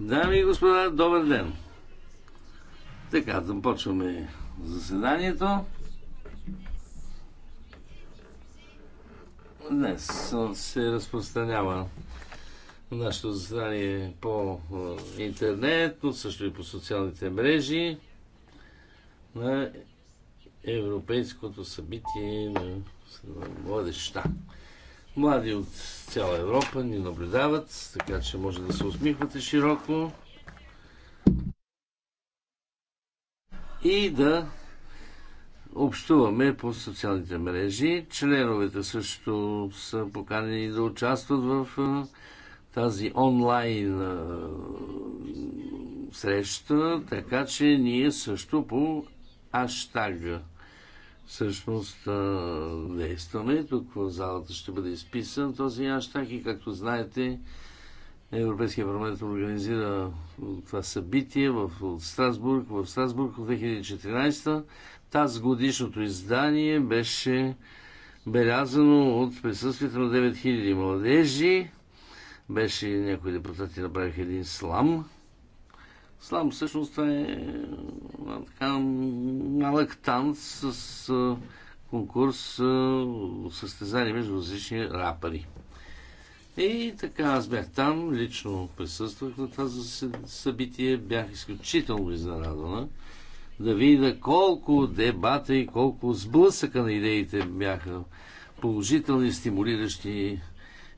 Дами и господа, добър ден! Така, започваме заседанието. Днес се разпространява нашето заседание по интернет, но също и по социалните мрежи на европейското събитие на младеща. Млади от цяла Европа ни наблюдават, така че може да се усмихвате широко и да общуваме по социалните мрежи. Членовете също са поканени да участват в тази онлайн среща, така че ние също по аштага всъщност действаме. Е Тук в залата ще бъде изписан този аштаг и както знаете Европейския парламент организира това събитие в Страсбург, в Страсбург в 2014. Таз годишното издание беше белязано от присъствието на 9000 младежи. Беше някои депутати направиха един слам Слам всъщност е така малък танц с конкурс, състезание между различни рапъри. И така, аз бях там, лично присъствах на това събитие, бях изключително изненадана да видя колко дебата и колко сблъсъка на идеите бяха положителни, стимулиращи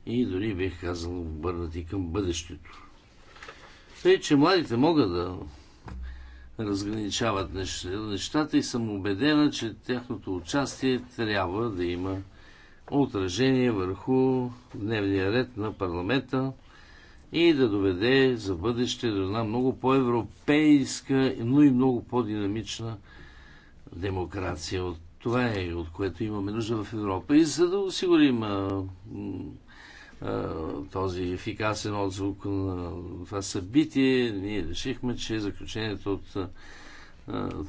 и дори бих казал обърнати към бъдещето. Тъй, че младите могат да разграничават нещата и съм убедена, че тяхното участие трябва да има отражение върху дневния ред на парламента и да доведе за бъдеще до една много по-европейска, но и много по-динамична демокрация. Това е от което имаме нужда в Европа. И за да осигурим този ефикасен отзвук на това събитие, ние решихме, че заключението от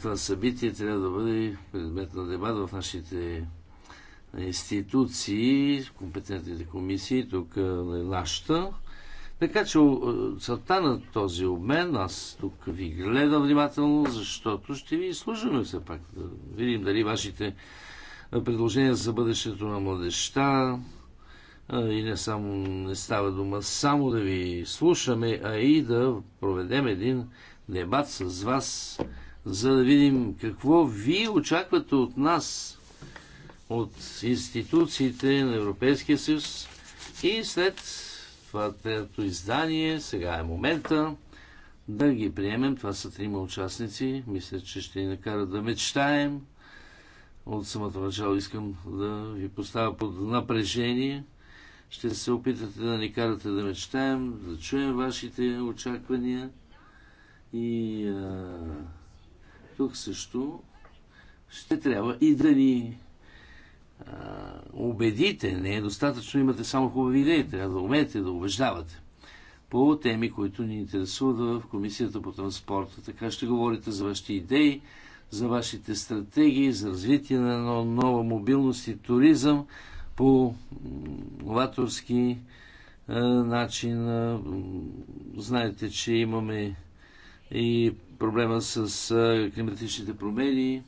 това събитие трябва да бъде предмет на дебат в нашите институции, компетентните комисии, тук на нашата. Така че целта на този обмен, аз тук ви гледам внимателно, защото ще ви изслужваме все пак да видим дали вашите предложения за бъдещето на младеща, и не само не става дума само да ви слушаме, а и да проведем един дебат с вас, за да видим какво ви очаквате от нас, от институциите на Европейския съюз и след това трето издание, сега е момента да ги приемем. Това са трима участници. Мисля, че ще ни накарат да мечтаем. От самото начало искам да ви поставя под напрежение ще се опитате да ни карате да мечтаем, да чуем вашите очаквания. И а, тук също ще трябва и да ни а, убедите. Не е достатъчно, имате само хубави идеи. Трябва да умеете да убеждавате по теми, които ни интересуват в Комисията по транспорта. Така ще говорите за вашите идеи, за вашите стратегии, за развитие на нова мобилност и туризъм, по новаторски начин. Знаете, че имаме и проблема с климатичните промени.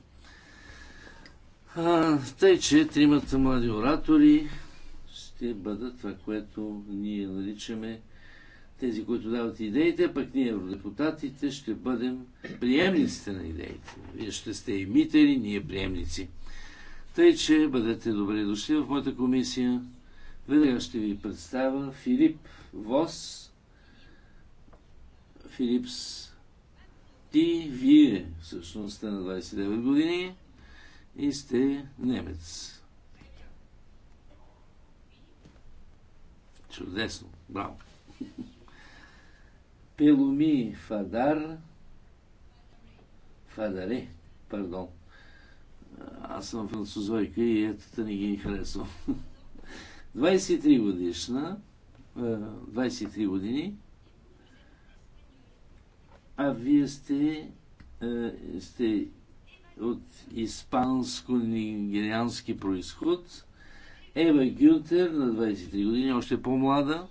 Тъй, че тримата млади оратори ще бъдат това, което ние наричаме тези, които дават идеите, пък ние, евродепутатите, ще бъдем приемниците на идеите. Вие ще сте емитери, ние приемници. Тъй, че бъдете добре дошли в моята комисия. Веднага ще ви представя Филип Вос. Филипс ти, вие всъщност сте на 29 години и сте немец. Чудесно, браво. Пеломи Фадар, Фадаре, пардон, аз съм французойка и ето не ги харесвам. 23 годишна, 23 е, години, а вие сте, е, сте от испанско-нигериански происход. Ева Гюнтер на 23 години, още по-млада.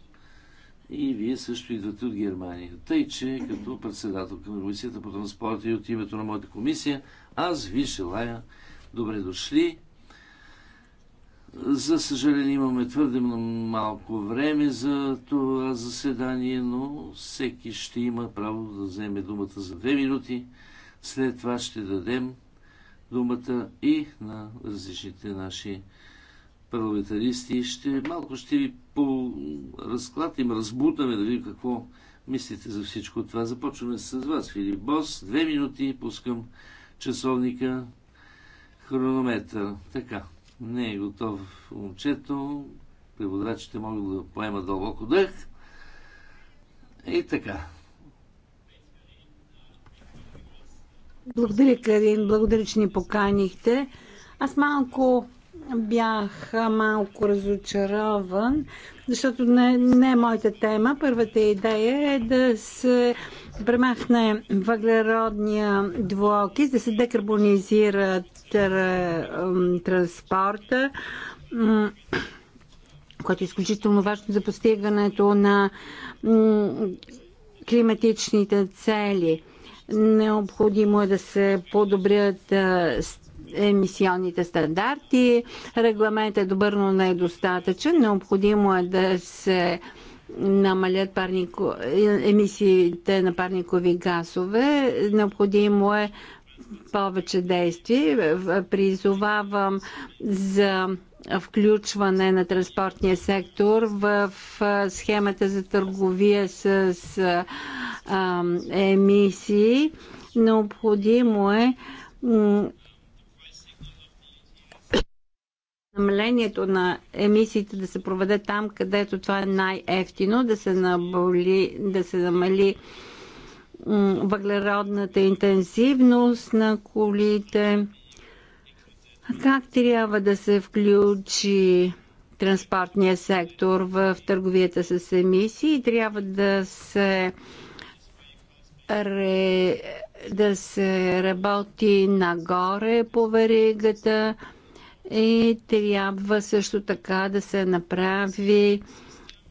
И вие също идвате от Германия. Тъй, че като председател на Комисията по транспорта и от името на моята комисия, аз ви желая Добре дошли. За съжаление имаме твърде малко време за това заседание, но всеки ще има право да вземе думата за две минути. След това ще дадем думата и на различните наши парламентаристи. Ще, малко ще ви по-разклатим, разбутаме да видим какво мислите за всичко това. Започваме с вас, Филип Бос. Две минути пускам часовника хронометър. Така, не е готов момчето, преводачите могат да поемат дълбоко дъх. И така. Благодаря, Карин. Благодаря, че ни поканихте. Аз малко бях малко разочарован, защото не, не е моята тема. Първата идея е да се премахне въглеродния двуокис, да се декарбонизират транспорта, което е изключително важно за постигането на климатичните цели. Необходимо е да се подобрят емисионните стандарти. Регламент е добър, но не е достатъчен. Необходимо е да се намалят парнико... Е, емисиите на парникови газове. Необходимо е повече действие. Призовавам за включване на транспортния сектор в схемата за търговия с емисии. Необходимо е намалението на емисиите да се проведе там, където това е най-ефтино, да се, наболи, да се намали въглеродната интенсивност на колите, как трябва да се включи транспортния сектор в търговията с емисии, трябва да се ре, да се работи нагоре по веригата и трябва също така да се направи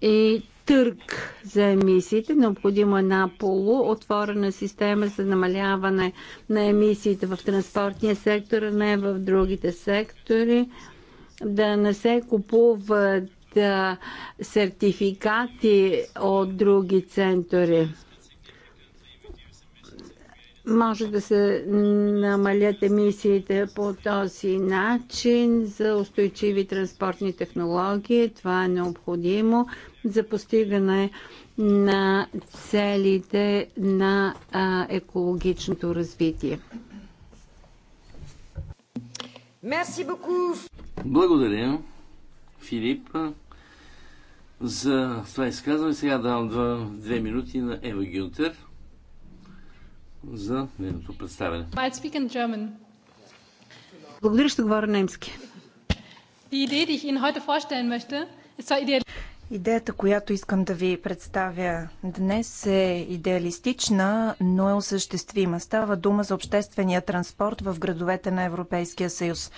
и търг за емисиите. Необходима една полуотворена система за намаляване на емисиите в транспортния сектор, а не в другите сектори. Да не се купуват сертификати от други центъри. Може да се намалят емисиите по този начин за устойчиви транспортни технологии. Това е необходимо за постигане на целите на екологичното развитие. Благодаря, Филип, за това изказване. Сега давам два, две минути на Ева Гюнтер за нейното представяне. Благодаря, ще говоря немски. Идеята, която искам да ви представя днес е идеалистична, но е осъществима. Става дума за обществения транспорт в градовете на Европейския съюз.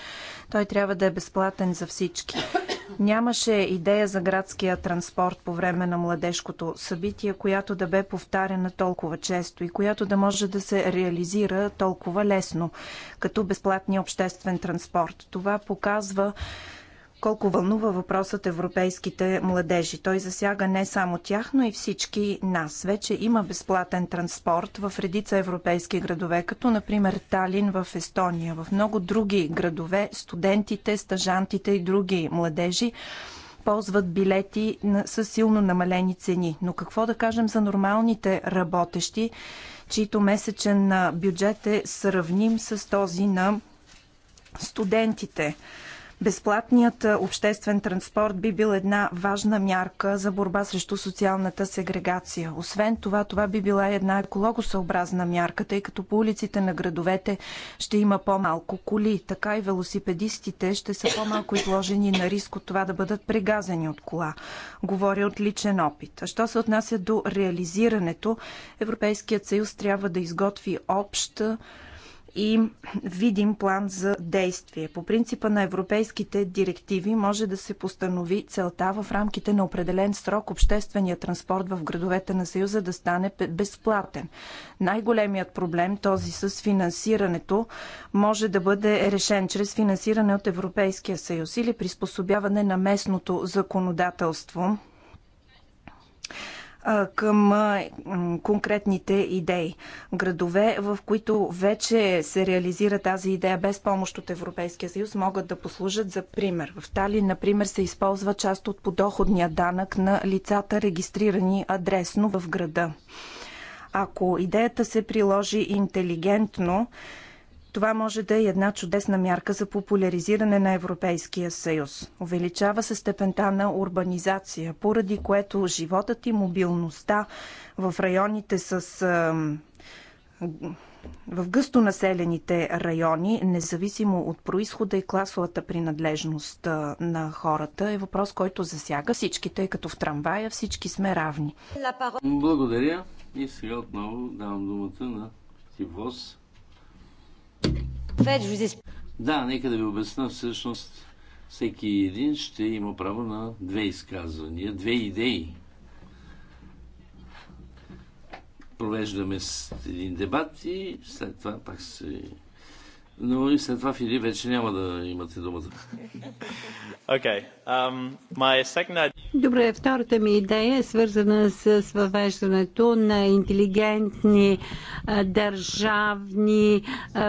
Той трябва да е безплатен за всички. Нямаше идея за градския транспорт по време на младежкото събитие, която да бе повтаряна толкова често и която да може да се реализира толкова лесно, като безплатния обществен транспорт. Това показва колко вълнува въпросът европейските младежи. Той засяга не само тях, но и всички нас. Вече има безплатен транспорт в редица европейски градове, като например Талин в Естония. В много други градове студентите, стажантите и други младежи ползват билети с силно намалени цени. Но какво да кажем за нормалните работещи, чието месечен бюджет е сравним с този на студентите? Безплатният обществен транспорт би бил една важна мярка за борба срещу социалната сегрегация. Освен това, това би била една екологосъобразна мярка, тъй като по улиците на градовете ще има по-малко коли. Така и велосипедистите ще са по-малко изложени на риск от това да бъдат прегазени от кола. Говоря от личен опит. А що се отнася до реализирането, Европейският съюз трябва да изготви общ и видим план за действие. По принципа на европейските директиви може да се постанови целта в рамките на определен срок обществения транспорт в градовете на Съюза да стане безплатен. Най-големият проблем, този с финансирането, може да бъде решен чрез финансиране от Европейския съюз или приспособяване на местното законодателство към конкретните идеи. Градове, в които вече се реализира тази идея без помощ от Европейския съюз, могат да послужат за пример. В Тали, например, се използва част от подоходния данък на лицата, регистрирани адресно в града. Ако идеята се приложи интелигентно, това може да е една чудесна мярка за популяризиране на Европейския съюз. Увеличава се степента на урбанизация, поради което животът и мобилността в районите с в гъсто населените райони, независимо от происхода и класовата принадлежност на хората, е въпрос, който засяга всички, тъй като в трамвая всички сме равни. Благодаря и сега отново давам думата на Тивос да, нека да ви обясна всъщност. Всеки един ще има право на две изказвания, две идеи. Провеждаме един дебат и след това пак се но и след това, Фили, вече няма да имате думата. Okay. Um, my second... Добре, втората ми идея е свързана с въвеждането на интелигентни държавни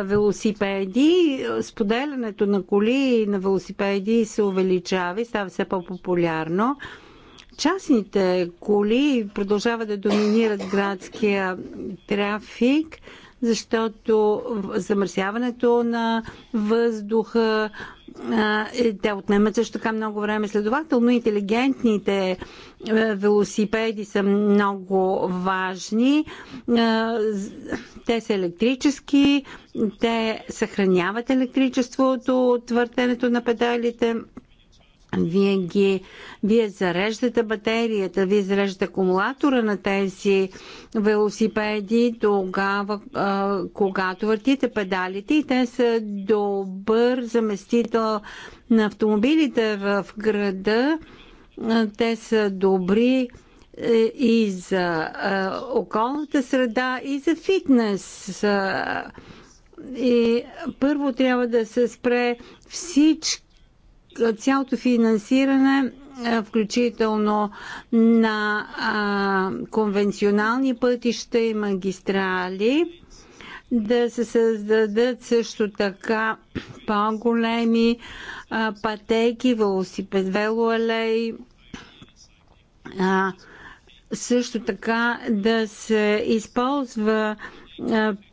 велосипеди. Споделянето на коли и на велосипеди се увеличава и става все по-популярно частните коли продължават да доминират градския трафик защото замърсяването на въздуха е, те отнемат също така много време. Следователно, интелигентните велосипеди са много важни. Те са електрически, те съхраняват електричеството от въртенето на педалите. Вие, ги, вие зареждате батерията, вие зареждате акумулатора на тези велосипеди тогава, когато въртите педалите и те са добър заместител на автомобилите в града. Те са добри е, и за околната среда, и за фитнес. И първо трябва да се спре всички цялото финансиране е, включително на а, конвенционални пътища и магистрали, да се създадат също така по-големи пътеки, велосипед, велоалей, а, също така да се използва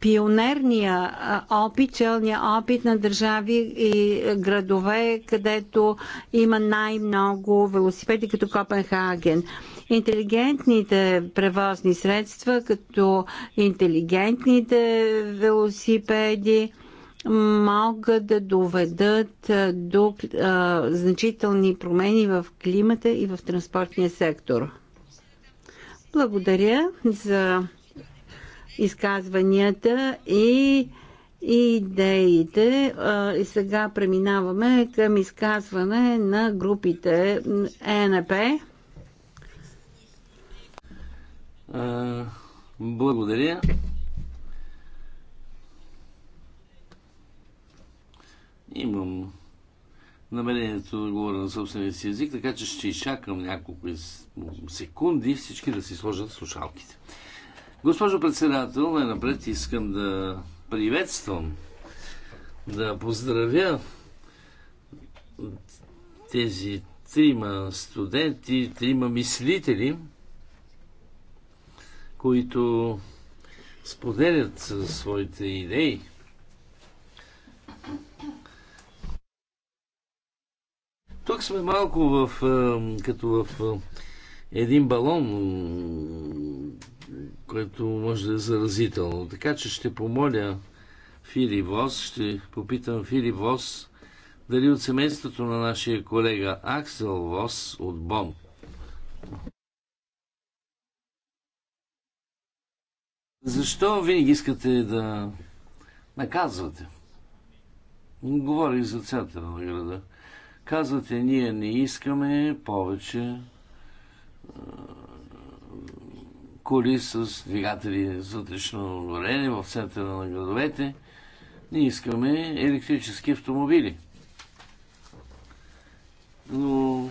пионерния опит, челния опит на държави и градове, където има най-много велосипеди, като Копенхаген. Интелигентните превозни средства, като интелигентните велосипеди, могат да доведат до а, значителни промени в климата и в транспортния сектор. Благодаря за изказванията и идеите. И сега преминаваме към изказване на групите ЕНП. Благодаря. Имам намерението да говоря на собствения си език, така че ще изчакам няколко секунди всички да си сложат слушалките. Госпожо председател, най-напред искам да приветствам, да поздравя тези трима студенти, трима мислители, които споделят своите идеи. Тук сме малко в, като в един балон, което може да е заразително. Така че ще помоля Фили Вос, ще попитам Фили Вос, дали от семейството на нашия колега Аксел Вос от Бон. Защо винаги искате да наказвате? Говорих за центъра на града. Казвате, ние не искаме повече коли с двигатели за вътрешно горение в центъра на градовете. Ние искаме електрически автомобили. Но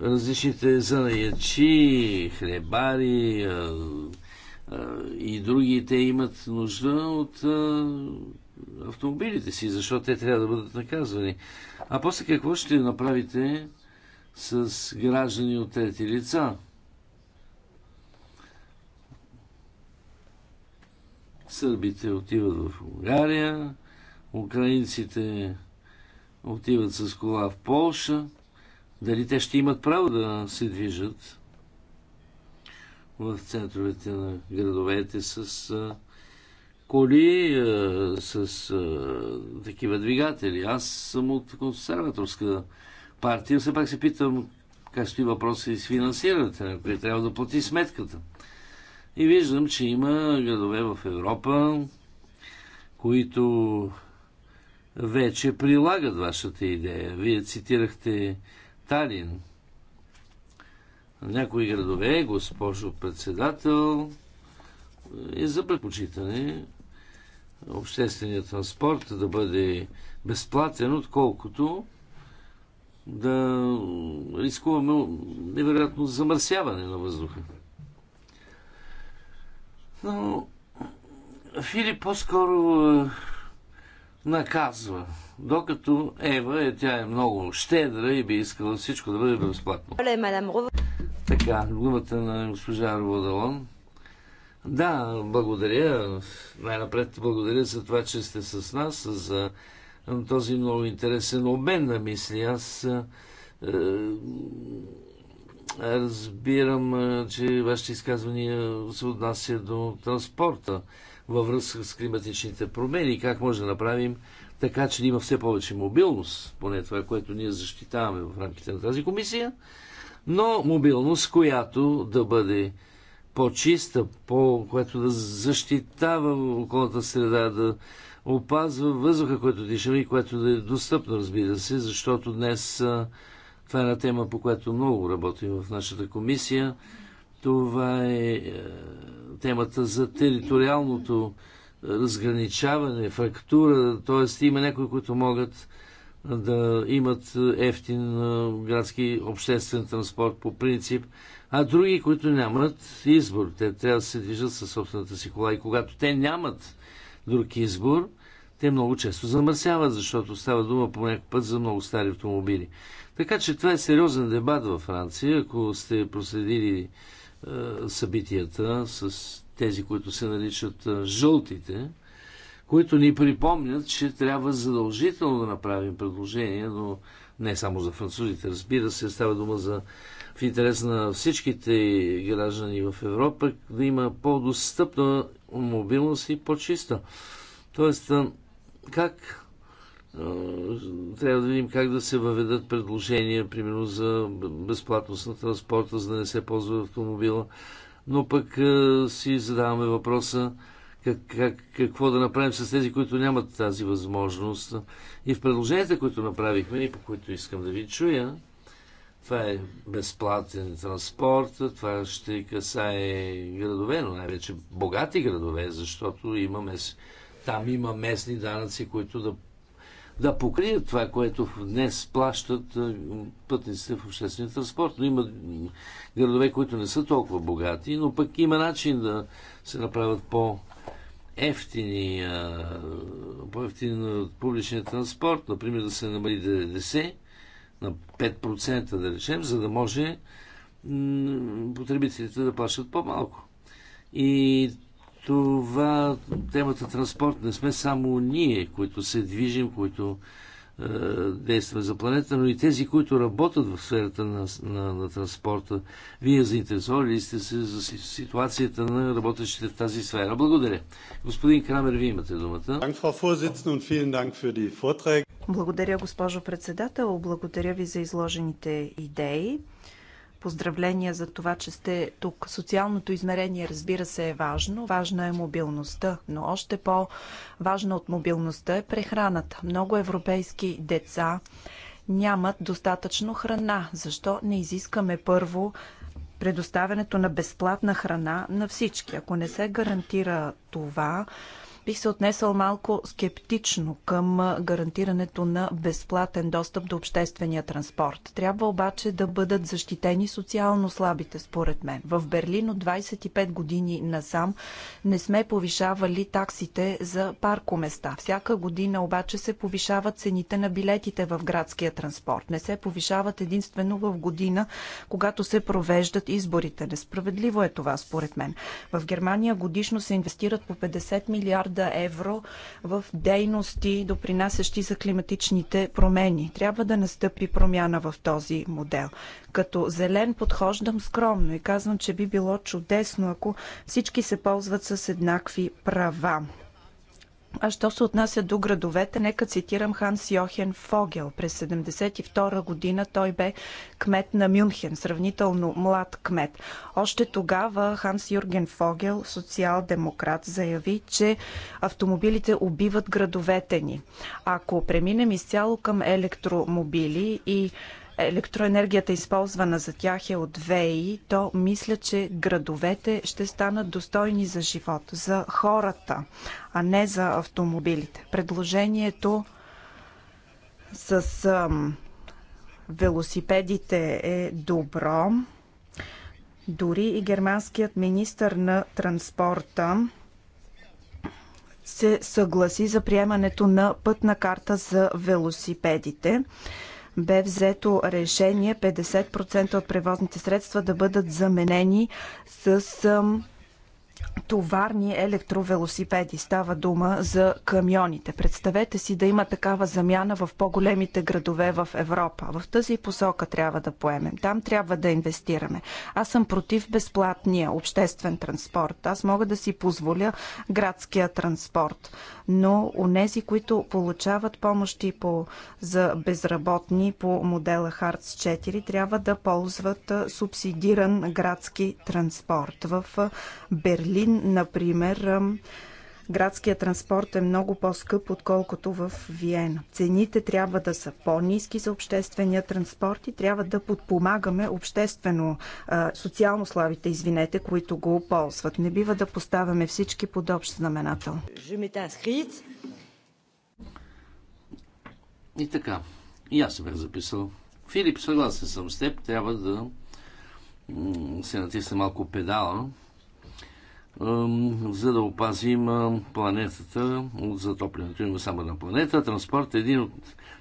различните занаячи, хлебари и други, те имат нужда от автомобилите си, защото те трябва да бъдат наказвани. А после какво ще направите с граждани от трети лица? сърбите отиват в Унгария, украинците отиват с кола в Полша. Дали те ще имат право да се движат в центровете на градовете с коли, с такива двигатели. Аз съм от консерваторска партия, все пак се питам как стои въпроса и с финансирането, на трябва да плати сметката. И виждам, че има градове в Европа, които вече прилагат вашата идея. Вие цитирахте Талин. Някои градове, госпожо председател, е за предпочитане общественият транспорт да бъде безплатен, отколкото да рискуваме невероятно замърсяване на въздуха. Но Филип по-скоро е, наказва. Докато Ева, е, тя е много щедра и би искала всичко да бъде безплатно. Така, думата на госпожа Роводалон. Да, благодаря. Най-напред благодаря за това, че сте с нас, за този много интересен обмен на мисли. Аз е, Разбирам, че вашите изказвания се отнася до транспорта във връзка с климатичните промени как може да направим така, че да има все повече мобилност, поне това, което ние защитаваме в рамките на тази комисия, но мобилност, която да бъде по-чиста, по, която да защитава околната среда, да опазва въздуха, който дишаме и което да е достъпно, разбира се, защото днес това е една тема, по която много работим в нашата комисия. Това е, е темата за териториалното разграничаване, фактура, т.е. има някои, които могат да имат ефтин е, градски обществен транспорт по принцип, а други, които нямат избор. Те трябва да се движат със собствената си кола и когато те нямат друг избор, те много често замърсяват, защото става дума по някакъв път за много стари автомобили. Така че това е сериозен дебат във Франция. Ако сте проследили е, събитията с тези, които се наричат е, жълтите, които ни припомнят, че трябва задължително да направим предложение, но не само за французите, разбира се, става дума за в интерес на всичките граждани в Европа да има по-достъпна мобилност и по-чиста. Тоест, е, как трябва да видим как да се въведат предложения, примерно за безплатност на транспорта, за да не се ползва автомобила. Но пък си задаваме въпроса как, как, какво да направим с тези, които нямат тази възможност. И в предложенията, които направихме и по които искам да ви чуя, това е безплатен транспорт, това ще касае градове, но най-вече богати градове, защото имаме, там има местни данъци, които да да покрият това, което днес плащат пътниците в обществения транспорт. Но има градове, които не са толкова богати, но пък има начин да се направят по ефтини, по-ефтин публичен транспорт, например да се намали 90 на 5% да речем, за да може потребителите да плащат по-малко. И това темата транспорт не сме само ние, които се движим, които е, действаме за планета, но и тези, които работят в сферата на, на, на транспорта. Вие заинтересовали ли сте се за ситуацията на работещите в тази сфера? Благодаря. Господин Крамер, вие имате думата. Благодаря, госпожо председател. Благодаря ви за изложените идеи. Поздравления за това, че сте тук. Социалното измерение, разбира се, е важно. Важна е мобилността, но още по-важна от мобилността е прехраната. Много европейски деца нямат достатъчно храна. Защо не изискаме първо предоставянето на безплатна храна на всички? Ако не се гарантира това, бих се отнесъл малко скептично към гарантирането на безплатен достъп до обществения транспорт. Трябва обаче да бъдат защитени социално слабите, според мен. В Берлин от 25 години насам не сме повишавали таксите за паркоместа. Всяка година обаче се повишават цените на билетите в градския транспорт. Не се повишават единствено в година, когато се провеждат изборите. Несправедливо е това, според мен. В Германия годишно се инвестират по 50 милиарда милиарда евро в дейности, допринасящи за климатичните промени. Трябва да настъпи промяна в този модел. Като зелен подхождам скромно и казвам, че би било чудесно, ако всички се ползват с еднакви права. А що се отнася до градовете, нека цитирам Ханс Йохен Фогел. През 1972 година той бе кмет на Мюнхен, сравнително млад кмет. Още тогава Ханс Юрген Фогел, социал-демократ, заяви, че автомобилите убиват градовете ни. Ако преминем изцяло към електромобили и електроенергията използвана за тях е от ВЕИ, то мисля, че градовете ще станат достойни за живот, за хората, а не за автомобилите. Предложението с велосипедите е добро. Дори и германският министр на транспорта се съгласи за приемането на пътна карта за велосипедите бе взето решение 50% от превозните средства да бъдат заменени с товарни електровелосипеди. Става дума за камионите. Представете си да има такава замяна в по-големите градове в Европа. В тази посока трябва да поемем. Там трябва да инвестираме. Аз съм против безплатния обществен транспорт. Аз мога да си позволя градския транспорт. Но нези, които получават помощи по, за безработни по модела Харц 4, трябва да ползват субсидиран градски транспорт. В Берлин например, градският транспорт е много по-скъп, отколкото в Виена. Цените трябва да са по-низки за обществения транспорт и трябва да подпомагаме обществено, социално славите, извинете, които го ползват. Не бива да поставяме всички под общ знаменател. И така, и аз се бях записал. Филип, съгласен съм с теб, трябва да се натисне малко педала, за да опазим планетата от затоплянето. Има само една планета. Транспорт е един от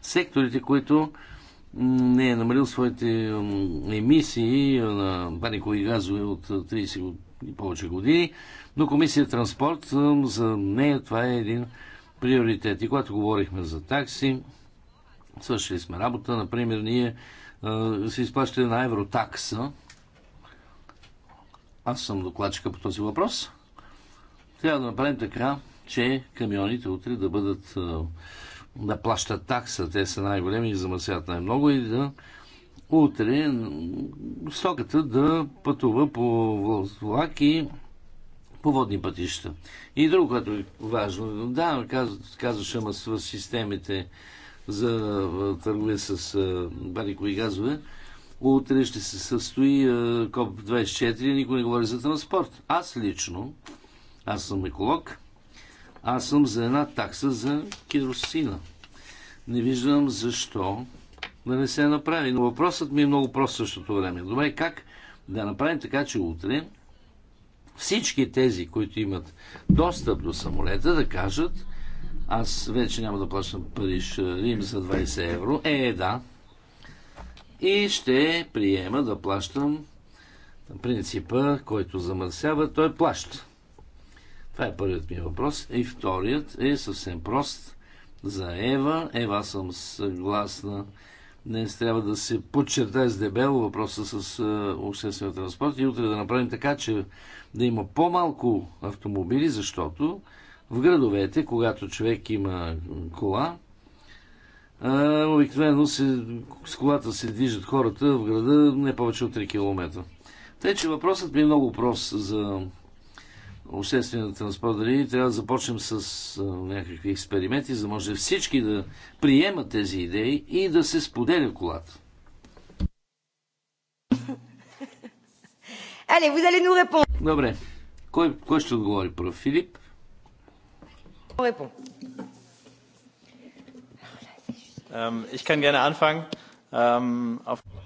секторите, които не е намалил своите емисии на парникови газове от 30 и повече години, но комисия транспорт за нея това е един приоритет. И когато говорихме за такси, свършили сме работа. Например, ние се изплащаме на евротакса, аз съм докладчика по този въпрос. Трябва да направим така, че камионите утре да бъдат да плащат такса. Те са най-големи и замърсяват най-много и да утре стоката да пътува по влак и по водни пътища. И друго, което е важно, да, казваш, ама с системите за търговия с барикови газове, Утре ще се състои КОП-24, никой не говори за транспорт. Аз лично, аз съм еколог, аз съм за една такса за керосина. Не виждам защо да не се направи. Но въпросът ми е много прост в същото време. Добре, как да направим така, че утре всички тези, които имат достъп до самолета, да кажат аз вече няма да плащам Париж Рим за 20 евро. Е, да, и ще приема да плащам принципа, който замърсява, той плаща. Това е първият ми въпрос. И вторият е съвсем прост за Ева. Ева съм съгласна. Днес трябва да се подчертае с дебело въпроса с е, обществения транспорт и утре да направим така, че да има по-малко автомобили, защото в градовете, когато човек има кола, обикновено се, с колата се движат хората в града не повече от 3 км. Тъй, че въпросът ми е много прост за обществения транспорт. Дали трябва да започнем с а, някакви експерименти, за да може всички да приемат тези идеи и да се споделя колата. Але, ви дали Добре. Кой, кой ще отговори първ? Филип? Репон.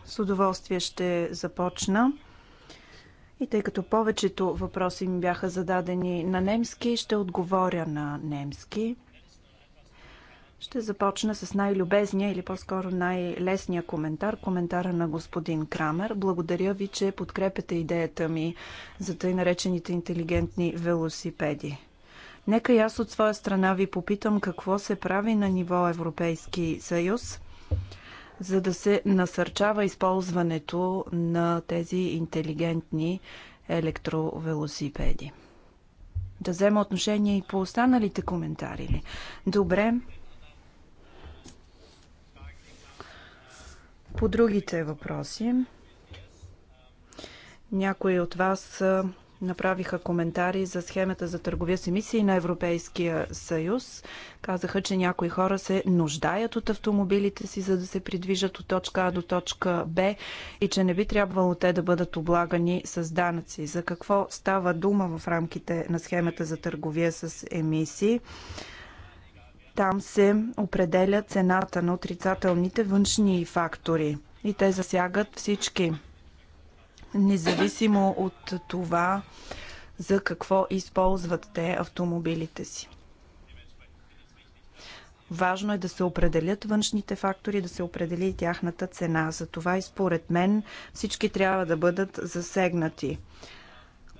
С удоволствие ще започна. И тъй като повечето въпроси ми бяха зададени на немски, ще отговоря на немски. Ще започна с най-любезния или по-скоро най-лесния коментар, коментара на господин Крамер. Благодаря ви, че подкрепяте идеята ми за тъй наречените интелигентни велосипеди. Нека и аз от своя страна ви попитам какво се прави на ниво Европейски съюз, за да се насърчава използването на тези интелигентни електровелосипеди. Да взема отношение и по останалите коментари Добре. По другите въпроси. Някои от вас направиха коментари за схемата за търговия с емисии на Европейския съюз. Казаха, че някои хора се нуждаят от автомобилите си, за да се придвижат от точка А до точка Б и че не би трябвало те да бъдат облагани с данъци. За какво става дума в рамките на схемата за търговия с емисии? Там се определя цената на отрицателните външни фактори и те засягат всички независимо от това за какво използват те автомобилите си. Важно е да се определят външните фактори, да се определи и тяхната цена. Затова и според мен всички трябва да бъдат засегнати.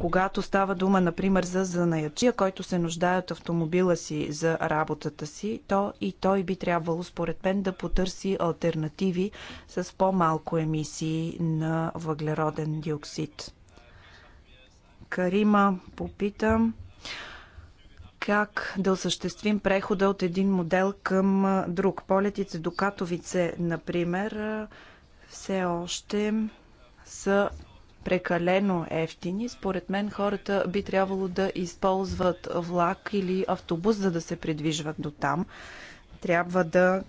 Когато става дума, например, за занаячия, който се нуждае от автомобила си за работата си, то и той би трябвало, според мен, да потърси альтернативи с по-малко емисии на въглероден диоксид. Карима попитам как да осъществим прехода от един модел към друг. Полетите до Катовице, например, все още са прекалено ефтини. Според мен хората би трябвало да използват влак или автобус, за да се придвижват до там. Трябва да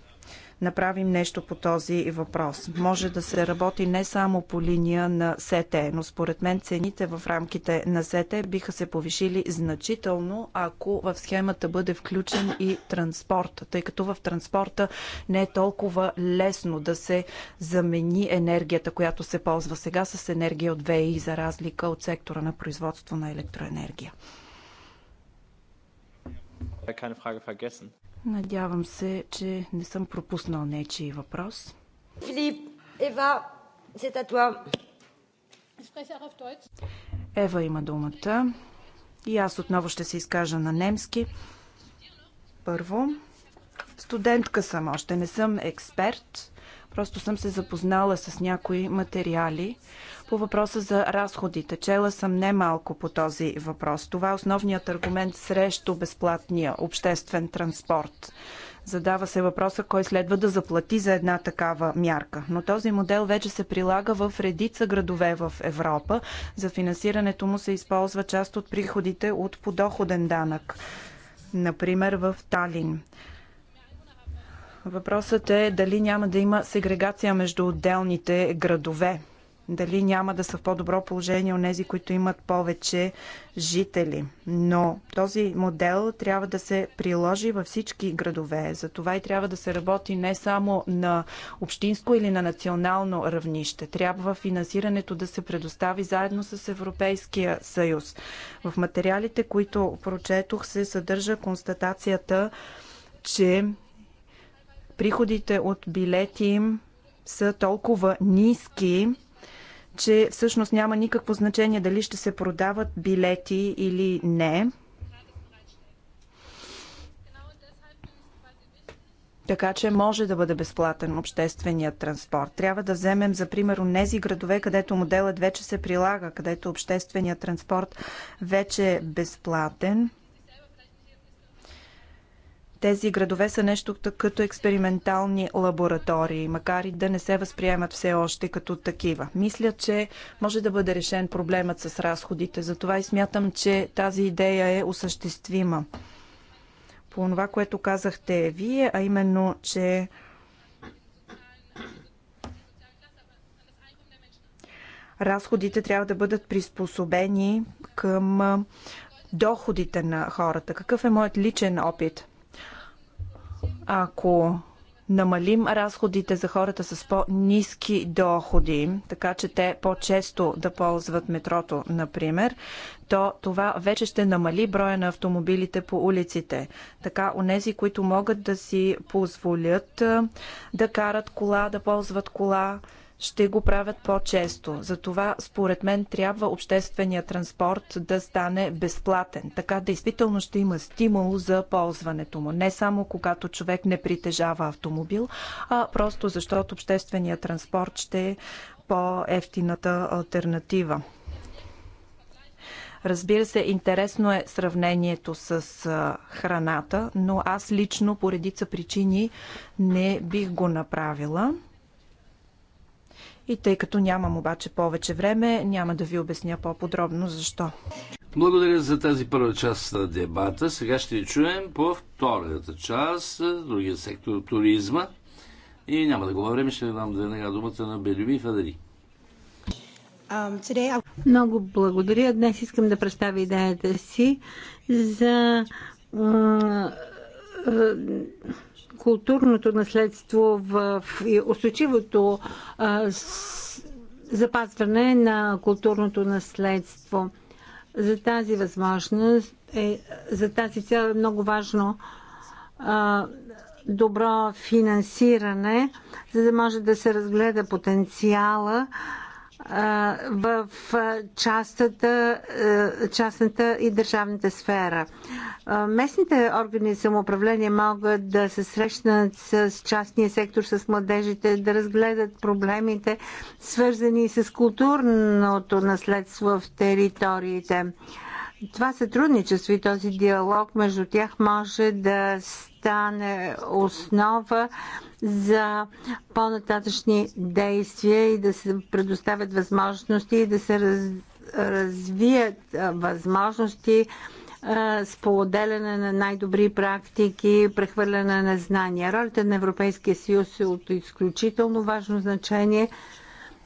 направим нещо по този въпрос. Може да се работи не само по линия на СЕТЕ, но според мен цените в рамките на СЕТЕ биха се повишили значително, ако в схемата бъде включен и транспорт, тъй като в транспорта не е толкова лесно да се замени енергията, която се ползва сега с енергия от ВИ, за разлика от сектора на производство на електроенергия. Надявам се, че не съм пропуснал нечи въпрос. Филип, Ева, c'est à toi. Ева има думата. И аз отново ще се изкажа на немски. Първо, студентка съм, още не съм експерт. Просто съм се запознала с някои материали. По въпроса за разходите. Чела съм немалко по този въпрос. Това е основният аргумент срещу безплатния обществен транспорт. Задава се въпроса кой следва да заплати за една такава мярка. Но този модел вече се прилага в редица градове в Европа. За финансирането му се използва част от приходите от подоходен данък. Например в Талин. Въпросът е дали няма да има сегрегация между отделните градове дали няма да са в по-добро положение от тези, които имат повече жители. Но този модел трябва да се приложи във всички градове. За това и трябва да се работи не само на общинско или на национално равнище. Трябва финансирането да се предостави заедно с Европейския съюз. В материалите, които прочетох, се съдържа констатацията, че приходите от билети са толкова ниски, че всъщност няма никакво значение дали ще се продават билети или не. Така че може да бъде безплатен общественият транспорт. Трябва да вземем за пример тези градове, където моделът вече се прилага, където общественият транспорт вече е безплатен. Тези градове са нещо като експериментални лаборатории, макар и да не се възприемат все още като такива. Мисля, че може да бъде решен проблемът с разходите. Затова и смятам, че тази идея е осъществима. По това, което казахте вие, а именно, че разходите трябва да бъдат приспособени към доходите на хората. Какъв е моят личен опит? Ако намалим разходите за хората с по-низки доходи, така че те по-често да ползват метрото, например, то това вече ще намали броя на автомобилите по улиците. Така, онези, които могат да си позволят да карат кола, да ползват кола, ще го правят по-често. Затова, според мен, трябва обществения транспорт да стане безплатен. Така действително ще има стимул за ползването му. Не само когато човек не притежава автомобил, а просто защото обществения транспорт ще е по-ефтината альтернатива. Разбира се, интересно е сравнението с храната, но аз лично по редица причини не бих го направила. И тъй като нямам обаче повече време, няма да ви обясня по-подробно защо. Благодаря за тази първа част на дебата. Сега ще ви чуем по втората част, другия сектор туризма. И няма да говорим, ще ще дам веднага думата на Белюби Фадери. Um, Много благодаря. Днес искам да представя идеята си за културното наследство в устойчивото запазване на културното наследство. За тази възможност, е, за тази цяло е много важно а, добро финансиране, за да може да се разгледа потенциала в частата, частната и държавната сфера. Местните органи самоуправление могат да се срещнат с частния сектор, с младежите, да разгледат проблемите, свързани с културното наследство в териториите. Това сътрудничество и този диалог между тях може да стане основа за по-нататъчни действия и да се предоставят възможности и да се раз, развият възможности с поделяне на най-добри практики, прехвърляне на знания. Ролята на Европейския съюз е от изключително важно значение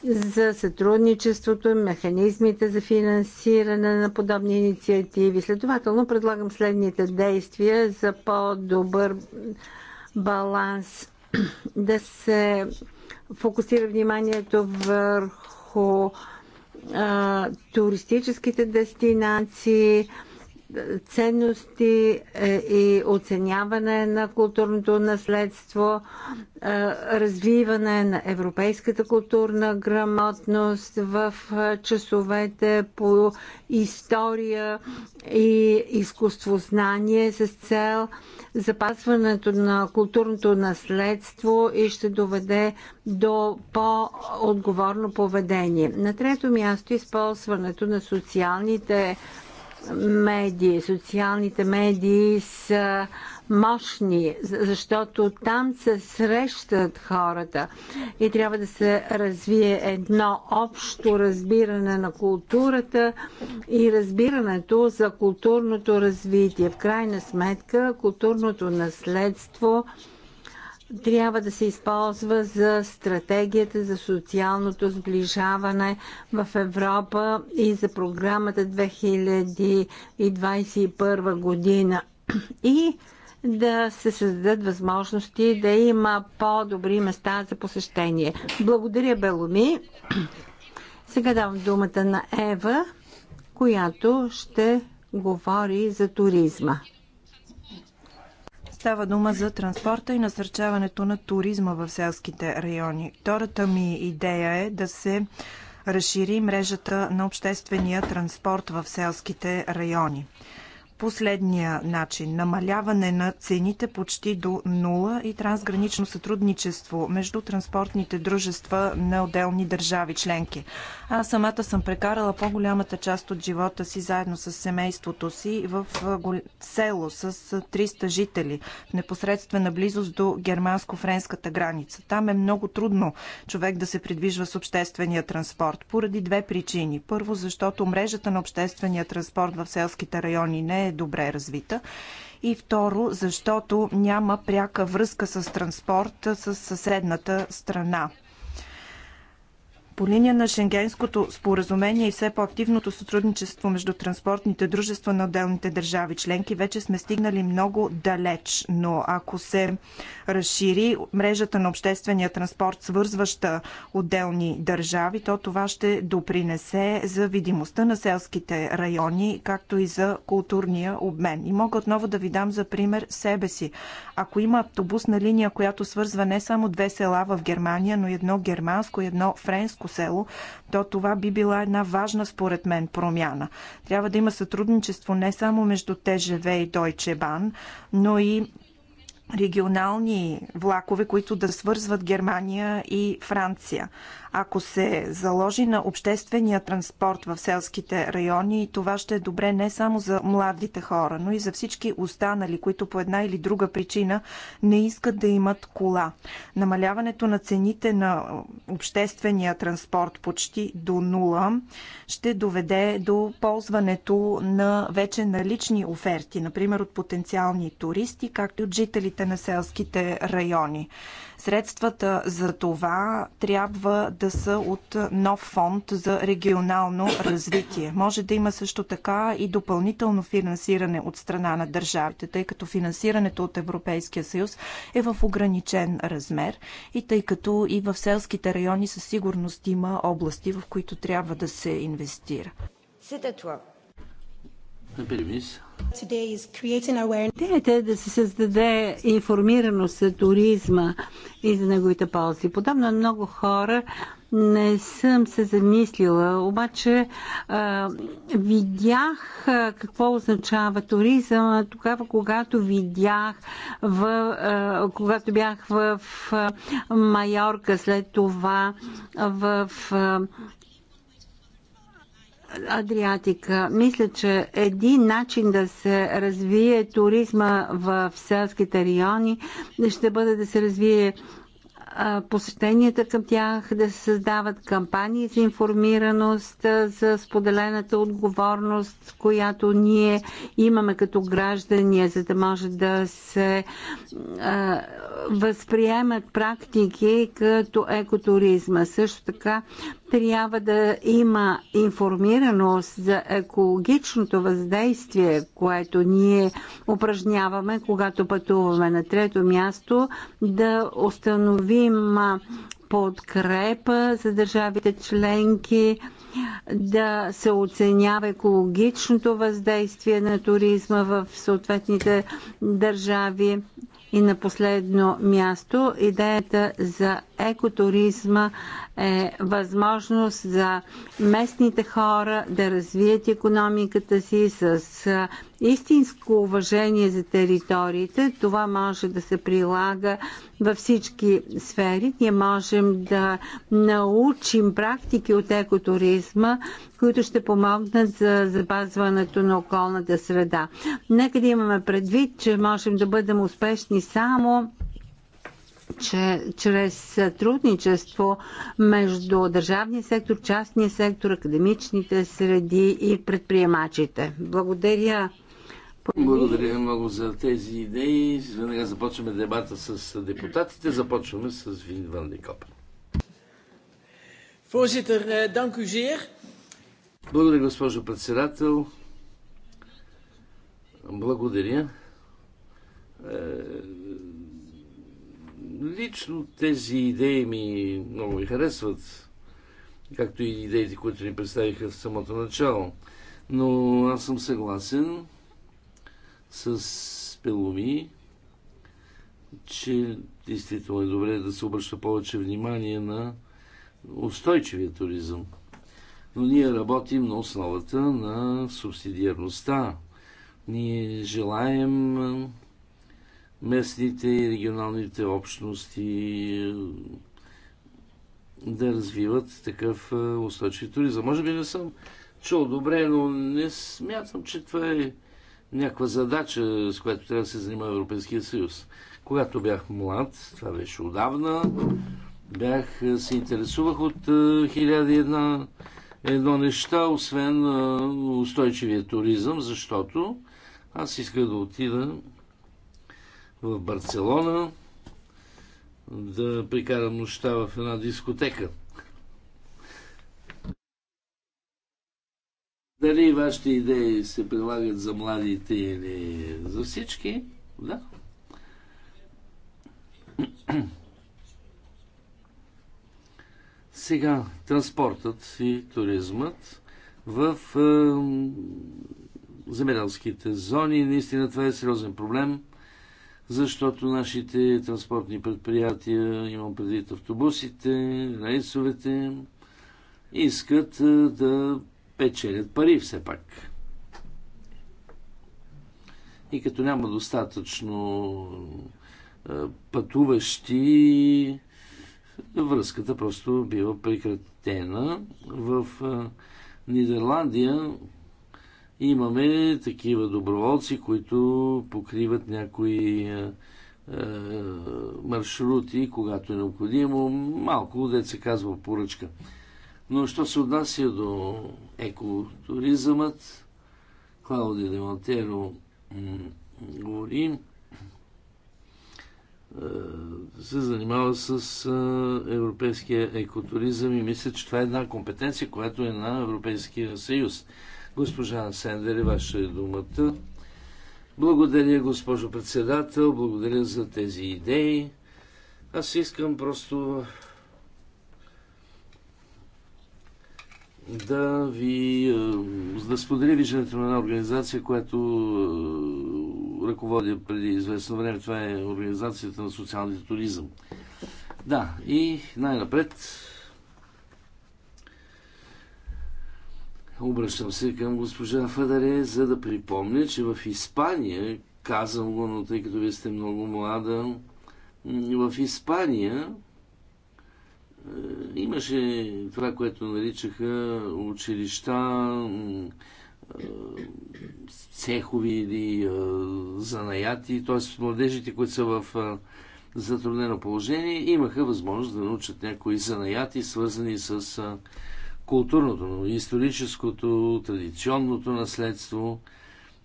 за сътрудничеството и механизмите за финансиране на подобни инициативи. Следователно предлагам следните действия за по-добър баланс. Да се фокусира вниманието върху а, туристическите дестинации, ценности е, и оценяване на културното наследство, е, развиване на европейската културна грамотност в е, часовете по история и изкуствознание с цел запазването на културното наследство и ще доведе до по-отговорно поведение. На трето място използването на социалните медии, социалните медии са мощни, защото там се срещат хората и трябва да се развие едно общо разбиране на културата и разбирането за културното развитие. В крайна сметка, културното наследство – трябва да се използва за стратегията за социалното сближаване в Европа и за програмата 2021 година. И да се създадат възможности да има по-добри места за посещение. Благодаря, Беломи. Сега давам думата на Ева, която ще говори за туризма. Става дума за транспорта и насърчаването на туризма в селските райони. Втората ми идея е да се разшири мрежата на обществения транспорт в селските райони последния начин. Намаляване на цените почти до нула и трансгранично сътрудничество между транспортните дружества на отделни държави членки. Аз самата съм прекарала по-голямата част от живота си заедно с семейството си в село с 300 жители в непосредствена близост до германско-френската граница. Там е много трудно човек да се придвижва с обществения транспорт поради две причини. Първо, защото мрежата на обществения транспорт в селските райони не е е добре развита. И второ, защото няма пряка връзка с транспорт с съседната страна. По линия на Шенгенското споразумение и все по-активното сътрудничество между транспортните дружества на отделните държави членки, вече сме стигнали много далеч. Но ако се разшири мрежата на обществения транспорт, свързваща отделни държави, то това ще допринесе за видимостта на селските райони, както и за културния обмен. И мога отново да ви дам за пример себе си. Ако има автобусна линия, която свързва не само две села в Германия, но едно германско, едно френско малко село, то това би била една важна, според мен, промяна. Трябва да има сътрудничество не само между ТЖВ и Deutsche Bahn, но и регионални влакове, които да свързват Германия и Франция ако се заложи на обществения транспорт в селските райони, това ще е добре не само за младите хора, но и за всички останали, които по една или друга причина не искат да имат кола. Намаляването на цените на обществения транспорт почти до нула ще доведе до ползването на вече налични оферти, например от потенциални туристи, както и от жителите на селските райони. Средствата за това трябва да са от нов фонд за регионално развитие. Може да има също така и допълнително финансиране от страна на държавите, тъй като финансирането от Европейския съюз е в ограничен размер и тъй като и в селските райони със сигурност има области, в които трябва да се инвестира. C'est à toi. Идеята е да се създаде информираност за туризма и за неговите ползи. Подобно много хора не съм се замислила, обаче а, видях а, какво означава туризъм тогава, когато видях, в, а, когато бях в а, Майорка, след това в а, Адриатика. Мисля, че един начин да се развие туризма в селските райони ще бъде да се развие посещенията към тях, да се създават кампании за информираност, за споделената отговорност, която ние имаме като граждани, за да може да се възприемат практики като екотуризма. Също така трябва да има информираност за екологичното въздействие, което ние упражняваме, когато пътуваме на трето място, да установим подкрепа за държавите членки, да се оценява екологичното въздействие на туризма в съответните държави. И на последно място идеята за екотуризма е възможност за местните хора да развият економиката си с истинско уважение за териториите. Това може да се прилага във всички сфери. Ние можем да научим практики от екотуризма, които ще помогнат за запазването на околната среда. Нека да имаме предвид, че можем да бъдем успешни само че чрез сътрудничество между държавния сектор, частния сектор, академичните среди и предприемачите. Благодаря. Благодаря много за тези идеи. Веднага започваме дебата с депутатите. Започваме с Вин Ван Декопен. Voorzitter, eh, dank u zeer. Благодаря, госпожо председател. Благодаря. Е, Лично тези идеи ми много ми харесват, както и идеите, които ни представиха в самото начало. Но аз съм съгласен с пелуми, че действително е добре да се обръща повече внимание на устойчивия туризъм. Но ние работим на основата на субсидиарността. Ние желаем местните и регионалните общности е, да развиват такъв е, устойчив туризъм. Може би не съм чул добре, но не смятам, че това е някаква задача, с която трябва да се занимава Европейския съюз. Когато бях млад, това беше отдавна, бях, е, се интересувах от хиляди една, едно неща, освен устойчивия туризъм, защото аз исках да отида в Барселона да прекарам нощта в една дискотека. Дали вашите идеи се прилагат за младите или за всички? Да. Сега транспортът и туризмът в е, земеделските зони. Наистина това е сериозен проблем защото нашите транспортни предприятия, имам предвид автобусите, рейсовете, искат е, да печелят пари все пак. И като няма достатъчно е, пътуващи, връзката просто бива прекратена. В е, Нидерландия Имаме такива доброволци, които покриват някои е, е, маршрути, когато е необходимо, малко, деца се казва поръчка. Но що се отнася до екотуризъмът, Клауди де говори, е, се занимава с европейския екотуризъм и мисля, че това е една компетенция, която е на Европейския съюз. Госпожа Сендери, ваша е думата. Благодаря, госпожо председател, благодаря за тези идеи. Аз искам просто да ви е, да споделя виждането на една организация, която е, ръководя преди известно време. Това е Организацията на социалния туризъм. Да, и най-напред Обръщам се към госпожа Фадаре, за да припомня, че в Испания, казвам го, но тъй като вие сте много млада, в Испания е, имаше това, което наричаха училища, е, цехови или е, занаяти, т.е. младежите, които са в затруднено положение, имаха възможност да научат някои занаяти, свързани с културното, историческото, традиционното наследство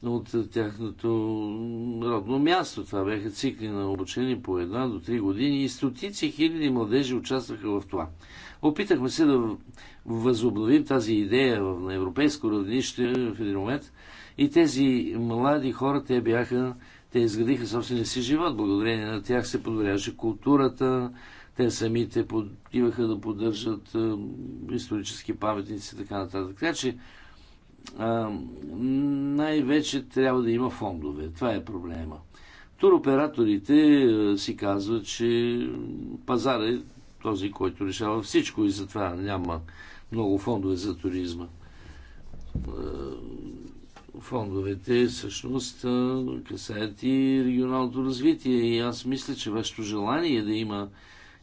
от тяхното родно място. Това бяха цикли на обучение по една до три години и стотици хиляди младежи участваха в това. Опитахме се да възобновим тази идея на европейско равнище в един момент и тези млади хора, те бяха, те изградиха собствения си живот. Благодарение на тях се подобряваше културата, те самите имаха да поддържат исторически паметници и така нататък. Така че най-вече трябва да има фондове. Това е проблема. Туроператорите си казват, че пазара е този, който решава всичко и затова няма много фондове за туризма. Фондовете всъщност касаят и регионалното развитие и аз мисля, че вашето желание е да има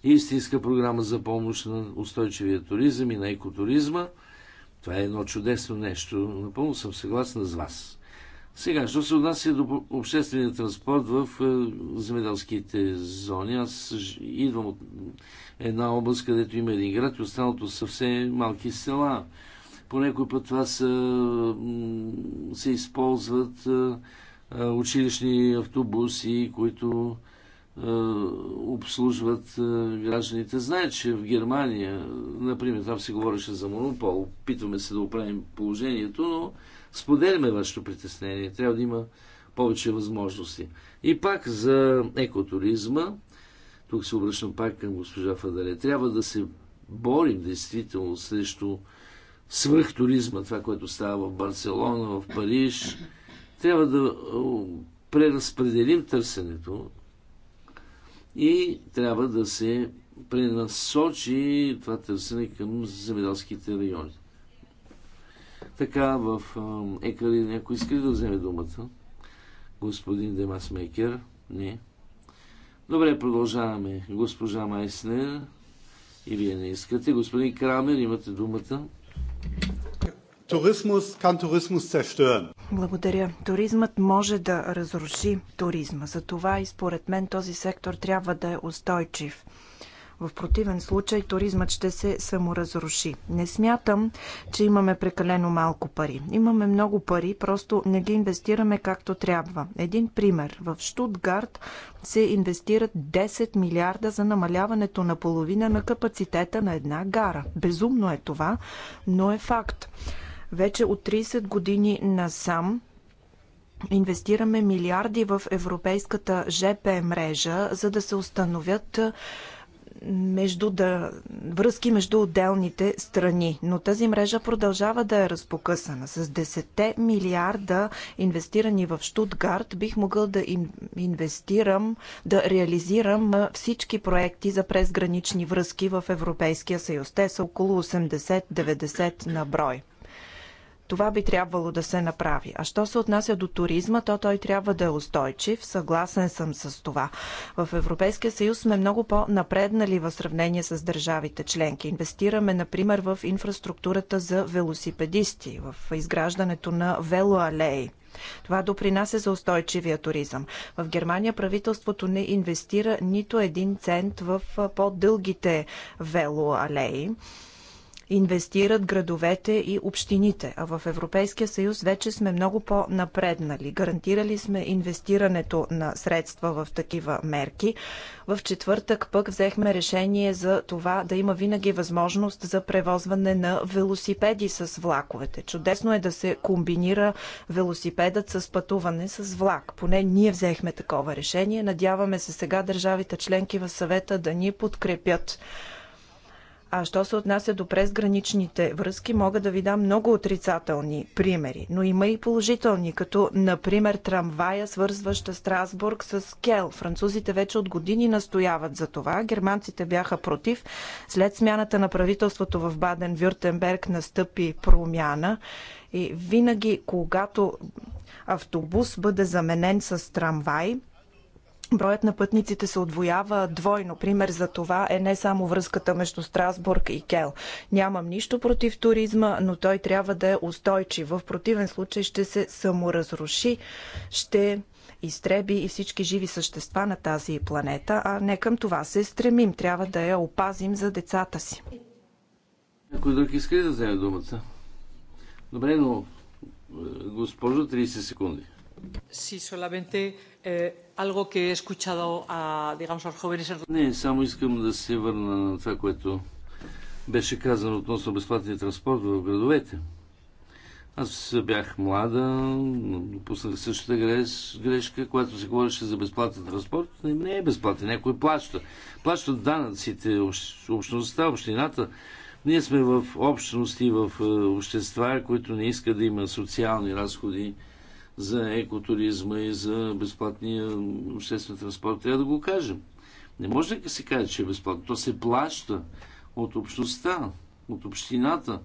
истинска програма за помощ на устойчивия туризъм и на екотуризма. Това е едно чудесно нещо. Напълно съм съгласна с вас. Сега, що се отнася до обществения транспорт в е, земеделските зони, аз идвам от една област, където има един град и останалото са все малки села. По някой път това са, се използват е, е, училищни автобуси, които обслужват гражданите. Знаят, че в Германия, например, там се говореше за монопол, опитваме се да оправим положението, но споделяме вашето притеснение. Трябва да има повече възможности. И пак за екотуризма, тук се обръщам пак към госпожа Фадаре, трябва да се борим действително срещу свръхтуризма, това, което става в Барселона, в Париж. Трябва да преразпределим търсенето и трябва да се пренасочи това търсене към земеделските райони. Така в Екари някой иска да вземе думата? Господин Демас Мейкер? Не. Добре, продължаваме. Госпожа Майснер и вие не искате. Господин Крамер, имате думата туризмус Благодаря. Туризмът може да разруши туризма. Затова и според мен този сектор трябва да е устойчив. В противен случай туризмът ще се саморазруши. Не смятам, че имаме прекалено малко пари. Имаме много пари, просто не ги инвестираме както трябва. Един пример. В Штутгарт се инвестират 10 милиарда за намаляването на половина на капацитета на една гара. Безумно е това, но е факт. Вече от 30 години насам инвестираме милиарди в европейската ЖП мрежа, за да се установят между да, връзки между отделните страни. Но тази мрежа продължава да е разпокъсана. С 10 милиарда инвестирани в Штутгарт бих могъл да инвестирам, да реализирам всички проекти за презгранични връзки в Европейския съюз. Те са около 80-90 на брой. Това би трябвало да се направи. А що се отнася до туризма, то той трябва да е устойчив. Съгласен съм с това. В Европейския съюз сме много по-напреднали в сравнение с държавите членки. Инвестираме, например, в инфраструктурата за велосипедисти, в изграждането на велоалеи. Това допринася за устойчивия туризъм. В Германия правителството не инвестира нито един цент в по-дългите велоалеи инвестират градовете и общините. А в Европейския съюз вече сме много по-напреднали. Гарантирали сме инвестирането на средства в такива мерки. В четвъртък пък взехме решение за това да има винаги възможност за превозване на велосипеди с влаковете. Чудесно е да се комбинира велосипедът с пътуване с влак. Поне ние взехме такова решение. Надяваме се сега държавите членки в съвета да ни подкрепят а що се отнася до презграничните връзки, мога да ви дам много отрицателни примери, но има и положителни, като например трамвая, свързваща Страсбург с Кел. Французите вече от години настояват за това. Германците бяха против. След смяната на правителството в Баден-Вюртенберг настъпи промяна. И винаги, когато автобус бъде заменен с трамвай, Броят на пътниците се отвоява двойно. Пример за това е не само връзката между Страсбург и Кел. Нямам нищо против туризма, но той трябва да е устойчив. В противен случай ще се саморазруши, ще изтреби и всички живи същества на тази планета, а не към това се стремим. Трябва да я опазим за децата си. Някой друг иска да вземе думата? Добре, но е, госпожо 30 секунди. Не, само искам да се върна на това, което беше казано относно безплатния транспорт в градовете. Аз бях млада, допуснах същата греш, грешка, която се говореше за безплатен транспорт. Не е безплатен, някой плаща. Плащат данъците, общността, общината. Ние сме в общности, в е, общества, които не искат да има социални разходи за екотуризма и за безплатния обществен транспорт. Трябва да го кажем. Не може да се каже, че е безплатно. То се плаща от общността, от общината.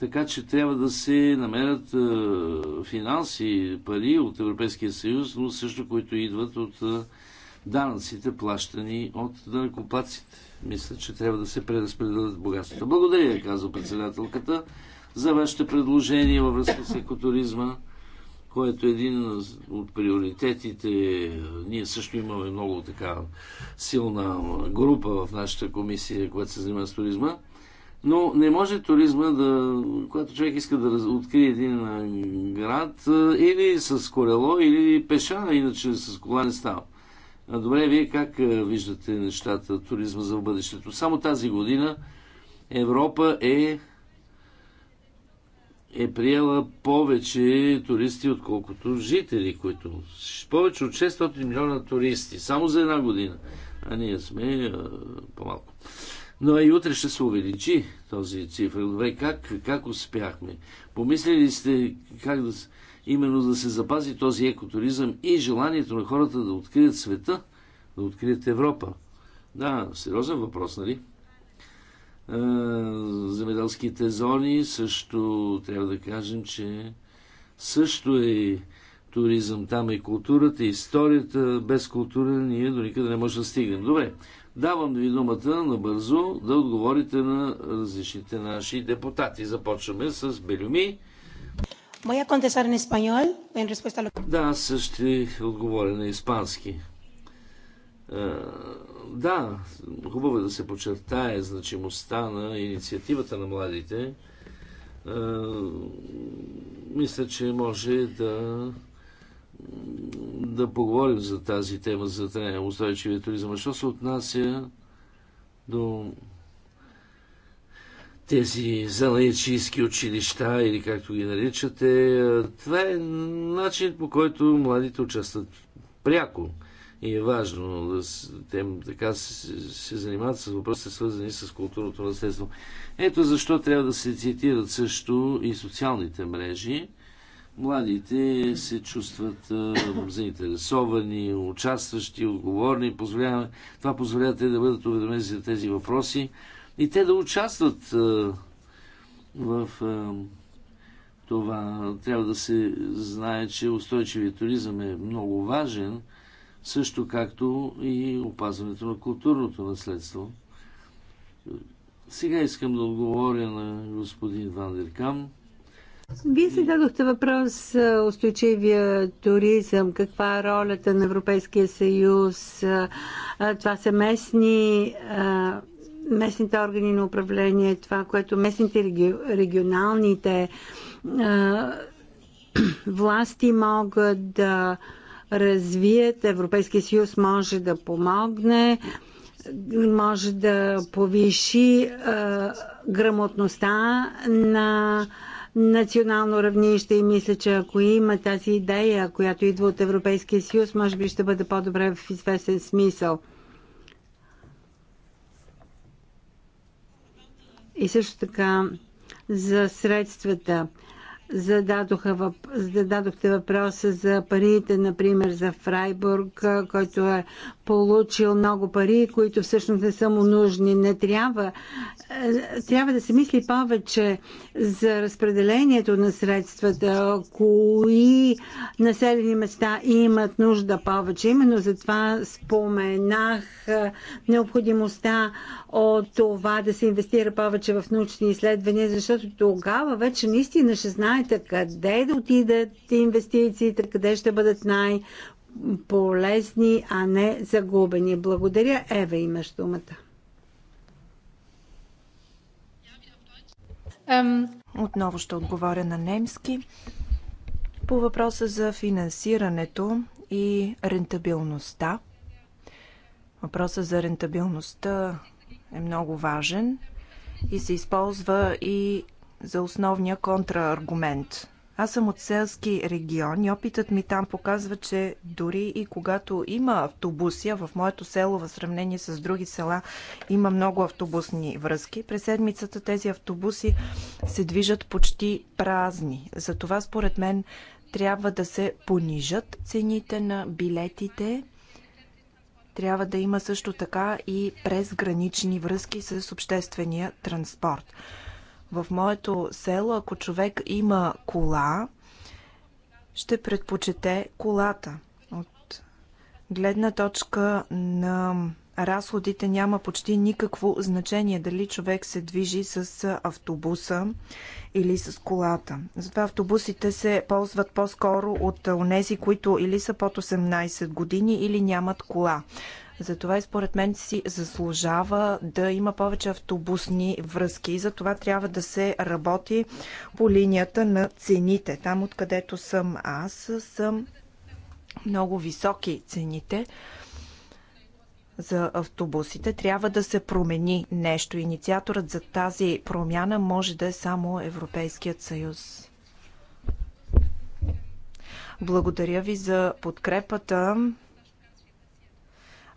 Така че трябва да се намерят е, финанси, пари от Европейския съюз, но също които идват от е, данъците, плащани от данъкоплаците. Мисля, че трябва да се преразпределят богатствата. Благодаря, казва председателката, за вашите предложения във връзка с екотуризма което е един от приоритетите. Ние също имаме много така силна група в нашата комисия, която се занимава с туризма. Но не може туризма да... Когато човек иска да открие един град, или с колело, или пеша, иначе с кола не става. Добре, вие как виждате нещата, туризма за бъдещето? Само тази година Европа е е приела повече туристи, отколкото жители, които... Повече от 600 милиона туристи, само за една година. А ние сме а, по-малко. Но и утре ще се увеличи този цифр. Добре, как, как успяхме? Помислили сте как да, именно да се запази този екотуризъм и желанието на хората да открият света, да открият Европа? Да, сериозен въпрос, нали? земеделските зони. Също трябва да кажем, че също е туризъм, там е културата, историята. Без култура ние до никъде не може да стигнем. Добре, давам ви думата набързо да отговорите на различните наши депутати. Започваме с Белюми. Voy a contestar en español en respuesta a lo que... Да, аз ще отговоря на испански. Да, хубаво е да се подчертае значимостта на инициативата на младите. Е, мисля, че може да да поговорим за тази тема, за тренер, устойчивия туризъм. Що се отнася до тези занаячийски училища или както ги наричате, е, това е начин по който младите участват пряко. И е важно да те така се, се занимават с въпросите, свързани с културното наследство. Ето защо трябва да се цитират също и социалните мрежи. Младите се чувстват а, заинтересовани, участващи, отговорни. Позволява, това позволява те да бъдат уведомени за тези въпроси и те да участват а, в а, това. Трябва да се знае, че устойчивият туризъм е много важен също както и опазването на културното наследство. Сега искам да отговоря на господин Вандеркам. Вие се дадохте въпрос за устойчивия туризъм, каква е ролята на Европейския съюз, това са местни, местните органи на управление, това, което местните регионалните власти могат да развият. Европейския съюз може да помогне, може да повиши а, грамотността на национално равнище и мисля, че ако има тази идея, която идва от Европейския съюз, може би ще бъде по-добре в известен смисъл. И също така за средствата зададоха въп... зададохте въпроса за парите, например, за Фрайбург, който е получил много пари, които всъщност не са му нужни. Не трябва, е, трябва да се мисли повече за разпределението на средствата, кои населени места имат нужда повече. Именно за това споменах е, необходимостта от това да се инвестира повече в научни изследвания, защото тогава вече наистина ще знаете къде да отидат инвестициите, къде ще бъдат най- полезни, а не загубени. Благодаря. Ева, имаш думата. Отново ще отговоря на немски. По въпроса за финансирането и рентабилността. Въпросът за рентабилността е много важен и се използва и за основния контрааргумент аз съм от селски регион и опитът ми там показва, че дори и когато има автобуси, а в моето село в сравнение с други села има много автобусни връзки, през седмицата тези автобуси се движат почти празни. Затова според мен трябва да се понижат цените на билетите. Трябва да има също така и презгранични връзки с обществения транспорт. В моето село, ако човек има кола, ще предпочете колата. От гледна точка на разходите няма почти никакво значение дали човек се движи с автобуса или с колата. Затова автобусите се ползват по-скоро от онези, които или са под 18 години, или нямат кола. Затова и според мен си заслужава да има повече автобусни връзки. И затова трябва да се работи по линията на цените. Там, откъдето съм аз, съм много високи цените за автобусите. Трябва да се промени нещо. Инициаторът за тази промяна може да е само Европейският съюз. Благодаря ви за подкрепата.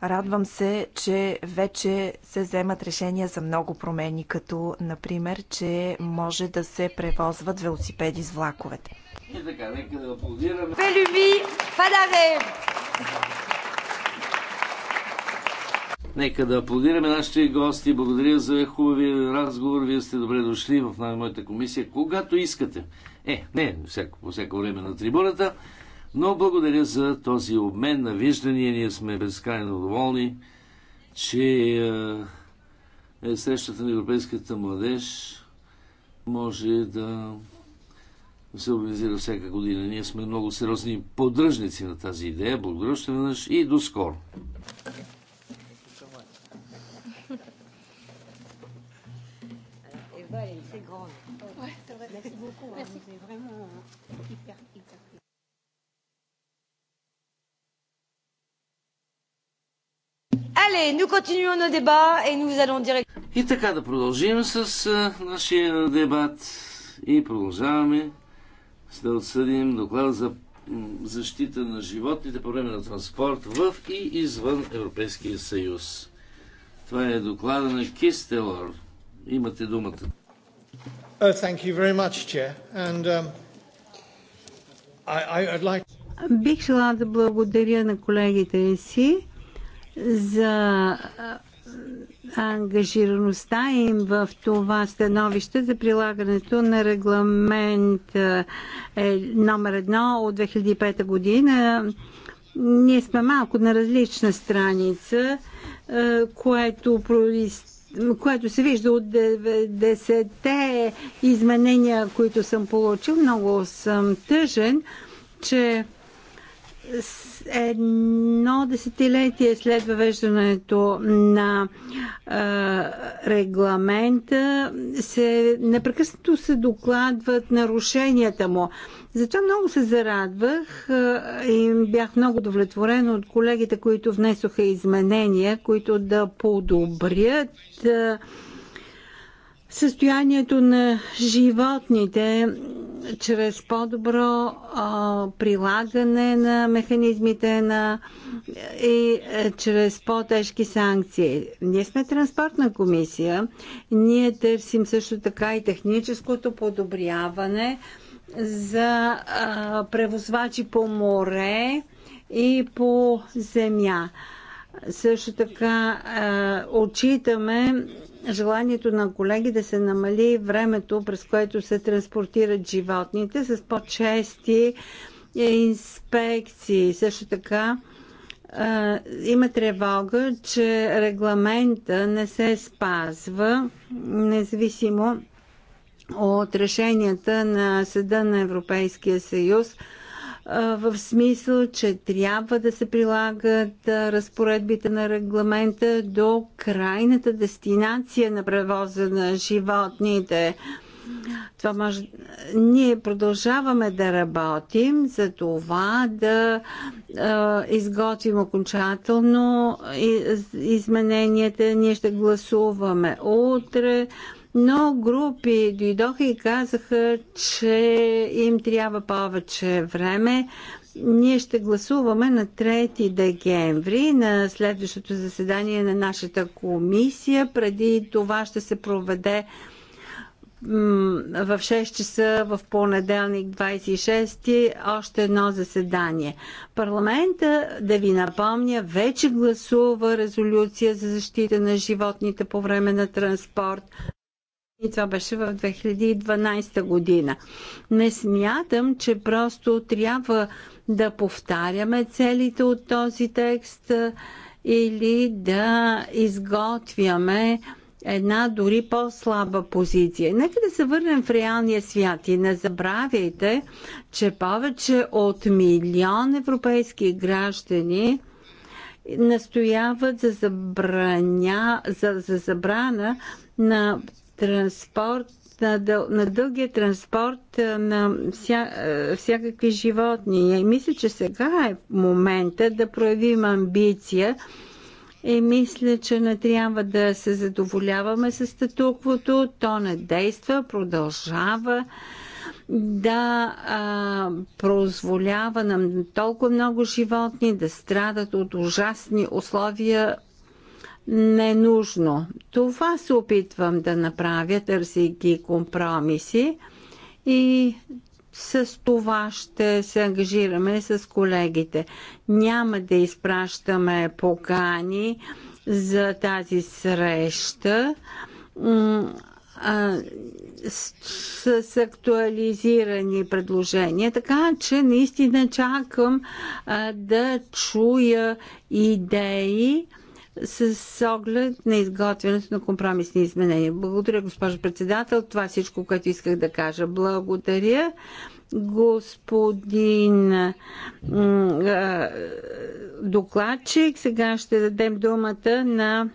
Радвам се, че вече се вземат решения за много промени, като например, че може да се превозват велосипеди с влаковете. И така, нека да аплодираме. Нека да аплодираме нашите гости. Благодаря за хубавия разговор. Вие сте добре дошли в моята комисия, когато искате. Е, не всяко, по всяко време на трибуната. Но благодаря за този обмен на виждания. Ние сме безкрайно доволни, че е, е, срещата на европейската младеж може да се организира всяка година. Ние сме много сериозни поддръжници на тази идея. Благодаря още веднъж и до скоро. Merci beaucoup. Merci. C'est vraiment hyper, hyper. Allez, nous continuons nos débats et nous allons direct... И така да продължим с а, нашия дебат и продължаваме с да отсъдим доклада за защита на животните по време на транспорт в и извън Европейския съюз. Това е доклада на Кистелор. Имате думата. Oh, thank you very much, Chair. And, um, I, I'd like... Бих желала да благодаря на колегите си за ангажираността им в това становище за прилагането на регламент е, номер едно от 2005 година. Ние сме малко на различна страница, което проистича което се вижда от 90 те изменения, които съм получил. Много съм тъжен, че едно десетилетие след въвеждането на е, регламента се непрекъснато се докладват нарушенията му. Затова много се зарадвах и бях много удовлетворена от колегите, които внесоха изменения, които да подобрят състоянието на животните чрез по-добро прилагане на механизмите на, и а, е, чрез по-тежки санкции. Ние сме транспортна комисия. Ние търсим също така и техническото подобряване за а, превозвачи по море и по земя. Също така отчитаме желанието на колеги да се намали времето, през което се транспортират животните с по-чести е, инспекции. Също така има тревога, че регламента не се спазва, независимо от решенията на Съда на Европейския съюз – в смисъл, че трябва да се прилагат разпоредбите на регламента до крайната дестинация на превоза на животните. Това може... Ние продължаваме да работим за това да е, изготвим окончателно измененията. Ние ще гласуваме утре но групи дойдоха и казаха, че им трябва повече време. Ние ще гласуваме на 3 декември на следващото заседание на нашата комисия. Преди това ще се проведе в 6 часа в понеделник 26 още едно заседание. Парламента, да ви напомня, вече гласува резолюция за защита на животните по време на транспорт. И това беше в 2012 година. Не смятам, че просто трябва да повтаряме целите от този текст или да изготвяме една дори по-слаба позиция. Нека да се върнем в реалния свят и не забравяйте, че повече от милион европейски граждани настояват за, забраня, за, за забрана на транспорт, на, дъл, на дългия транспорт на вся, всякакви животни. И мисля, че сега е момента да проявим амбиция и мисля, че не трябва да се задоволяваме с статуквото. То не действа, продължава да а, прозволява на толкова много животни да страдат от ужасни условия ненужно. Това се опитвам да направя, търсейки компромиси и с това ще се ангажираме с колегите. Няма да изпращаме покани за тази среща с, с актуализирани предложения. Така че наистина чакам а, да чуя идеи с оглед на изготвянето на компромисни изменения. Благодаря, госпожо председател. Това е всичко, което исках да кажа. Благодаря, господин докладчик. Сега ще дадем думата на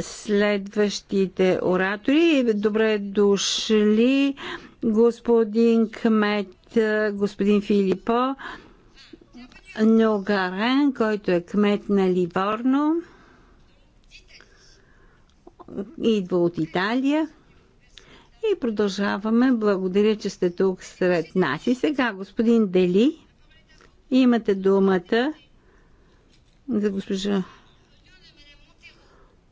следващите оратори. Добре дошли господин Кмет, господин Филипо Ногарен, който е кмет на Ливорно идва от Италия. И продължаваме. Благодаря, че сте тук сред нас. И сега, господин Дели, имате думата за госпожа.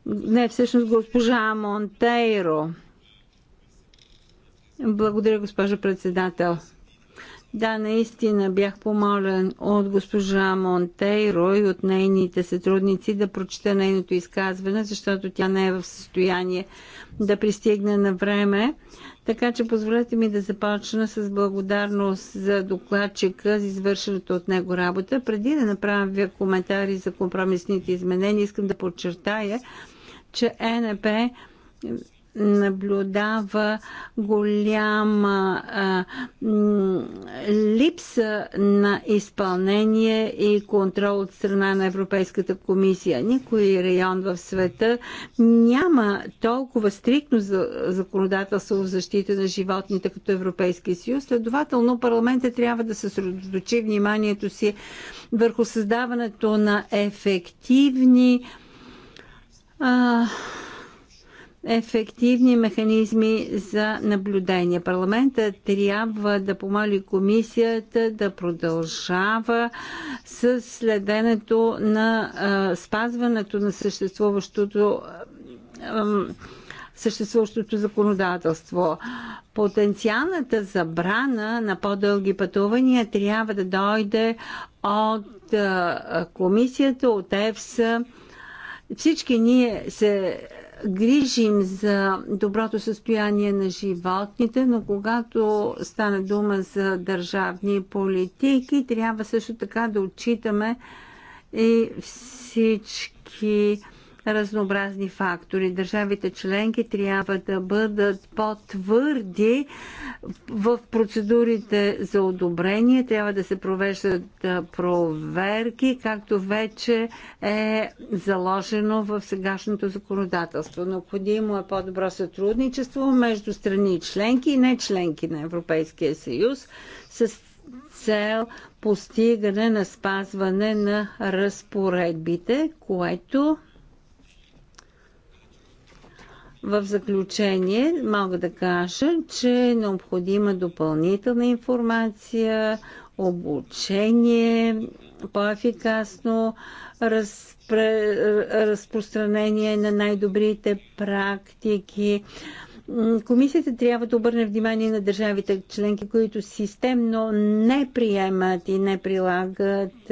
Не, всъщност госпожа Монтейро. Благодаря, госпожо председател. Да, наистина бях помолен от госпожа Монтейро и от нейните сътрудници да прочета нейното изказване, защото тя не е в състояние да пристигне на време. Така че позволете ми да започна с благодарност за докладчика, за извършената от него работа. Преди да направя коментари за компромисните изменения, искам да подчертая, че е НП наблюдава голяма а, липса на изпълнение и контрол от страна на Европейската комисия. Никой район в света няма толкова стрикно за законодателство в защита на животните като Европейския съюз. Следователно парламента трябва да се съсредоточи вниманието си върху създаването на ефективни а, ефективни механизми за наблюдение. Парламента трябва да помоли комисията да продължава с следенето на а, спазването на съществуващото а, съществуващото законодателство. Потенциалната забрана на по-дълги пътувания трябва да дойде от а, комисията, от ЕФСА. Всички ние се грижим за доброто състояние на животните, но когато стане дума за държавни политики, трябва също така да отчитаме и всички разнообразни фактори. Държавите членки трябва да бъдат по-твърди в процедурите за одобрение. Трябва да се провеждат проверки, както вече е заложено в сегашното законодателство. Необходимо е по-добро сътрудничество между страни членки и не членки на Европейския съюз с цел постигане на спазване на разпоредбите, което в заключение мога да кажа, че е необходима допълнителна информация, обучение, по-ефикасно разпре, разпространение на най-добрите практики. Комисията трябва да обърне внимание на държавите членки, които системно не приемат и не прилагат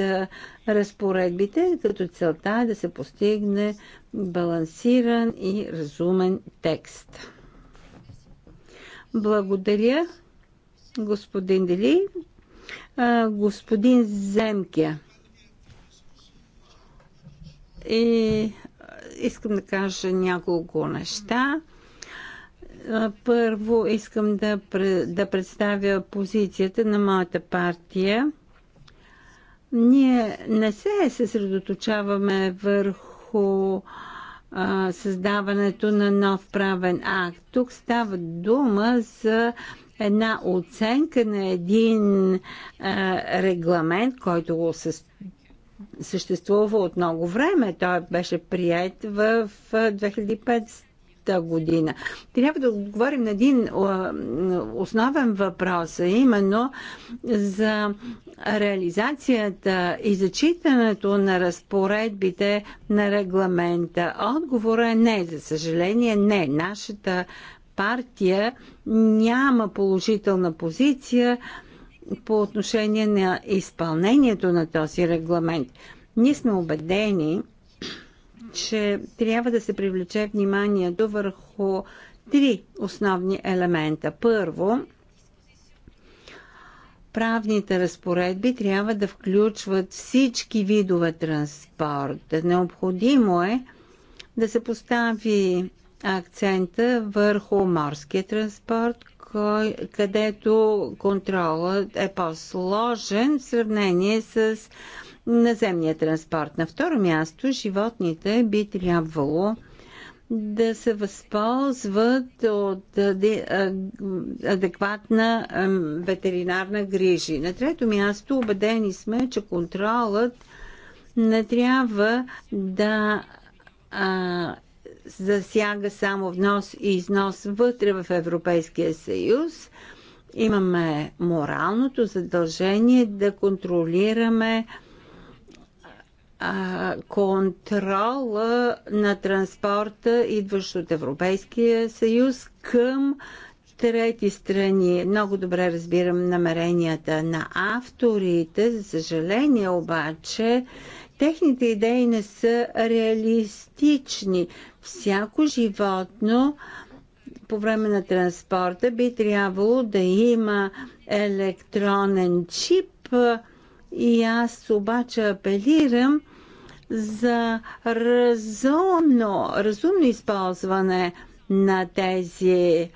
разпоредбите, като целта е да се постигне балансиран и разумен текст. Благодаря, господин Дели. Господин Земке. И искам да кажа няколко неща. Първо искам да, да представя позицията на моята партия. Ние не се съсредоточаваме върху създаването на нов правен акт. Тук става дума за една оценка на един а, регламент, който го съществува от много време. Той беше прият в 2005 2020 година. Трябва да отговорим на един основен въпрос, а именно за реализацията и зачитането на разпоредбите на регламента. Отговорът е не, за съжаление, не. Нашата партия няма положителна позиция по отношение на изпълнението на този регламент. Ние сме убедени, че трябва да се привлече вниманието върху три основни елемента. Първо, правните разпоредби трябва да включват всички видове транспорт. Необходимо е да се постави акцента върху морския транспорт, кой, където контролът е по-сложен в сравнение с наземния транспорт. На второ място, животните би трябвало да се възползват от адекватна ветеринарна грижи. На трето място, убедени сме, че контролът не трябва да а, засяга само внос и износ вътре в Европейския съюз. Имаме моралното задължение да контролираме а, контрола на транспорта, идващ от Европейския съюз към трети страни. Много добре разбирам намеренията на авторите, за съжаление обаче техните идеи не са реалистични. Всяко животно по време на транспорта би трябвало да има електронен чип и аз обаче апелирам за разумно, разумно използване на тези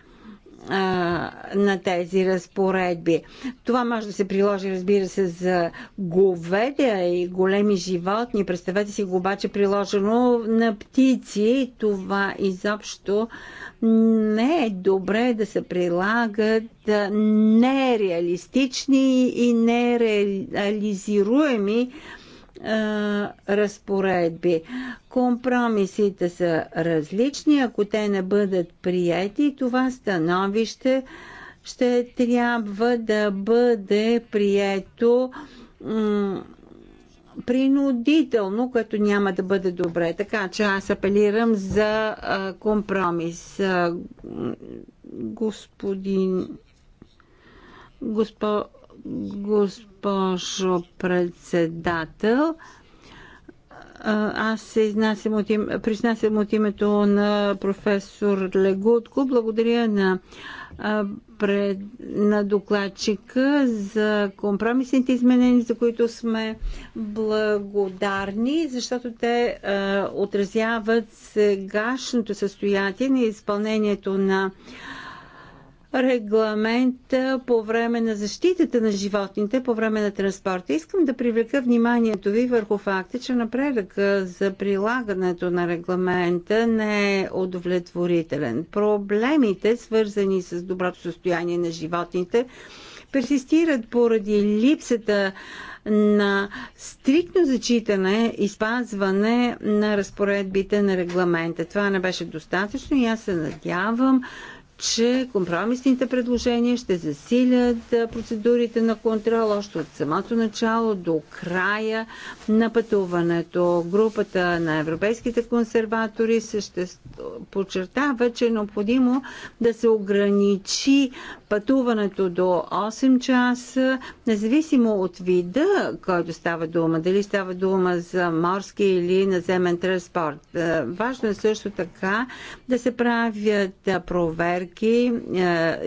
на тези разпоредби. Това може да се приложи, разбира се, за говедя и големи животни. Представете си го обаче приложено на птици. Това изобщо не е добре да се прилагат нереалистични и нереализируеми разпоредби. Компромисите са различни. Ако те не бъдат прияти, това становище ще трябва да бъде прието принудително, като няма да бъде добре. Така че аз апелирам за компромис. господин. Госпо госпожо председател. Аз се изнасям от им, признасям от името на професор Легутко. Благодаря на, пред, на докладчика за компромисните изменения, за които сме благодарни, защото те а, отразяват сегашното състояние на изпълнението на а, регламента по време на защитата на животните по време на транспорта. Искам да привлека вниманието ви върху факта, че напредък за прилагането на регламента не е удовлетворителен. Проблемите, свързани с доброто състояние на животните, персистират поради липсата на стриктно зачитане и спазване на разпоредбите на регламента. Това не беше достатъчно и аз се надявам, че компромисните предложения ще засилят процедурите на контрол още от самото начало до края на пътуването. Групата на европейските консерватори ще подчертава, че е необходимо да се ограничи пътуването до 8 часа, независимо от вида, който става дума, дали става дума за морски или наземен транспорт. Е, важно е също така да се правят проверки проверки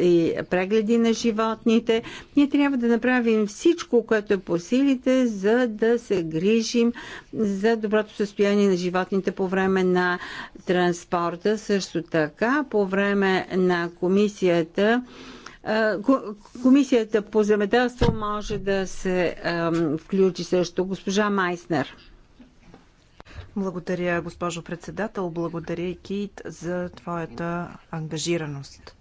и прегледи на животните. Ние трябва да направим всичко, което е по силите, за да се грижим за доброто състояние на животните по време на транспорта. Също така, по време на комисията Комисията по земеделство може да се включи също. Госпожа Майснер. Благодаря, госпожо председател. Благодаря и Кит за твоята ангажираност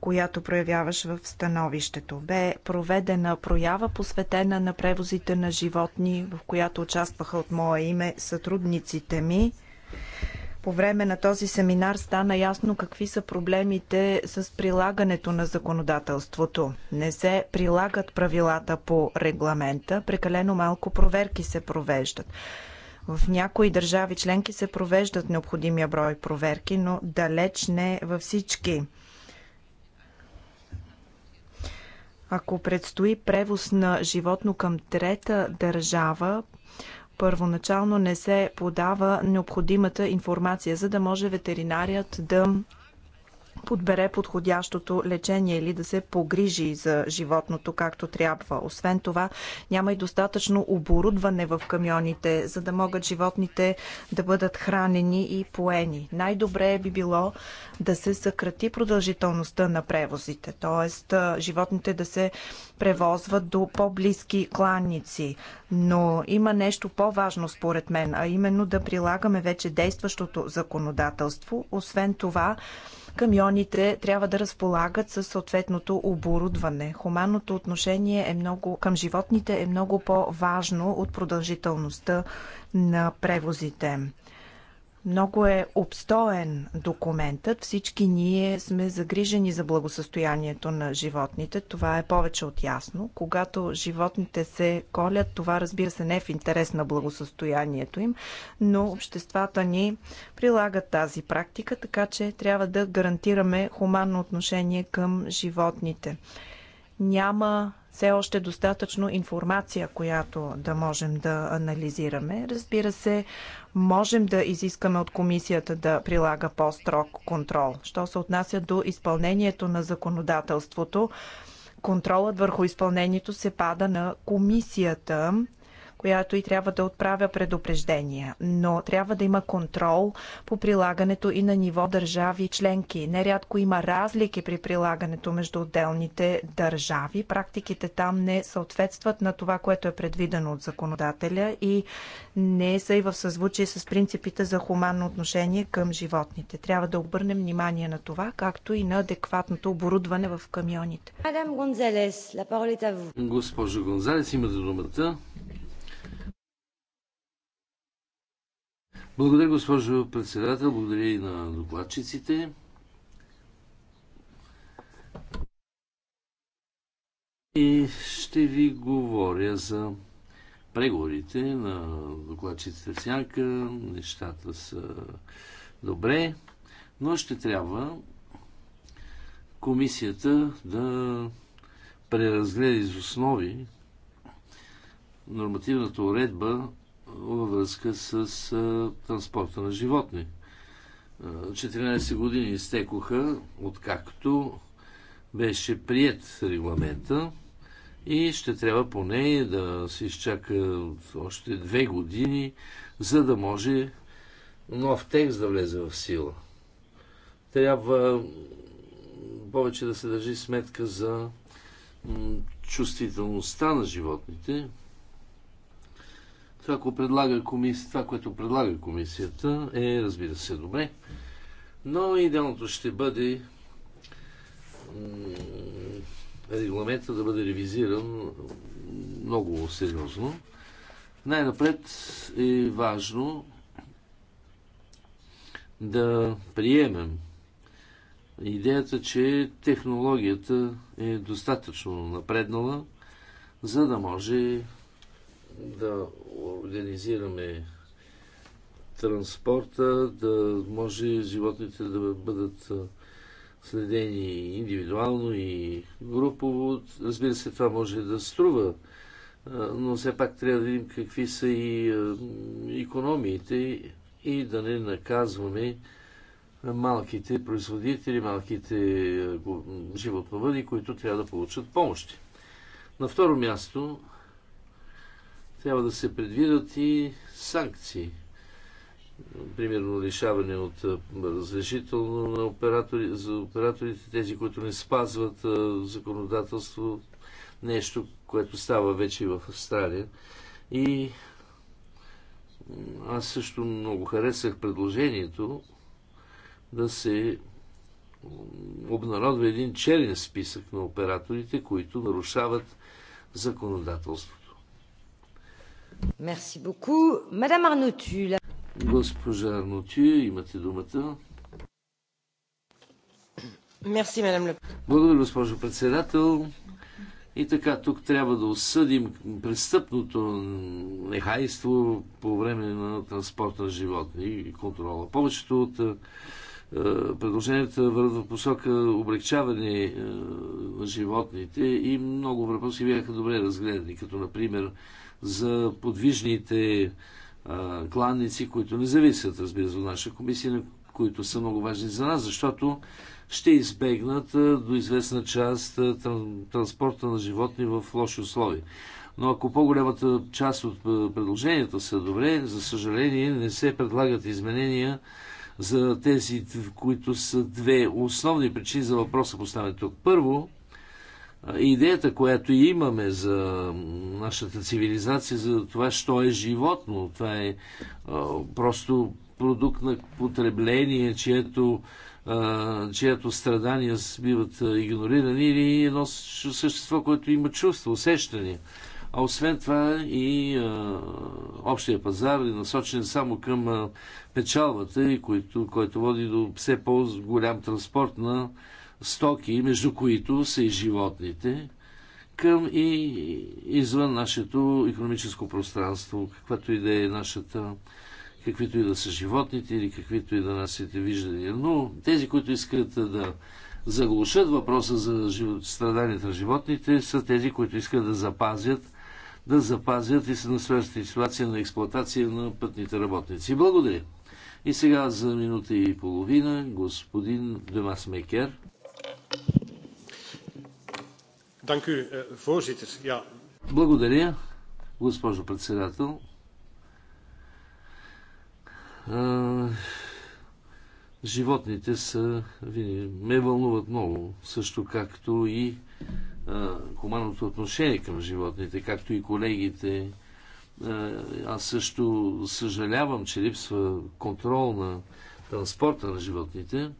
която проявяваш в становището. Бе проведена проява, посветена на превозите на животни, в която участваха от мое име сътрудниците ми. По време на този семинар стана ясно какви са проблемите с прилагането на законодателството. Не се прилагат правилата по регламента, прекалено малко проверки се провеждат. В някои държави членки се провеждат необходимия брой проверки, но далеч не във всички. Ако предстои превоз на животно към трета държава, първоначално не се подава необходимата информация, за да може ветеринарият да подбере подходящото лечение или да се погрижи за животното както трябва. Освен това, няма и достатъчно оборудване в камионите, за да могат животните да бъдат хранени и поени. Най-добре би било да се съкрати продължителността на превозите, т.е. животните да се превозват до по-близки кланници. Но има нещо по-важно според мен, а именно да прилагаме вече действащото законодателство. Освен това, камионите трябва да разполагат със съответното оборудване. Хуманното отношение е много, към животните е много по-важно от продължителността на превозите. Много е обстоен документът. Всички ние сме загрижени за благосъстоянието на животните. Това е повече от ясно. Когато животните се колят, това разбира се не е в интерес на благосъстоянието им, но обществата ни прилагат тази практика, така че трябва да гарантираме хуманно отношение към животните. Няма все още достатъчно информация, която да можем да анализираме. Разбира се, можем да изискаме от комисията да прилага по-строг контрол. Що се отнася до изпълнението на законодателството, контролът върху изпълнението се пада на комисията която и трябва да отправя предупреждения. Но трябва да има контрол по прилагането и на ниво държави и членки. Нерядко има разлики при прилагането между отделните държави. Практиките там не съответстват на това, което е предвидено от законодателя и не са и в съзвучие с принципите за хуманно отношение към животните. Трябва да обърнем внимание на това, както и на адекватното оборудване в камионите. Госпожо Гонзалес, имате думата. Благодаря, госпожо председател. Благодаря и на докладчиците. И ще ви говоря за преговорите на докладчиците в сянка. Нещата са добре, но ще трябва комисията да преразгледа из основи нормативната уредба във връзка с а, транспорта на животни. 14 години изтекоха, откакто беше прият регламента и ще трябва поне да се изчака още две години, за да може нов текст да влезе в сила. Трябва повече да се държи сметка за чувствителността на животните, това, което предлага комисията, това, което предлага комисията е, разбира се, добре, но идеалното ще бъде регламента да бъде ревизиран много сериозно. Най-напред е важно да приемем идеята, че технологията е достатъчно напреднала, за да може да организираме транспорта, да може животните да бъдат следени индивидуално и групово. Разбира се, това може да струва, но все пак трябва да видим какви са и економиите и да не наказваме малките производители, малките животновъди, които трябва да получат помощи. На второ място, трябва да се предвидят и санкции. Примерно лишаване от разрешително на оператори, за операторите, тези, които не спазват законодателство, нещо, което става вече и в Австралия. И аз също много харесах предложението да се обнародва един черен списък на операторите, които нарушават законодателство. Мерси боку. Мадам Арнотю. Госпожа Арнотю, имате думата. Мерси, мадам Леп. Благодаря, госпожо председател. И така, тук трябва да осъдим престъпното нехайство по време на транспорт на животни и контрола. Повечето от е, предложенията върват в посока облегчаване е, на животните и много въпроси бяха добре разгледани, като например за подвижните а, кланници, които не зависят, разбира се, от наша комисия, които са много важни за нас, защото ще избегнат а, до известна част а, транспорта на животни в лоши условия. Но ако по-голямата част от предложенията са добре, за съжаление не се предлагат изменения за тези, които са две основни причини за въпроса поставен тук. Първо, идеята, която имаме за нашата цивилизация, за това, що е животно. Това е просто продукт на потребление, чието, чието страдания биват игнорирани или едно същество, което има чувства, усещания. А освен това и а, общия пазар е насочен само към а, печалбата, и който, който води до все по-голям транспорт на стоки, между които са и животните, към и извън нашето економическо пространство, каквато и да е нашата, каквито и да са животните или каквито и да насите виждания. Но тези, които искат да заглушат въпроса за страданията на животните, са тези, които искат да запазят да запазят и се настоящата ситуация на експлоатация на пътните работници. Благодаря. И сега за минута и половина господин Демас Мекер. Eh, Благодаря, госпожо председател. Животните са, винаги, ме вълнуват много, също както и хуманното отношение към животните, както и колегите. Аз също съжалявам, че липсва контрол на транспорта на животните.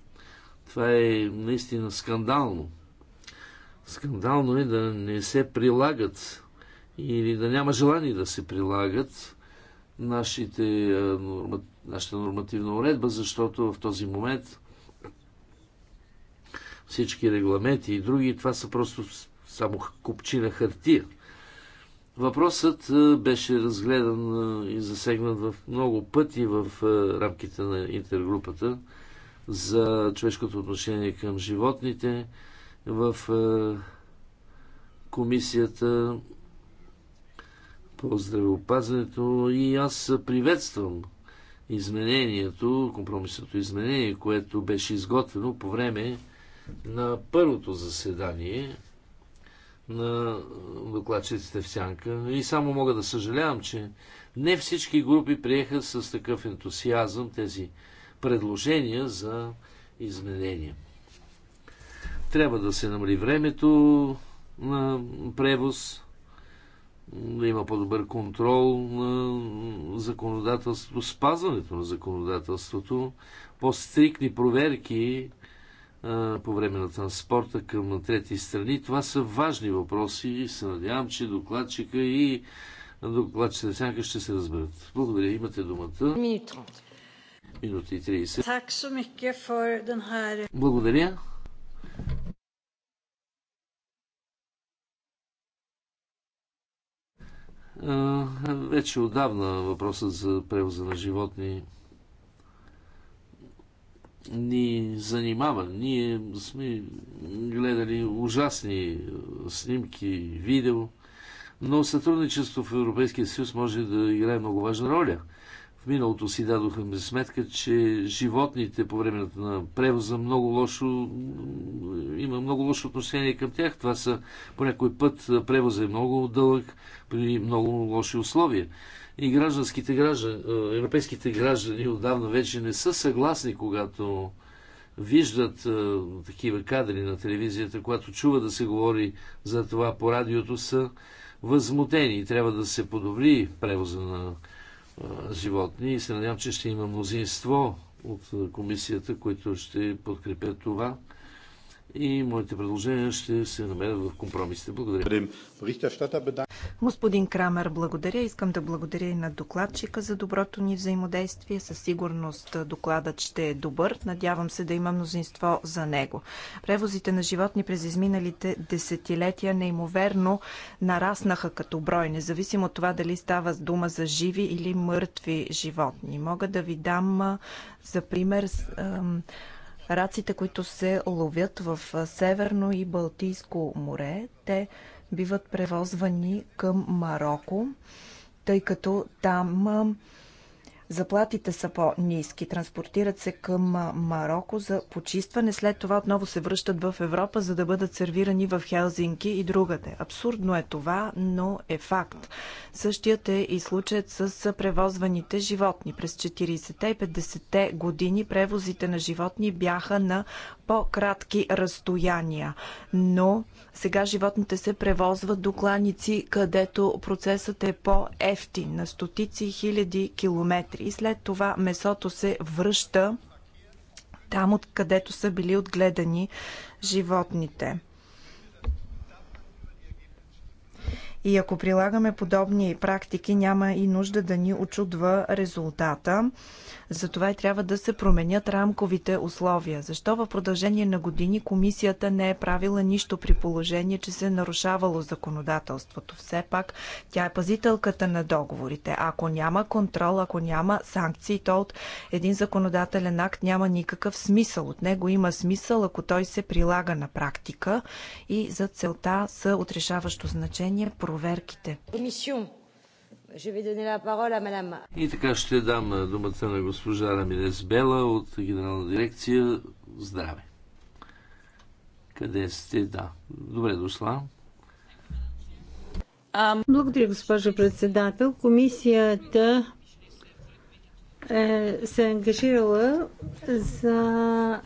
Това е наистина скандално. Скандално е да не се прилагат или да няма желание да се прилагат нашите, нашата нормативна уредба, защото в този момент всички регламенти и други, това са просто само купчина хартия. Въпросът беше разгледан и засегнат в много пъти в рамките на интергрупата за човешкото отношение към животните – в е, комисията по здравеопазването и аз приветствам изменението, компромисното изменение, което беше изготвено по време на първото заседание на докладчиците в Сянка. И само мога да съжалявам, че не всички групи приеха с такъв ентусиазъм тези предложения за изменения. Трябва да се намали времето на превоз, да има по-добър контрол на законодателството, спазването на законодателството, по-стрикни проверки по време на транспорта към трети страни. Това са важни въпроси и се надявам, че докладчика и докладчите сянка ще се разберат. Благодаря, имате думата. Минута и 30. Благодаря Вече отдавна въпросът за превоза на животни ни занимава. Ние сме гледали ужасни снимки, видео, но сътрудничество в Европейския съюз може да играе много важна роля – в миналото си дадохме сметка, че животните по време на превоза много лошо, има много лошо отношение към тях. Това са по някой път превоза е много дълъг при много лоши условия. И гражданските граждани, е, европейските граждани отдавна вече не са съгласни, когато виждат а, е, такива кадри на телевизията, когато чува да се говори за това по радиото, са възмутени и трябва да се подобри превоза на животни и се надявам, че ще има мнозинство от комисията, които ще подкрепят това и моите предложения ще се намерят в компромисите. Благодаря. Господин Крамер, благодаря. Искам да благодаря и на докладчика за доброто ни взаимодействие. Със сигурност докладът ще е добър. Надявам се да има мнозинство за него. Превозите на животни през изминалите десетилетия неимоверно нараснаха като брой, независимо от това дали става дума за живи или мъртви животни. Мога да ви дам за пример раците, които се ловят в Северно и Балтийско море, те биват превозвани към Марокко, тъй като там Заплатите са по-низки, транспортират се към Марокко за почистване, след това отново се връщат в Европа, за да бъдат сервирани в Хелзинки и другаде. Абсурдно е това, но е факт. Същият е и случаят с превозваните животни. През 40-те и 50-те години превозите на животни бяха на по-кратки разстояния, но сега животните се превозват до кланици, където процесът е по-ефтин, на стотици хиляди километри и след това месото се връща там, откъдето са били отгледани животните. И ако прилагаме подобни практики, няма и нужда да ни очудва резултата. Затова и трябва да се променят рамковите условия. Защо в продължение на години комисията не е правила нищо при положение, че се е нарушавало законодателството? Все пак тя е пазителката на договорите. Ако няма контрол, ако няма санкции, то от един законодателен акт няма никакъв смисъл. От него има смисъл, ако той се прилага на практика и за целта са отрешаващо значение проверките. Комисион. И така ще дам думата на госпожа Рамирес Бела от Генерална дирекция Здраве. Къде сте? Да. Добре дошла. Благодаря, госпожо председател. Комисията е, се е ангажирала за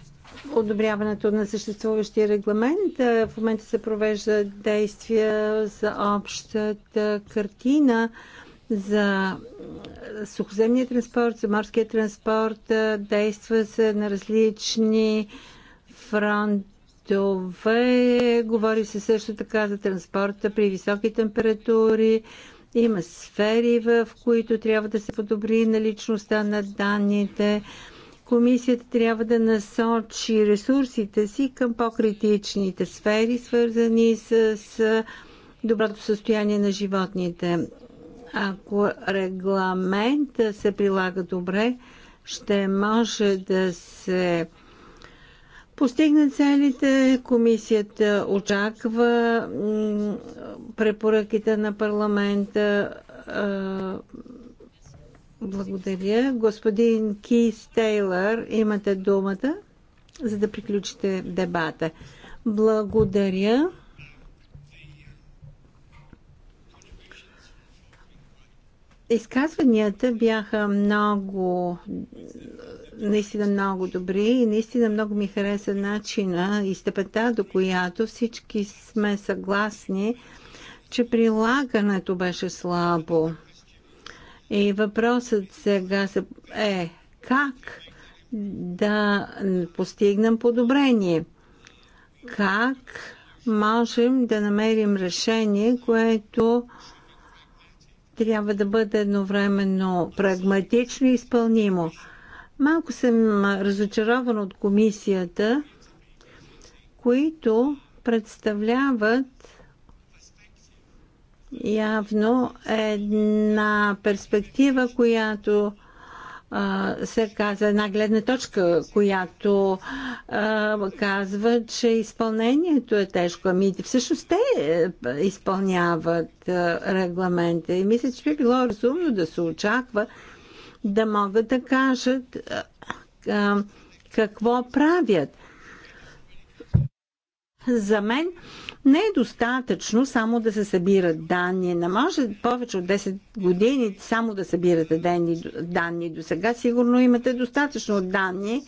одобряването на съществуващия регламент. Е, в момента се провежда действия за общата картина за сухоземния транспорт, за морския транспорт, действа се на различни фронтове. Говори се също така за транспорта при високи температури. Има сфери, в които трябва да се подобри наличността на данните. Комисията трябва да насочи ресурсите си към по-критичните сфери, свързани с доброто състояние на животните. Ако регламент се прилага добре, ще може да се постигне целите. Комисията очаква препоръките на парламента. Благодаря. Господин Кис Тейлър, имате думата, за да приключите дебата. Благодаря. Изказванията бяха много, наистина много добри и наистина много ми хареса начина и степента, до която всички сме съгласни, че прилагането беше слабо. И въпросът сега е как да постигнем подобрение? Как можем да намерим решение, което трябва да бъде едновременно прагматично и изпълнимо. Малко съм разочарован от комисията, които представляват явно една перспектива, която се каза една гледна точка, която а, казва, че изпълнението е тежко. Ами всъщност те е, изпълняват регламента и мисля, че би било разумно да се очаква да могат да кажат а, какво правят. За мен не е достатъчно само да се събират данни. Не може повече от 10 години само да събирате данни, данни. до сега. Сигурно имате достатъчно данни.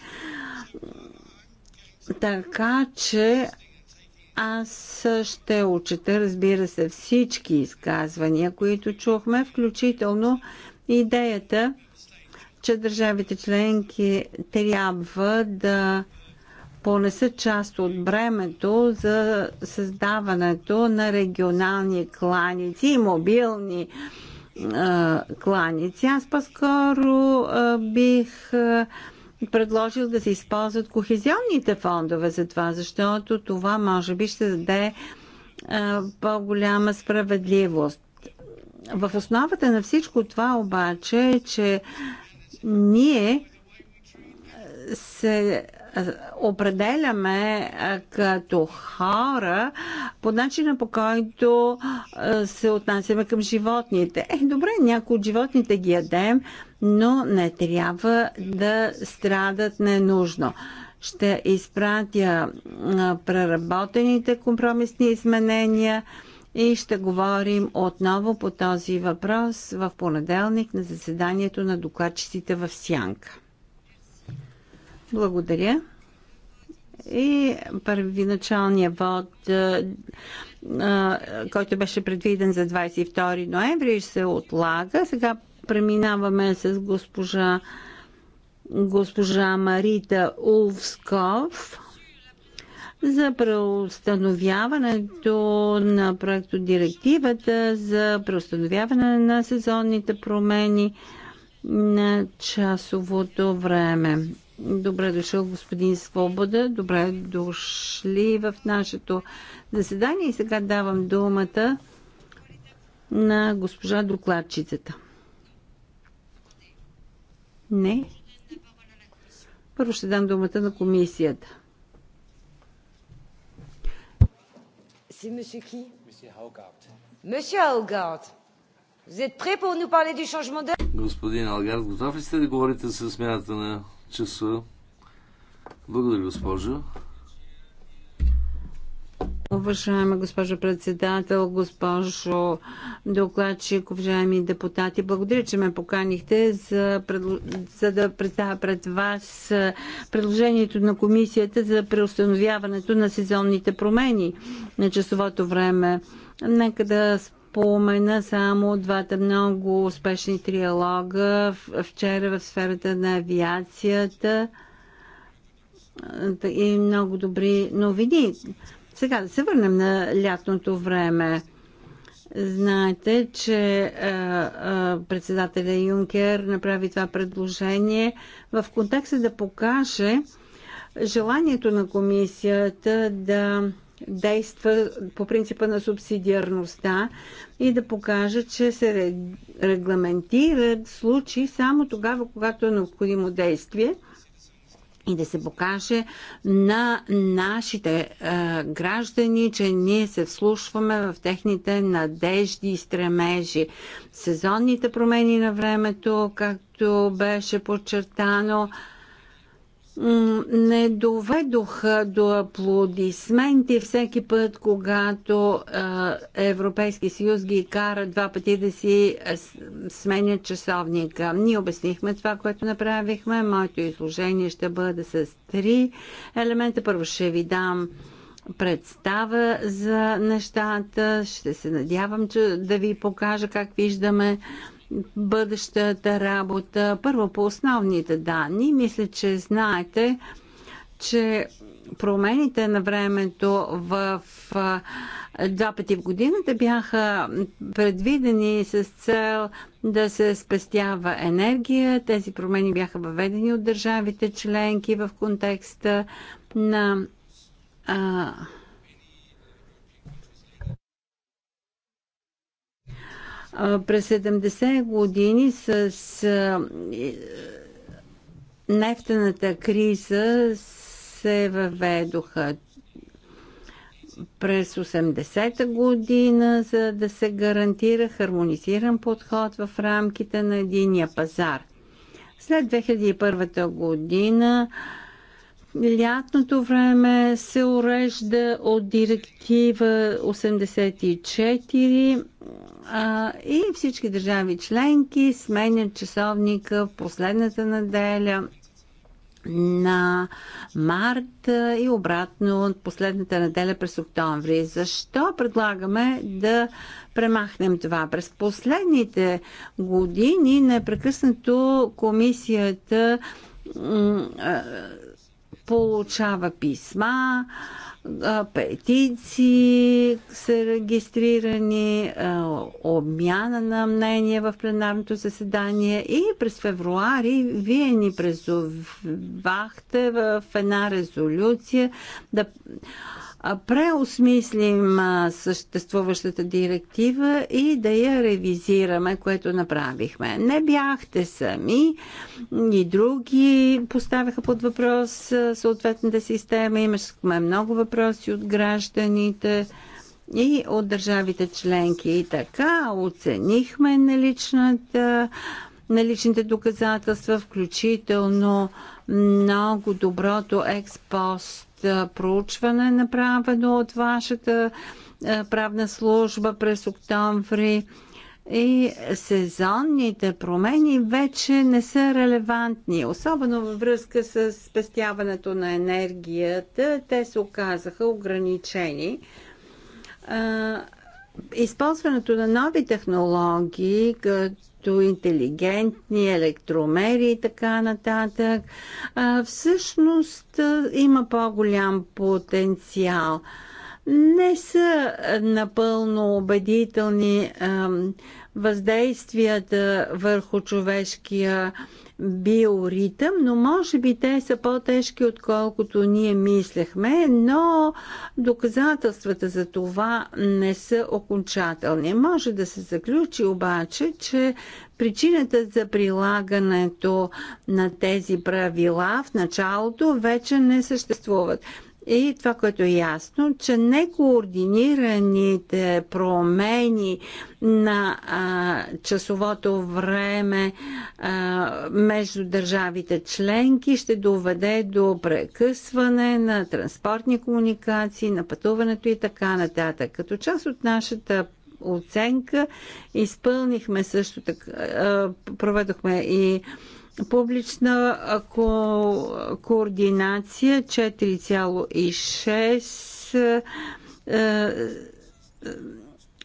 Така че аз ще отчета, разбира се, всички изказвания, които чухме, включително идеята, че държавите членки трябва да понесат част от бремето за създаването на регионални кланици и мобилни кланици. Аз по-скоро бих предложил да се използват кохезионните фондове за това, защото това може би ще даде по-голяма справедливост. В основата на всичко това обаче е, че ние се определяме е, като хора по начина по който е, се отнасяме към животните. Е, добре, някои от животните ги ядем, но не трябва да страдат ненужно ще изпратя е, преработените компромисни изменения и ще говорим отново по този въпрос в понеделник на заседанието на докладчиците в Сянка. Благодаря. И първиначалният вод, който беше предвиден за 22 ноември, се отлага. Сега преминаваме с госпожа, госпожа Марита Улвсков за преустановяването на проекто директивата за преустановяване на сезонните промени на часовото време. Добре дошъл господин Свобода, добре дошли в нашето заседание и сега давам думата на госпожа докладчицата. Не. Първо ще дам думата на комисията. C'est monsieur qui Monsieur Haugardt. Monsieur Господин Алгард, готов ли сте да говорите с смяната на часа. Благодаря, госпожа. Уважаема госпожо председател, госпожо докладчик, уважаеми депутати, благодаря, че ме поканихте за, за да представя пред вас предложението на комисията за преустановяването на сезонните промени на часовото време. Нека да спомена само двата много успешни триалога вчера в сферата на авиацията и много добри новини. Сега да се върнем на лятното време. Знаете, че председателя Юнкер направи това предложение в контекста да покаже желанието на комисията да действа по принципа на субсидиарността и да покаже, че се регламентират случаи само тогава, когато е необходимо действие и да се покаже на нашите е, граждани, че ние се вслушваме в техните надежди и стремежи. Сезонните промени на времето, както беше подчертано, не доведоха до аплодисменти всеки път, когато Европейски съюз ги кара два пъти да си сменят часовника. Ние обяснихме това, което направихме. Моето изложение ще бъде с три елемента. Първо ще ви дам представа за нещата. Ще се надявам, че да ви покажа как виждаме бъдещата работа. Първо по основните данни. Мисля, че знаете, че промените на времето в два пъти в годината бяха предвидени с цел да се спестява енергия. Тези промени бяха въведени от държавите членки в контекста на а, През 70 години с е, нефтената криза се въведоха през 80-та година, за да се гарантира хармонизиран подход в рамките на единия пазар. След 2001 година лятното време се урежда от директива 84 а, и всички държави членки сменят часовника в последната неделя на март и обратно от последната неделя през октомври. Защо предлагаме да премахнем това? През последните години непрекъснато комисията получава писма, петиции са регистрирани, обмяна на мнение в пленарното заседание и през февруари вие ни презовахте в една резолюция да преосмислим съществуващата директива и да я ревизираме, което направихме. Не бяхте сами и други поставяха под въпрос съответната система. Имахме много въпроси от гражданите и от държавите членки. И така оценихме наличната наличните доказателства, включително много доброто експост проучване направено от вашата правна служба през октомври и сезонните промени вече не са релевантни, особено във връзка с спестяването на енергията. Те се оказаха ограничени използването на нови технологии, като интелигентни електромери и така нататък, всъщност има по-голям потенциал. Не са напълно убедителни въздействията върху човешкия биоритъм, но може би те са по-тежки, отколкото ние мислехме, но доказателствата за това не са окончателни. Може да се заключи обаче, че причината за прилагането на тези правила в началото вече не съществуват. И това, което е ясно, че некоординираните промени на а, часовото време а, между държавите членки ще доведе до прекъсване на транспортни комуникации, на пътуването и така нататък. Като част от нашата оценка изпълнихме също така, проведохме и а, Публична ко- координация 4,6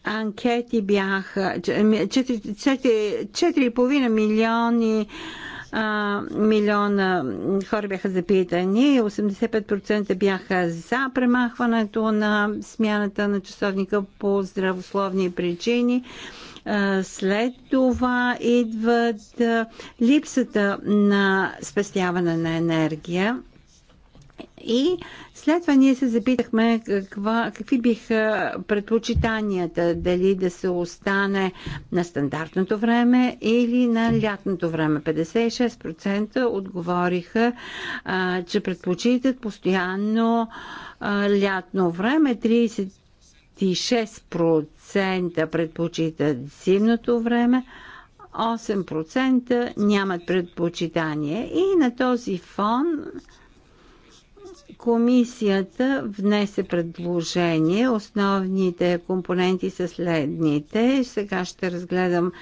анкети бяха 4,5 милиони а, милиона хора бяха запитани, 85% бяха за премахването на смяната на часовника по здравословни причини. След това идват липсата на спестяване на енергия. И след това ние се запитахме каква, какви биха предпочитанията, дали да се остане на стандартното време или на лятното време. 56% отговориха, а, че предпочитат постоянно а, лятно време, 36% 8% предпочитат зимното време, 8% нямат предпочитание. И на този фон комисията внесе предложение. Основните компоненти са следните. Сега ще разгледам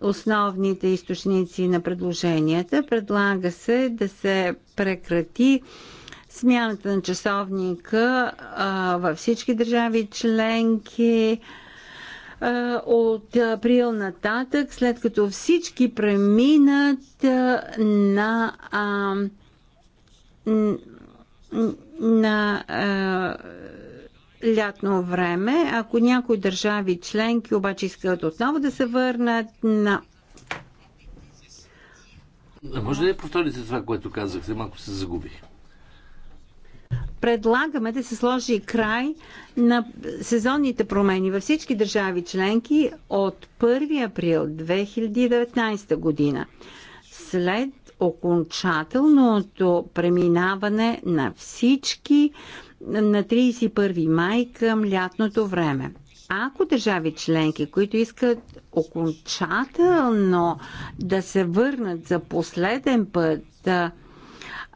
основните източници на предложенията. Предлага се да се прекрати смяната на часовника а, във всички държави членки от април нататък, след като всички преминат на а, на а, лятно време. Ако някои държави членки обаче искат отново да се върнат на а може ли да повторите това, което казахте? Малко се загубих предлагаме да се сложи край на сезонните промени във всички държави членки от 1 април 2019 година. След окончателното преминаване на всички на 31 май към лятното време. Ако държави членки, които искат окончателно да се върнат за последен път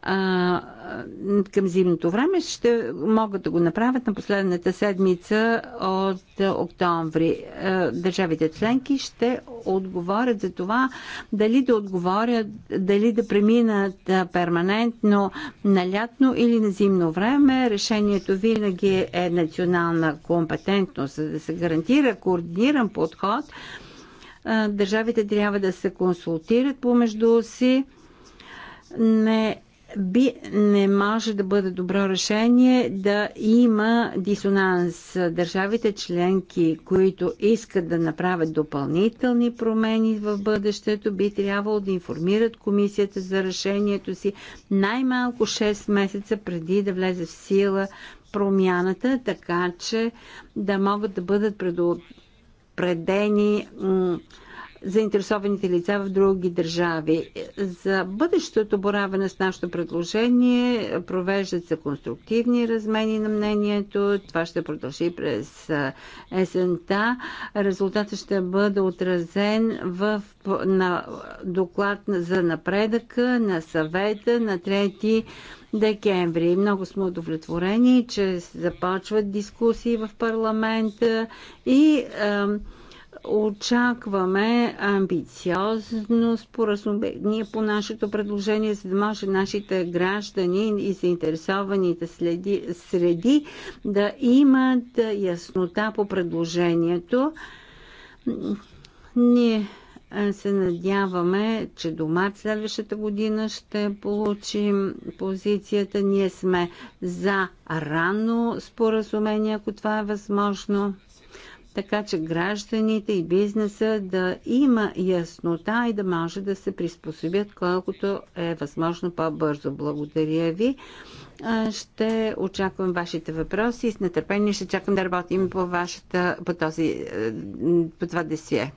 а, към зимното време ще могат да го направят на последната седмица от октомври. Е, държавите членки ще отговорят за това дали да отговорят, дали да преминат е, перманентно на лятно или на зимно време. Решението винаги е национална компетентност, за да се гарантира координиран подход. Е, държавите трябва да се консултират помежду си не би не може да бъде добро решение да има дисонанс. Държавите членки, които искат да направят допълнителни промени в бъдещето, би трябвало да информират комисията за решението си най-малко 6 месеца преди да влезе в сила промяната, така че да могат да бъдат предупредени заинтересованите лица в други държави. За бъдещото боравене с нашето предложение провеждат се конструктивни размени на мнението. Това ще продължи през есента. Резултатът ще бъде отразен в на доклад за напредъка на съвета на 3 декември. Много сме удовлетворени, че започват дискусии в парламента и е, Очакваме амбициозно споразумение по нашето предложение, за да може нашите граждани и заинтересованите следи, среди да имат яснота по предложението. Ние се надяваме, че до март следващата година ще получим позицията. Ние сме за ранно споразумение, ако това е възможно така че гражданите и бизнеса да има яснота и да може да се приспособят колкото е възможно по-бързо. Благодаря ви. Ще очаквам вашите въпроси и с нетърпение ще чакам да работим по, вашата, по, този, е, по това десие.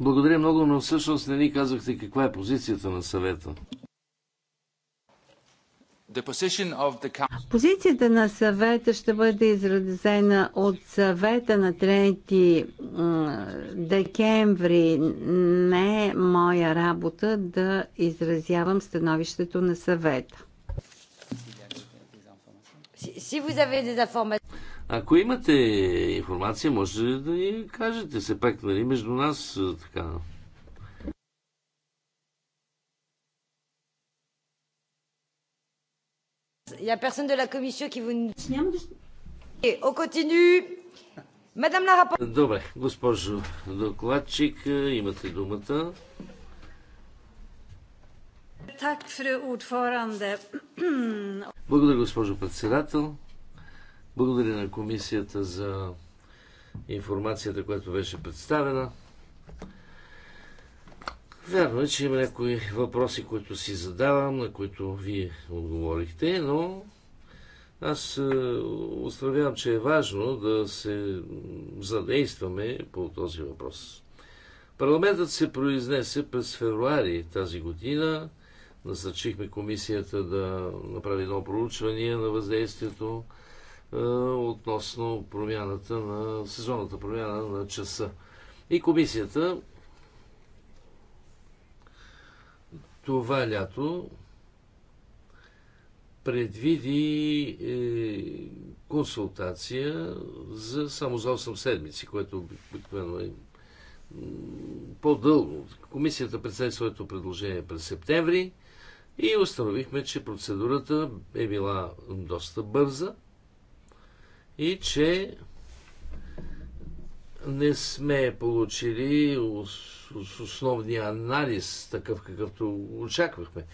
Благодаря много, но всъщност не ни казахте каква е позицията на съвета. Позицията на съвета ще бъде изразена от съвета на 3 декември. Не е моя работа да изразявам становището на съвета. Ако имате информация, може да ни кажете се пак, нали, между нас така. Il n'y a personne de la commission qui vous... Et on continue. Madame la rapporteure. Добре, госпожо докладчик, е, имате думата. Так, фру ordförande. Благодаря, госпожо председател. Благодаря на комисията за информацията, която беше представена. Вярно е, че има някои въпроси, които си задавам, на които вие отговорихте, но аз е, установявам, че е важно да се задействаме по този въпрос. Парламентът се произнесе през февруари тази година. Насърчихме комисията да направи едно проучване на въздействието е, относно промяната на сезонната промяна на часа. И комисията това лято предвиди е, консултация за само за 8 седмици, което обикновено е по-дълго. Комисията представи своето предложение през септември и установихме, че процедурата е била доста бърза и че не сме получили основния анализ, такъв какъвто очаквахме.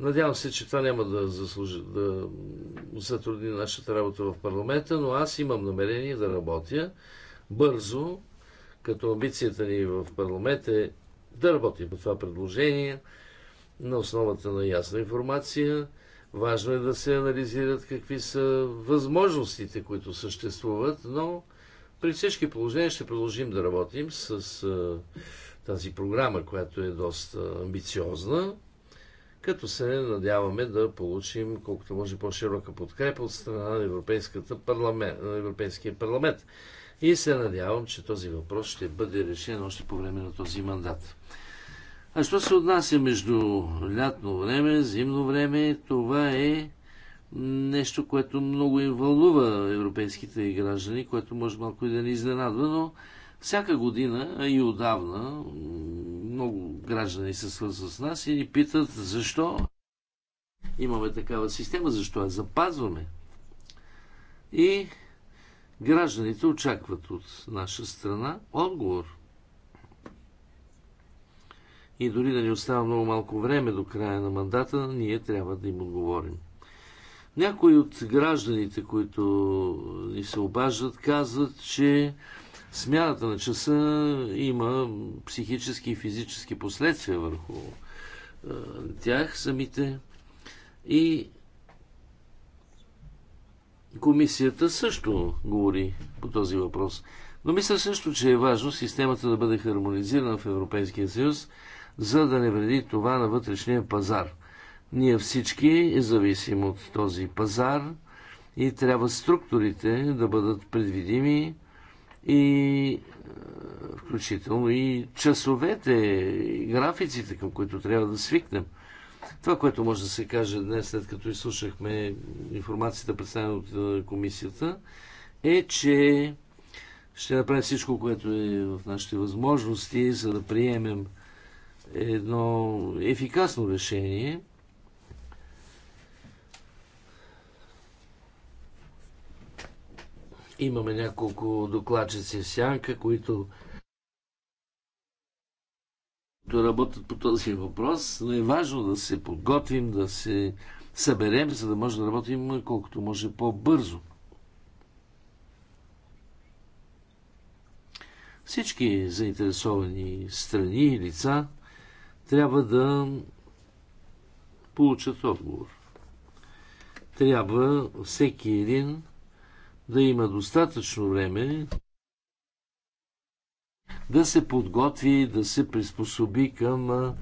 Надявам се, че това няма да, заслужи, да затрудни нашата работа в парламента, но аз имам намерение да работя бързо, като амбицията ни в парламента е да работим по това предложение на основата на ясна информация. Важно е да се анализират какви са възможностите, които съществуват, но при всички положения ще продължим да работим с тази програма, която е доста амбициозна, като се надяваме да получим колкото може по-широка подкрепа от страна на парламент, Европейския парламент. И се надявам, че този въпрос ще бъде решен още по време на този мандат. А що се отнася между лятно време, зимно време, това е нещо, което много им вълнува европейските граждани, което може малко и да ни изненадва, но всяка година, а и отдавна, много граждани се свързват с нас и ни питат защо имаме такава система, защо я запазваме. И гражданите очакват от наша страна отговор. И дори да ни остава много малко време до края на мандата, ние трябва да им отговорим. Някои от гражданите, които ни се обаждат, казват, че смяната на часа има психически и физически последствия върху тях самите. И комисията също говори по този въпрос. Но мисля също, че е важно системата да бъде хармонизирана в Европейския съюз, за да не вреди това на вътрешния пазар – ние всички зависим от този пазар и трябва структурите да бъдат предвидими и е, включително и часовете, и графиците, към които трябва да свикнем. Това, което може да се каже днес, след като изслушахме информацията, представена от е, комисията, е, че ще направим всичко, което е в нашите възможности, за да приемем едно ефикасно решение – Имаме няколко докладчици в сянка, които работят по този въпрос, но е важно да се подготвим, да се съберем, за да може да работим колкото може по-бързо. Всички заинтересовани страни и лица трябва да получат отговор. Трябва всеки един да има достатъчно време да се подготви, да се приспособи към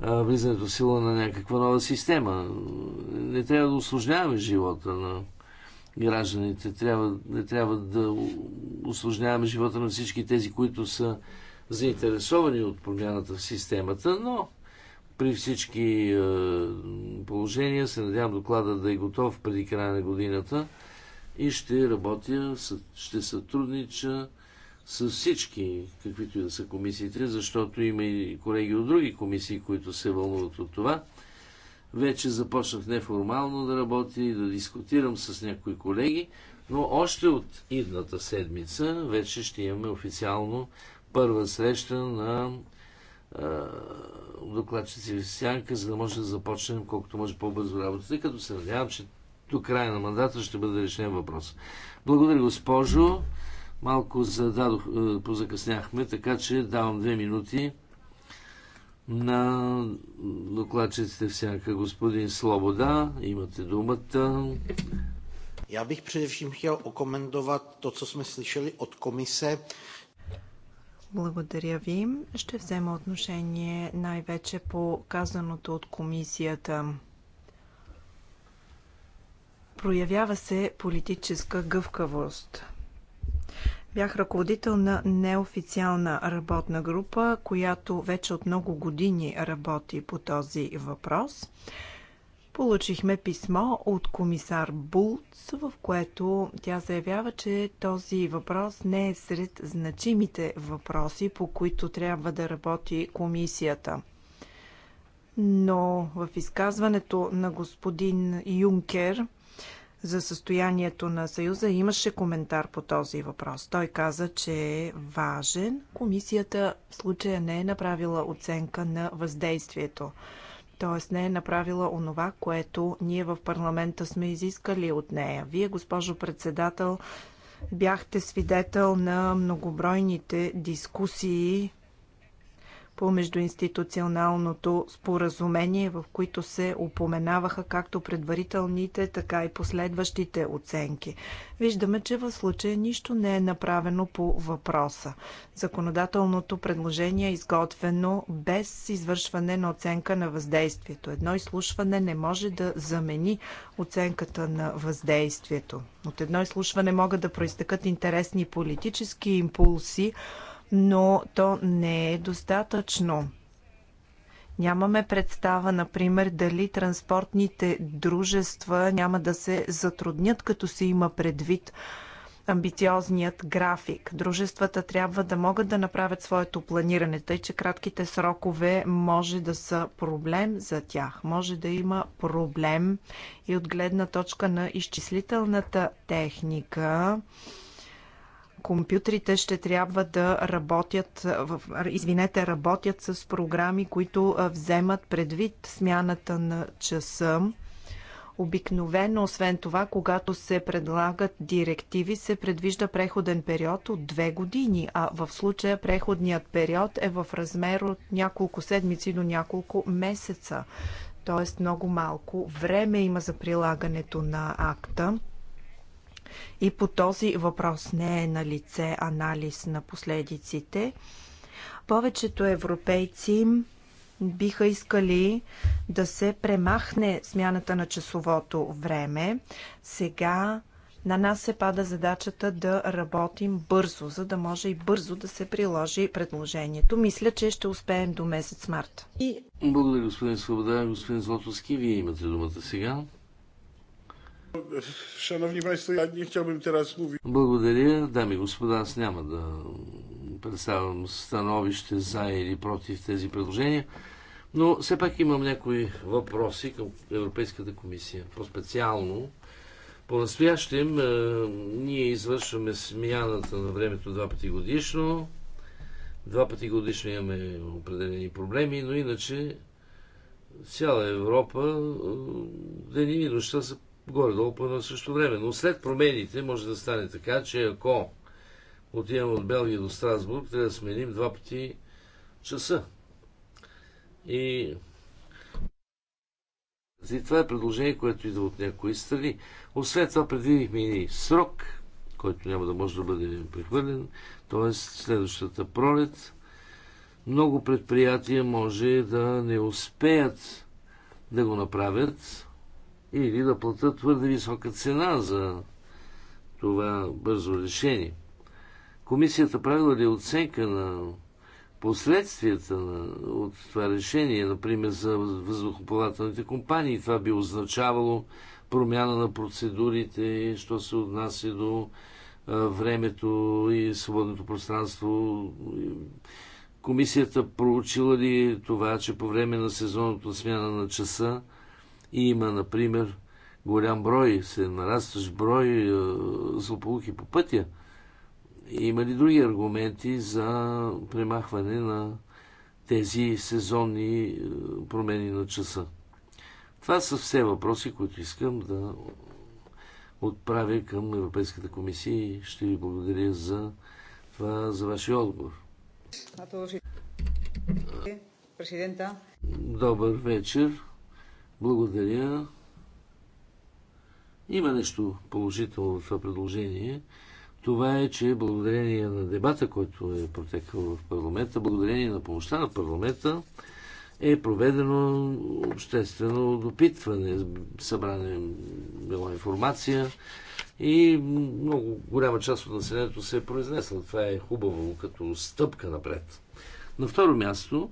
влизането в сила на някаква нова система. Не трябва да осложняваме живота на гражданите. Трябва, не трябва да осложняваме живота на всички тези, които са заинтересовани от промяната в системата, но при всички положения се надявам доклада да е готов преди края на годината и ще работя, ще сътруднича с всички, каквито и да са комисиите, защото има и колеги от други комисии, които се вълнуват от това. Вече започнах неформално да работя и да дискутирам с някои колеги, но още от идната седмица вече ще имаме официално първа среща на докладчици в сянка, за да може да започнем колкото може по-бързо работата, като се надявам, че до края на мандата ще бъде решен въпрос. Благодаря, госпожо. Малко зададох, е, позакъсняхме, така че давам две минути на докладчиците всяка. Господин Слобода, имате думата. Я бих především chtěl okomendovat то, че сме слышали от комисия. Благодаря ви. Ще взема отношение най-вече по казаното от комисията. Проявява се политическа гъвкавост. Бях ръководител на неофициална работна група, която вече от много години работи по този въпрос. Получихме писмо от комисар Булц, в което тя заявява, че този въпрос не е сред значимите въпроси, по които трябва да работи комисията. Но в изказването на господин Юнкер – за състоянието на Съюза имаше коментар по този въпрос. Той каза, че е важен. Комисията в случая не е направила оценка на въздействието. Тоест, не е направила онова, което ние в парламента сме изискали от нея. Вие, госпожо председател, бяхте свидетел на многобройните дискусии по междуинституционалното споразумение, в които се упоменаваха както предварителните, така и последващите оценки. Виждаме, че в случая нищо не е направено по въпроса. Законодателното предложение е изготвено без извършване на оценка на въздействието. Едно изслушване не може да замени оценката на въздействието. От едно изслушване могат да проистъкат интересни политически импулси, но то не е достатъчно. Нямаме представа, например, дали транспортните дружества няма да се затруднят, като се има предвид амбициозният график. Дружествата трябва да могат да направят своето планиране, тъй че кратките срокове може да са проблем за тях. Може да има проблем и от гледна точка на изчислителната техника компютрите ще трябва да работят, извинете, работят с програми, които вземат предвид смяната на часа. Обикновено, освен това, когато се предлагат директиви, се предвижда преходен период от две години, а в случая преходният период е в размер от няколко седмици до няколко месеца. Тоест много малко време има за прилагането на акта. И по този въпрос не е на лице анализ на последиците. Повечето европейци биха искали да се премахне смяната на часовото време. Сега на нас се пада задачата да работим бързо, за да може и бързо да се приложи предложението. Мисля, че ще успеем до месец март. И... Благодаря, господин Свобода. Господин Злотовски, вие имате думата сега. Благодаря, дами и господа, аз няма да представям становище за или против тези предложения, но все пак имам някои въпроси към Европейската комисия. По-специално, по-настоящем е, ние извършваме смяната на времето два пъти годишно. Два пъти годишно имаме определени проблеми, но иначе цяла Европа е, дени и нощта са горе-долу по едно също време. Но след промените може да стане така, че ако отидем от Белгия до Страсбург, трябва да сменим два пъти часа. И за това е предложение, което идва от някои страни. Освен това предвидихме и срок, който няма да може да бъде прехвърлен, т.е. следващата пролет. Много предприятия може да не успеят да го направят, или да платят твърде висока цена за това бързо решение. Комисията правила ли оценка на последствията на, от това решение, например за въздухоплавателните компании. Това би означавало промяна на процедурите, що се отнася до а, времето и свободното пространство. Комисията проучила ли това, че по време на сезонното смяна на часа и има, например, голям брой, се нарастващ брой е, злополуки по пътя. И има ли други аргументи за премахване на тези сезонни е, промени на часа? Това са все въпроси, които искам да отправя към Европейската комисия и ще ви благодаря за това, за вашия отговор. Добър вечер. Благодаря. Има нещо положително в това предложение. Това е, че благодарение на дебата, който е протекал в парламента, благодарение на помощта на парламента, е проведено обществено допитване, събране била информация и много голяма част от населението се е произнесла. Това е хубаво като стъпка напред. На второ място,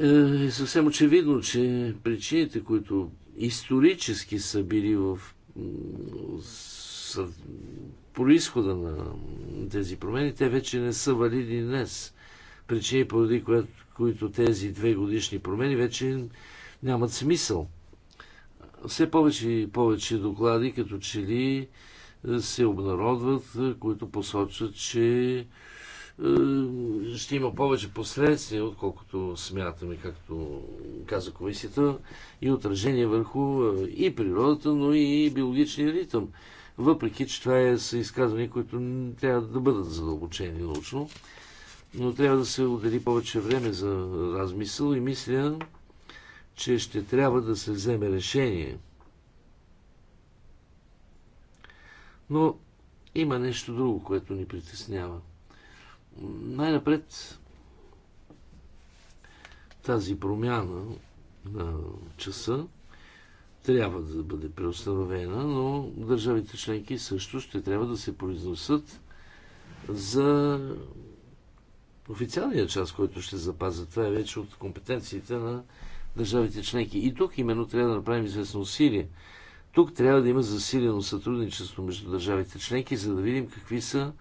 е, е съвсем очевидно, че причините, които исторически са били в са, происхода на тези промени, те вече не са валидни днес. Причини, поради които тези две годишни промени вече нямат смисъл. Все повече и повече доклади, като че ли е, се обнародват, е, които посочват, че е, ще има повече последствия, отколкото смятаме, както каза комисията, и отражение върху е, и природата, но и биологичния ритъм. Въпреки, че това е, са изказвания, които трябва да бъдат задълбочени научно, но трябва да се отдели повече време за размисъл и мисля, че ще трябва да се вземе решение. Но има нещо друго, което ни притеснява – най-напред тази промяна на часа трябва да бъде преустановена, но държавите членки също ще трябва да се произнесат за официалния част, който ще запазя. Това е вече от компетенциите на държавите членки. И тук именно трябва да направим известно усилие. Тук трябва да има засилено сътрудничество между държавите членки, за да видим какви са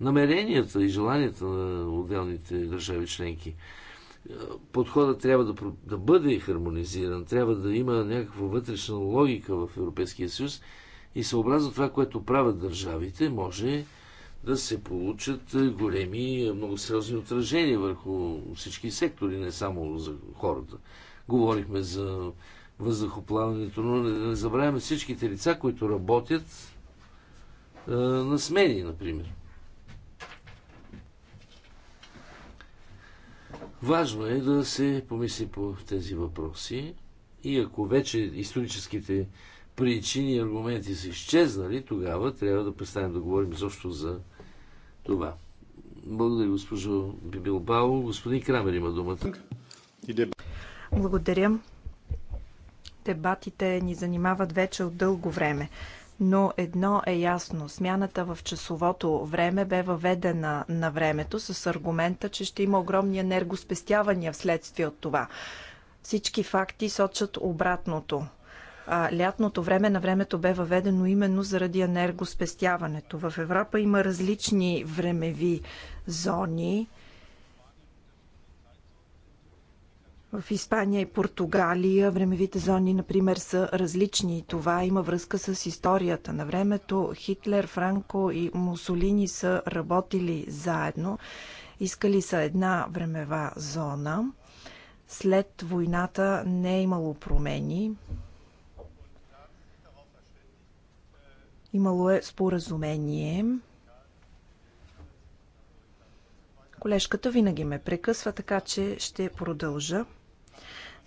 намеренията и желанията на отделните държави членки. Подходът трябва да, да бъде хармонизиран, трябва да има някаква вътрешна логика в Европейския съюз и съобразно това, което правят държавите, може да се получат е, големи, е, много сериозни отражения върху всички сектори, не само за хората. Говорихме за въздухоплаването, но не забравяме всичките лица, които работят е, на смени, например. Важно е да се помисли по тези въпроси и ако вече историческите причини и аргументи са изчезнали, тогава трябва да престанем да говорим изобщо за това. Благодаря, госпожо Бибилбао. Господин Крамер има думата. Благодаря. Дебатите ни занимават вече от дълго време но едно е ясно. Смяната в часовото време бе въведена на времето с аргумента, че ще има огромни енергоспестявания вследствие от това. Всички факти сочат обратното. А, лятното време на времето бе въведено именно заради енергоспестяването. В Европа има различни времеви зони В Испания и Португалия времевите зони, например, са различни и това има връзка с историята. На времето Хитлер, Франко и Мусолини са работили заедно. Искали са една времева зона. След войната не е имало промени. Имало е споразумение. Колежката винаги ме прекъсва, така че ще продължа.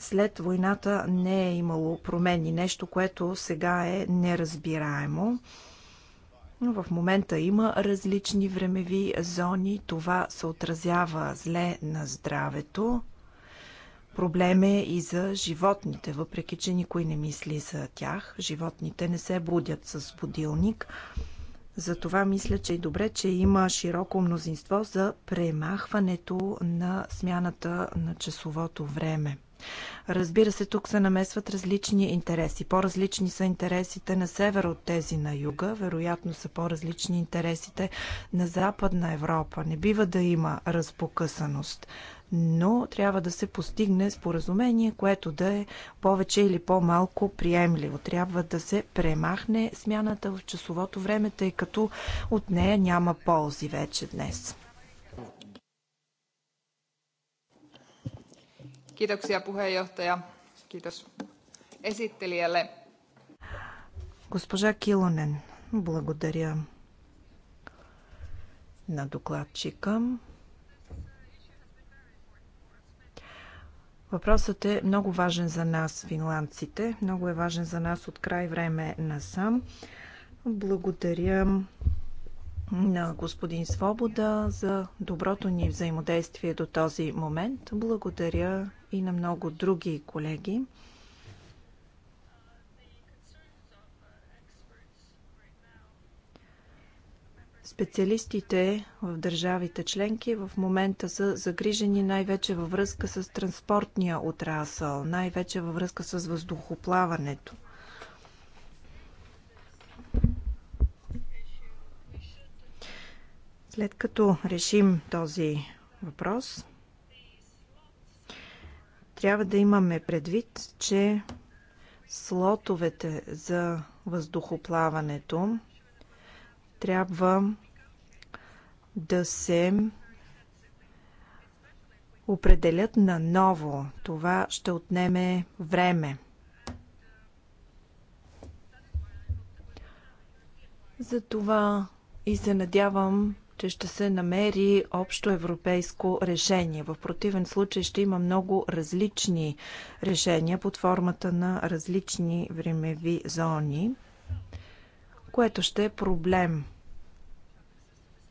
След войната не е имало промени, нещо, което сега е неразбираемо. В момента има различни времеви зони. Това се отразява зле на здравето. Проблем е и за животните, въпреки че никой не мисли за тях. Животните не се будят с будилник. Затова мисля, че е добре, че има широко мнозинство за премахването на смяната на часовото време. Разбира се, тук се намесват различни интереси. По-различни са интересите на север от тези на юга, вероятно са по-различни интересите на Западна Европа. Не бива да има разпокъсаност но трябва да се постигне споразумение, което да е повече или по-малко приемливо. Трябва да се премахне смяната в часовото време, тъй като от нея няма ползи вече днес. Kiitoksia puheenjohtaja. Kiitos esittelijälle. Госпожа Килонен, благодаря на докладчика. Въпросът е много важен за нас, финландците. Много е важен за нас от край време насам. Благодаря на господин Свобода за доброто ни взаимодействие до този момент. Благодаря и на много други колеги. Специалистите в държавите членки в момента са загрижени най-вече във връзка с транспортния отрасъл, най-вече във връзка с въздухоплаването. След като решим този въпрос, трябва да имаме предвид, че слотовете за въздухоплаването трябва да се определят наново. Това ще отнеме време. Затова и се надявам че ще се намери общо европейско решение. В противен случай ще има много различни решения под формата на различни времеви зони, което ще е проблем.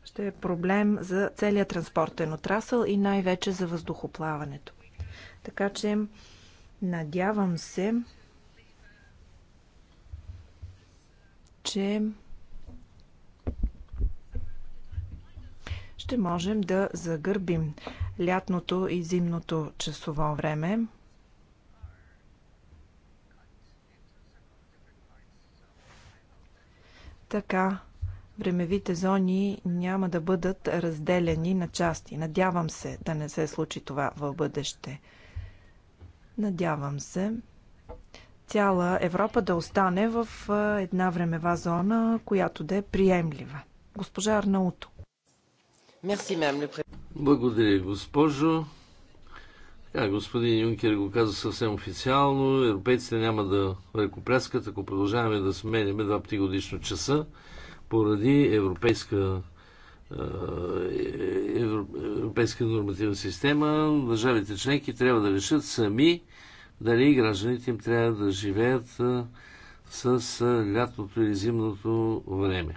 Ще е проблем за целият транспортен отрасъл и най-вече за въздухоплаването. Така че надявам се, че ще можем да загърбим лятното и зимното часово време. Така времевите зони няма да бъдат разделени на части. Надявам се да не се случи това в бъдеще. Надявам се цяла Европа да остане в една времева зона, която да е приемлива. Госпожа Арнаутов. Благодаря, госпожо. Така, господин Юнкер го каза съвсем официално. Европейците няма да ръкопляскат, ако продължаваме да сменяме два пъти годишно часа поради европейска е, европейска нормативна система, държавите членки трябва да решат сами дали гражданите им трябва да живеят с лятното или зимното време.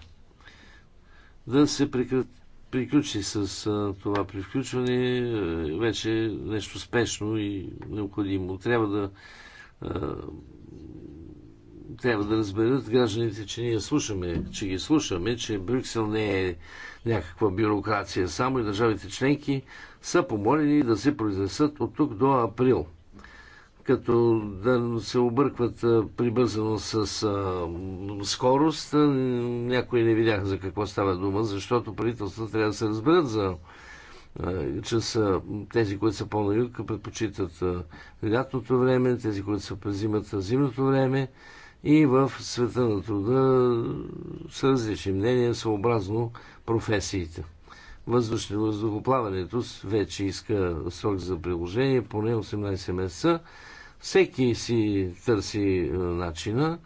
Да се прекрати приключи с а, това приключване а, е, вече нещо спешно и необходимо. Трябва да а, трябва да разберат гражданите, че ние слушаме, че ги слушаме, че Брюксел не е някаква бюрокрация. Само и държавите членки са помолени да се произнесат от тук до април като да се объркват прибързано с а, скорост. Някои не видяха за какво става дума, защото правителствата трябва да се разберат за че са тези, които са по-на юг, предпочитат лятното време, тези, които са през зимата, зимното време и в света на труда са различни мнения, съобразно професиите. Въздушно въздухоплаването вече иска срок за приложение поне 18 месеца всеки си търси е, начина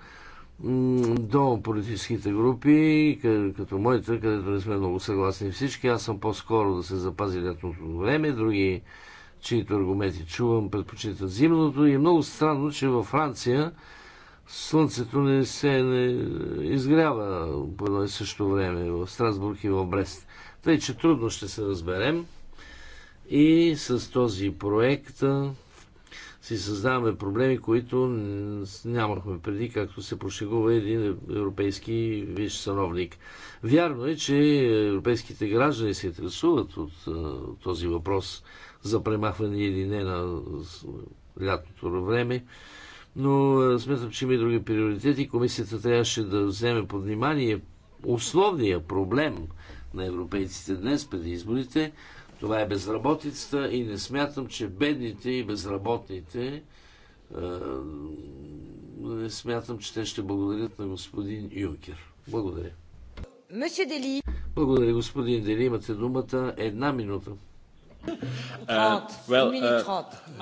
до политическите групи, като моите, където не сме много съгласни всички. Аз съм по-скоро да се запази лятното време, други, чието аргументи чувам, предпочитат зимното. И е много странно, че във Франция слънцето не се не изгрява по едно и също време в Страсбург и в Брест. Тъй, че трудно ще се разберем. И с този проект си създаваме проблеми, които нямахме преди, както се прошегува един европейски виш сановник. Вярно е, че европейските граждани се интересуват от, от този въпрос за премахване или не на лятното време, но смятам, че има и други приоритети. Комисията трябваше да вземе под внимание основния проблем на европейците днес преди изборите – това е безработицата и не смятам, че бедните и безработните е, не смятам, че те ще благодарят на господин Юнкер. Благодаря. Дели. Благодаря, господин Дели. Имате думата една минута. Uh, uh,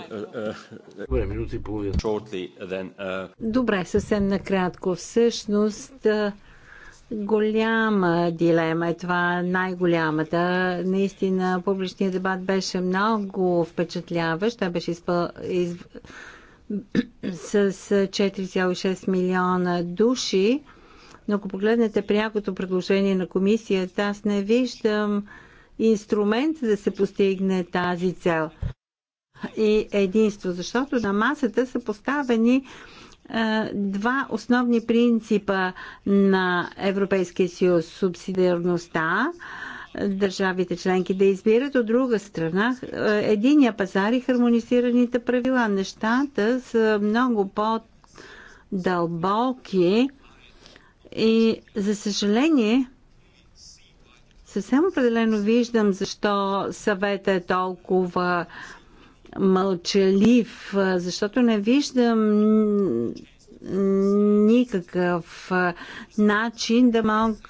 uh, Добре, минута и половина. Добре, съвсем накратко. Всъщност, голяма дилема. е Това най-голямата. Наистина публичният дебат беше много впечатляващ. Той беше изпъл... из... с 4,6 милиона души. Но ако погледнете прякото предложение на комисията, аз не виждам инструмент да се постигне тази цел. И единство, защото на масата са поставени е, два основни принципа на Европейския съюз субсидиарността държавите членки да избират. От друга страна, е, единия пазар и хармонизираните правила. Нещата са много по-дълбоки и, за съжаление, съвсем определено виждам защо съвета е толкова мълчалив, защото не виждам никакъв начин да, могат,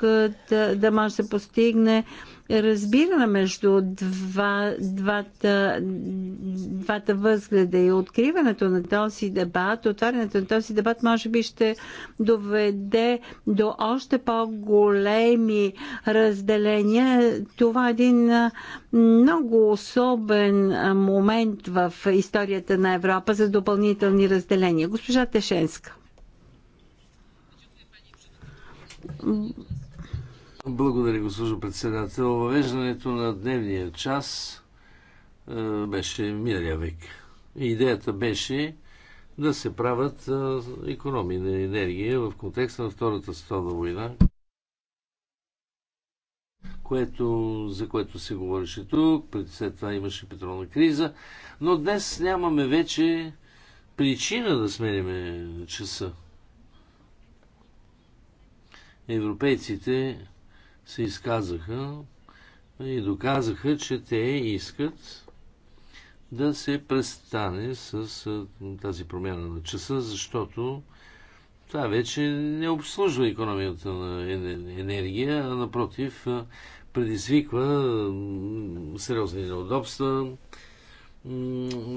да може да се постигне разбиране между два, двата, двата възгледа и откриването на този дебат, отварянето на този дебат може би ще доведе до още по-големи разделения. Това е един много особен момент в историята на Европа за допълнителни разделения. Госпожа Тешенска. Благодаря, госпожо председател. Въвеждането на дневния час е, беше миналия век. Идеята беше да се правят е, економии на енергия в контекста на Втората световна война, което, за което се говореше тук, преди след това имаше петролна криза, но днес нямаме вече причина да сменяме часа. Европейците се изказаха и доказаха, че те искат да се престане с тази промяна на часа, защото това вече не обслужва економията на енергия, а напротив предизвиква сериозни неудобства,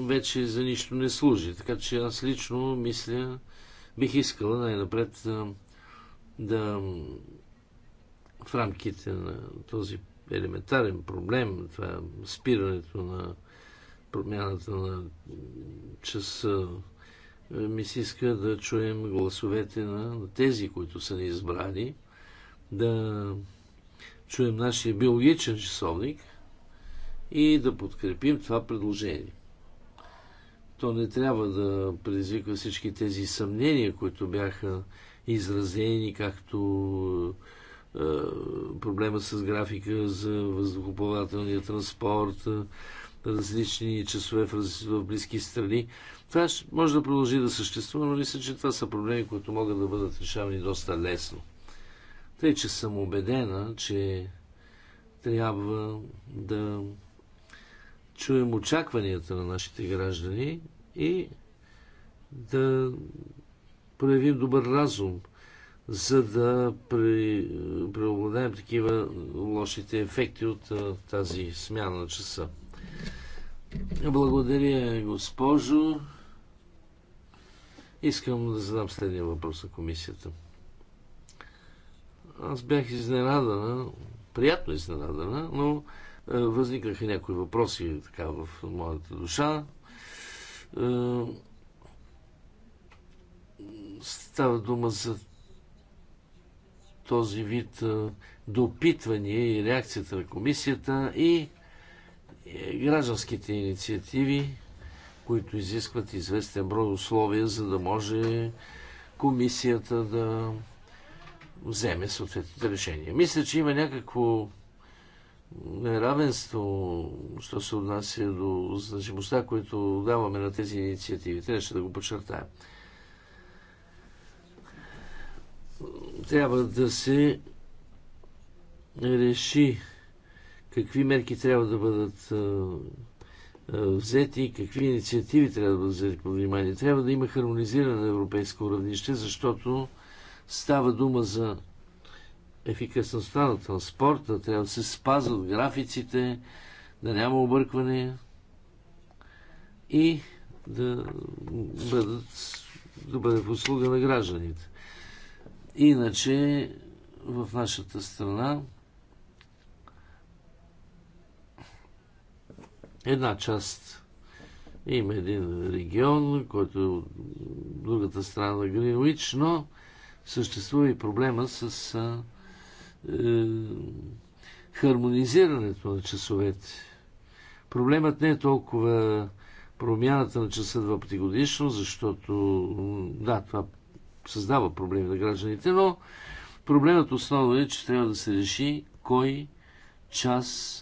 вече за нищо не служи. Така че аз лично мисля, бих искала най-напред да в рамките на този елементарен проблем, това спирането на промяната на часа, е, ми се иска да чуем гласовете на тези, които са ни избрани, да чуем нашия биологичен часовник и да подкрепим това предложение. То не трябва да предизвиква всички тези съмнения, които бяха изразени, както е, проблема с графика за въздухоплавателния транспорт, е, различни часове в, в близки страни. Това може да продължи да съществува, но мисля, че това са проблеми, които могат да бъдат решавани доста лесно. Тъй, че съм убедена, че трябва да чуем очакванията на нашите граждани и да проявим добър разум – за да преобладаем такива лошите ефекти от тази смяна на часа. Благодаря, госпожо. Искам да задам следния въпрос на комисията. Аз бях изненадана, приятно изненадана, но възникнаха някои въпроси така в моята душа. Става дума за този вид допитвания и реакцията на комисията и е, гражданските инициативи, които изискват известен брой условия, за да може комисията да вземе съответните решения. Мисля, че има някакво неравенство, що се отнася до значимостта, което даваме на тези инициативи. Трябваше да го подчертая. трябва да се реши какви мерки трябва да бъдат взети и какви инициативи трябва да бъдат взети по внимание. Трябва да има хармонизиране на европейско равнище, защото става дума за ефикасността на транспорта, трябва да се спазват графиците, да няма объркване и да, бъдат, да бъде в услуга на гражданите. Иначе в нашата страна една част има един регион, който е от другата страна на Гринвич, но съществува и проблема с е, хармонизирането на часовете. Проблемът не е толкова промяната на часа два пъти годишно, защото да, това създава проблеми на гражданите, но проблемът основно е, че трябва да се реши кой час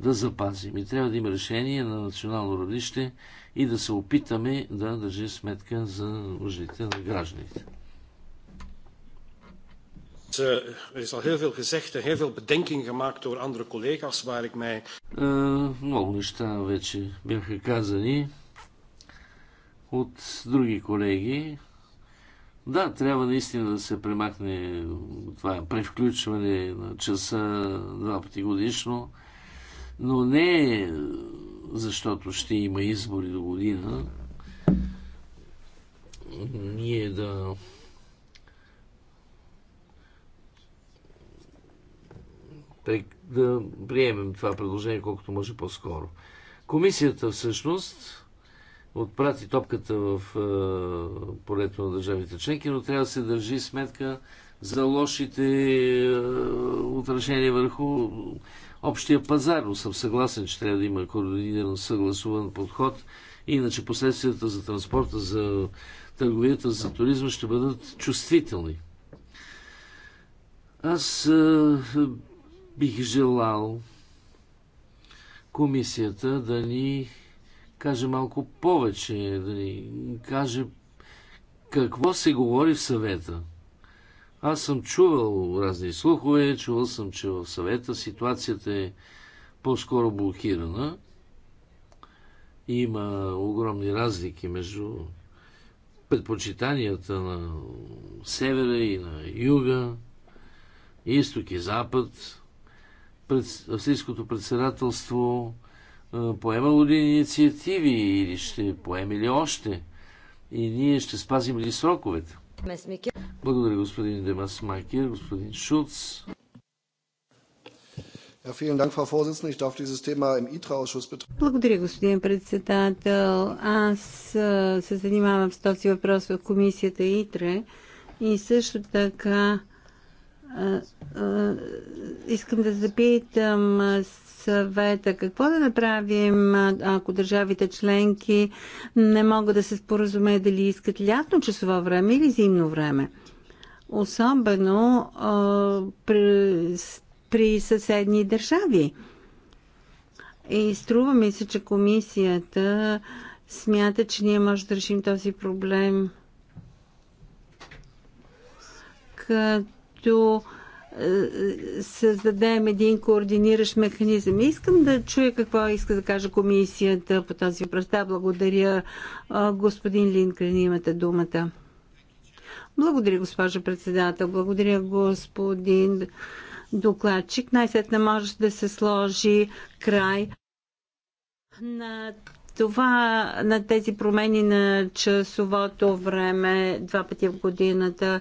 да запазим. И трябва да има решение на национално равнище и да се опитаме да държим сметка за нуждите на гражданите. Много неща вече бяха казани от други колеги. Да, трябва наистина да се премахне това превключване на часа два пъти годишно, но не защото ще има избори до година. Ние да да приемем това предложение колкото може по-скоро. Комисията всъщност отпрати топката в е, полето на държавите членки, но трябва да се държи сметка за лошите е, отражения върху общия пазар, но съм съгласен, че трябва да има координиран съгласуван подход. Иначе последствията за транспорта, за търговията, за туризма ще бъдат чувствителни. Аз а, е, бих желал комисията да ни каже малко повече, да ни каже какво се говори в съвета. Аз съм чувал разни слухове, чувал съм, че в съвета ситуацията е по-скоро блокирана. Има огромни разлики между предпочитанията на севера и на юга, изток и запад. Австрийското председателство поемало ли инициативи или ще поеме ли още? И ние ще спазим ли сроковете? Благодаря, господин Демас Макер, господин Шуц. Благодаря, господин председател. Аз се занимавам с този въпрос в комисията ИТРЕ и също така искам да запитам съвета. Какво да направим, ако държавите членки не могат да се споразумеят дали искат лятно часово време или зимно време? Особено а, при, при съседни държави. И струва ми се, че комисията смята, че ние може да решим този проблем като създадем един координиращ механизъм. Искам да чуя какво иска да каже комисията по този въпрос. Да, благодаря. Господин Линкрен, имате думата. Благодаря, госпожа председател. Благодаря, господин докладчик. Най-сетне може да се сложи край на това, на тези промени на часовото време два пъти в годината.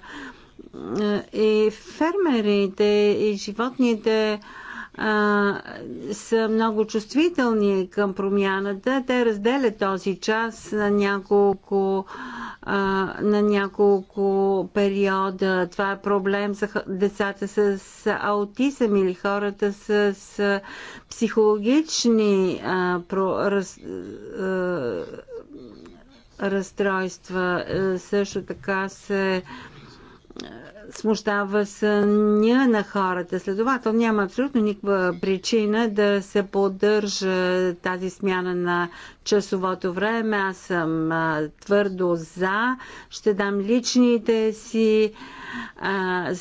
И е фермерите и животните а, са много чувствителни към промяната. Те разделят този час на няколко, а, на няколко периода. Това е проблем за децата с аутизъм или хората с, с психологични а, про, раз, а, разстройства. Е, също така се а, смущава съня на хората. Следователно няма абсолютно никаква причина да се поддържа тази смяна на часовото време. Аз съм твърдо за. Ще дам личните си а,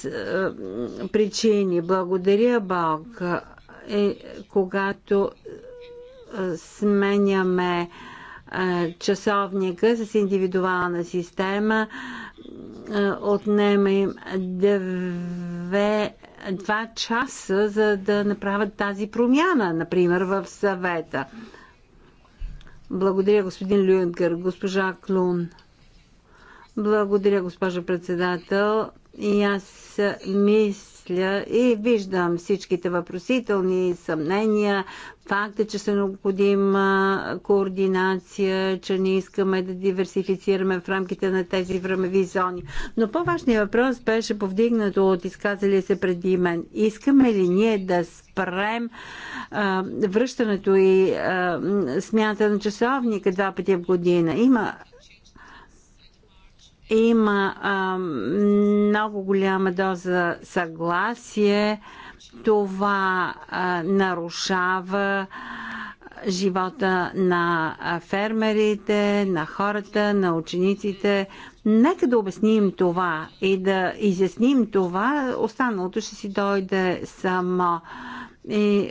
причини. Благодаря Бог, е, когато сменяме часовника с индивидуална система, е, отнеме им две, два часа, за да направят тази промяна, например, в съвета. Благодаря, господин Люенкър. Госпожа Клун. Благодаря, госпожа председател. И аз мисля, мисля и виждам всичките въпросителни съмнения, факта, че са необходима координация, че не искаме да диверсифицираме в рамките на тези времеви зони. Но по-важният въпрос беше повдигнато от изказали се преди мен. Искаме ли ние да спрем а, връщането и а, смята на часовника два пъти в година? Има има а, много голяма доза съгласие. Това а, нарушава живота на фермерите, на хората, на учениците. Нека да обясним това и да изясним това. Останалото ще си дойде само. И,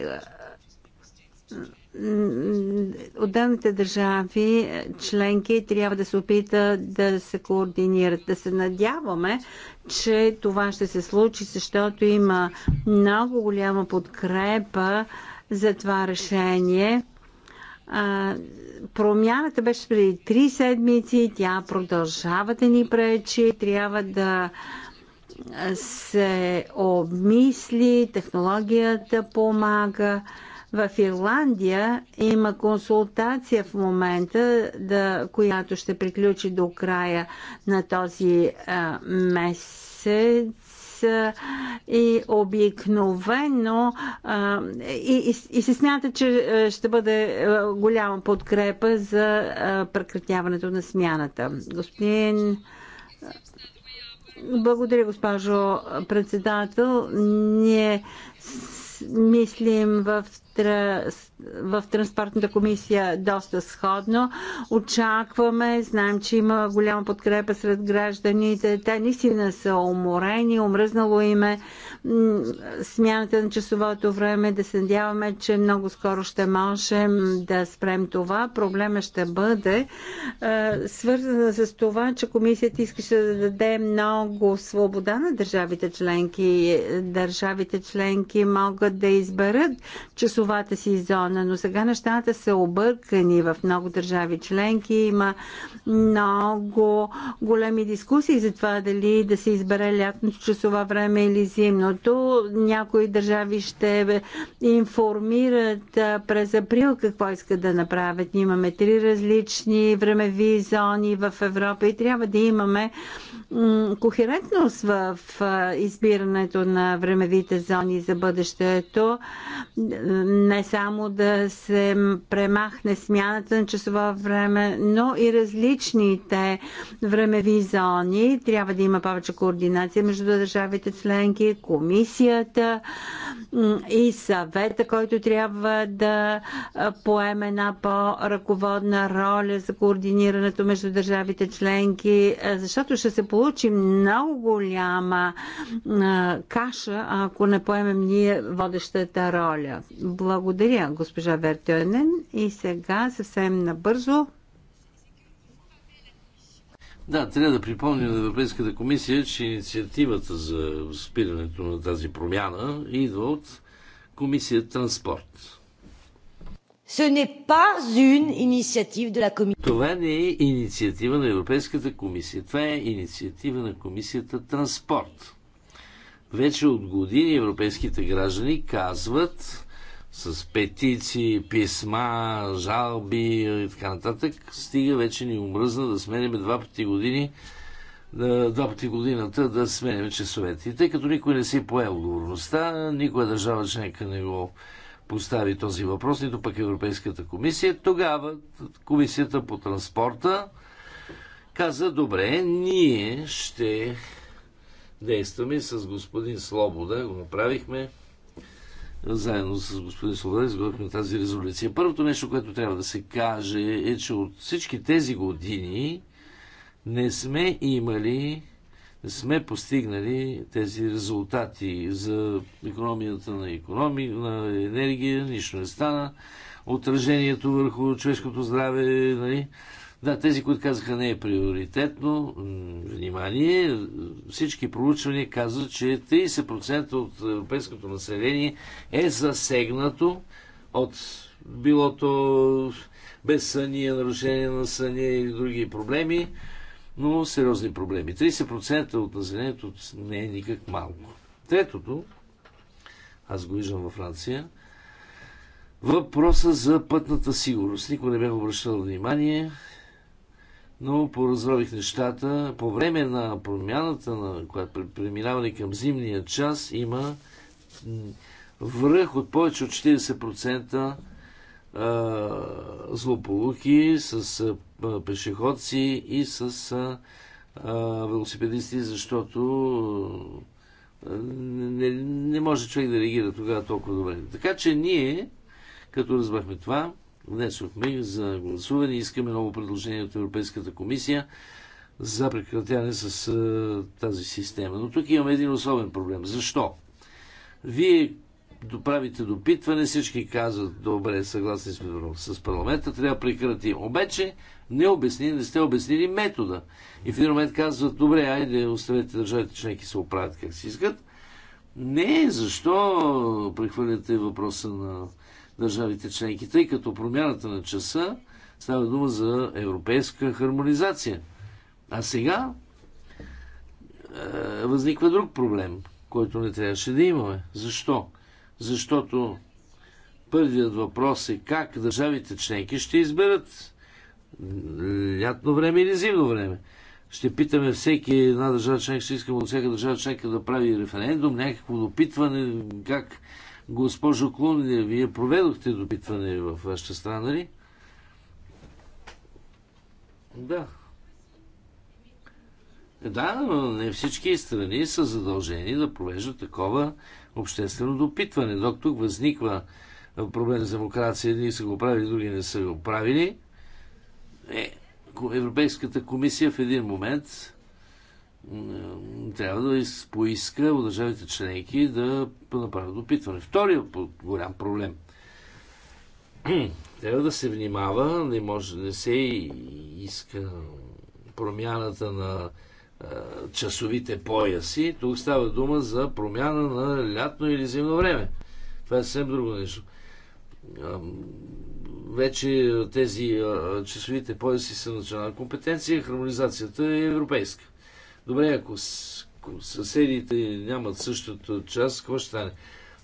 отделните държави членки трябва да се опитат да се координират. Да се надяваме, че това ще се случи, защото има много голяма подкрепа за това решение. промяната беше преди три седмици, тя продължава да ни пречи, трябва да се обмисли, технологията помага. В Ирландия има консултация в момента, да, която ще приключи до края на този а, месец и обикновено и, и, и се смята, че ще бъде голяма подкрепа за прекратяването на смяната. Господин. Благодаря, госпожо председател. Ние мислим в в Транспортната комисия доста сходно. Очакваме, знаем, че има голяма подкрепа сред гражданите. Те наистина са уморени, умръзнало име смяната на часовото време. Да се надяваме, че много скоро ще можем да спрем това. Проблема ще бъде е, свързана с това, че комисията искаше да даде много свобода на държавите членки. Държавите членки могат да изберат часовото часовата си зона, но сега нещата са объркани в много държави членки. Има много големи дискусии за това дали да се избере лятното часова време или зимното. Някои държави ще информират през април какво искат да направят. имаме три различни времеви зони в Европа и трябва да имаме кохерентност в избирането на времевите зони за бъдещето. Не само да се премахне смяната на часова време, но и различните времеви зони. Трябва да има повече координация между държавите членки, комисията и съвета, който трябва да поеме една по-ръководна роля за координирането между държавите членки, защото ще се получи получи много голяма а, каша, ако не поемем ние водещата роля. Благодаря, госпожа Вертюнен. И сега съвсем набързо. Да, трябва да припомним на Европейската комисия, че инициативата за спирането на тази промяна идва от Комисия Транспорт. Ce n'est pas une initiative de la Commission. Това не е инициатива на Европейската комисия. Това е инициатива на комисията Транспорт. Вече от години европейските граждани казват с петиции, писма, жалби и така нататък, стига вече ни омръзна да сменяме два пъти години два пъти годината да сменяме часовете. И тъй като никой не си поел отговорността, никоя държава членка не го постави този въпрос, нито пък Европейската комисия. Тогава комисията по транспорта каза, добре, ние ще действаме с господин Слобода, го направихме, заедно с господин Слобода изготвихме тази резолюция. Първото нещо, което трябва да се каже е, че от всички тези години не сме имали сме постигнали тези резултати за економията на, економи, на енергия, нищо не стана. Отражението върху човешкото здраве, нали? Да, тези, които казаха не е приоритетно, внимание, всички проучвания казват, че 30% от европейското население е засегнато от билото безсъние, нарушение на съня или други проблеми но сериозни проблеми. 30% от населението не е никак малко. Третото, аз го виждам във Франция, въпроса за пътната сигурност. Никой не бях обръщал внимание, но поразрових нещата. По време на промяната, на която преминаване към зимния час, има връх от повече от 40% злополуки с пешеходци и с велосипедисти, защото не, не може човек да реагира тогава толкова добре. Така че ние, като разбрахме това, внесохме за гласуване, искаме ново предложение от Европейската комисия за прекратяване с тази система. Но тук имаме един особен проблем. Защо? Вие правите допитване, всички казват, добре, съгласни сме с парламента, трябва да прекратим. Обаче не обясни, не сте обяснили метода. И в един момент казват, добре, айде, оставете държавите членки се оправят как си искат. Не, защо прехвърляте въпроса на държавите членки, тъй като промяната на часа става дума за европейска хармонизация. А сега е, възниква друг проблем, който не трябваше да имаме. Защо? Защото първият въпрос е как държавите членки ще изберат лятно време или зимно време. Ще питаме всеки една държава членка, ще искаме от всяка държава членка да прави референдум, някакво допитване, как госпожо Клун, вие проведохте допитване в вашата страна, нали? Да. Да, но не всички страни са задължени да провеждат такова обществено допитване. Док тук възниква проблем с демокрация, едни са го правили, други не са го правили. Е, Европейската комисия в един момент е, трябва да поиска от държавите членки да направят допитване. Втория голям проблем. Трябва да се внимава, не може, не се иска промяната на часовите пояси. Тук става дума за промяна на лятно или зимно време. Това е съвсем друго нещо. Вече тези часовите пояси са национална компетенция, хармонизацията е европейска. Добре, ако съседите нямат същата част, какво ще стане?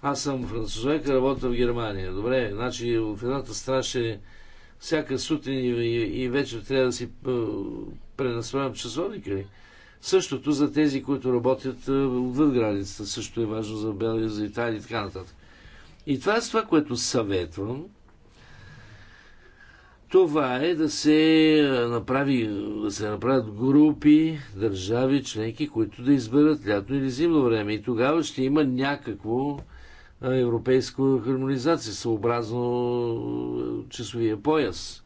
Аз съм французойка, работя в Германия. Добре, значи в едната страна ще всяка сутрин и, и вечер трябва да си пренастроям часовника ли? Същото за тези, които работят отвъд границата. Също е важно за Белгия, за Италия и така нататък. И това е това, което съветвам. Това е да се, направи, да се направят групи, държави, членки, които да изберат лято или зимно време. И тогава ще има някакво европейско хармонизация, съобразно часовия пояс.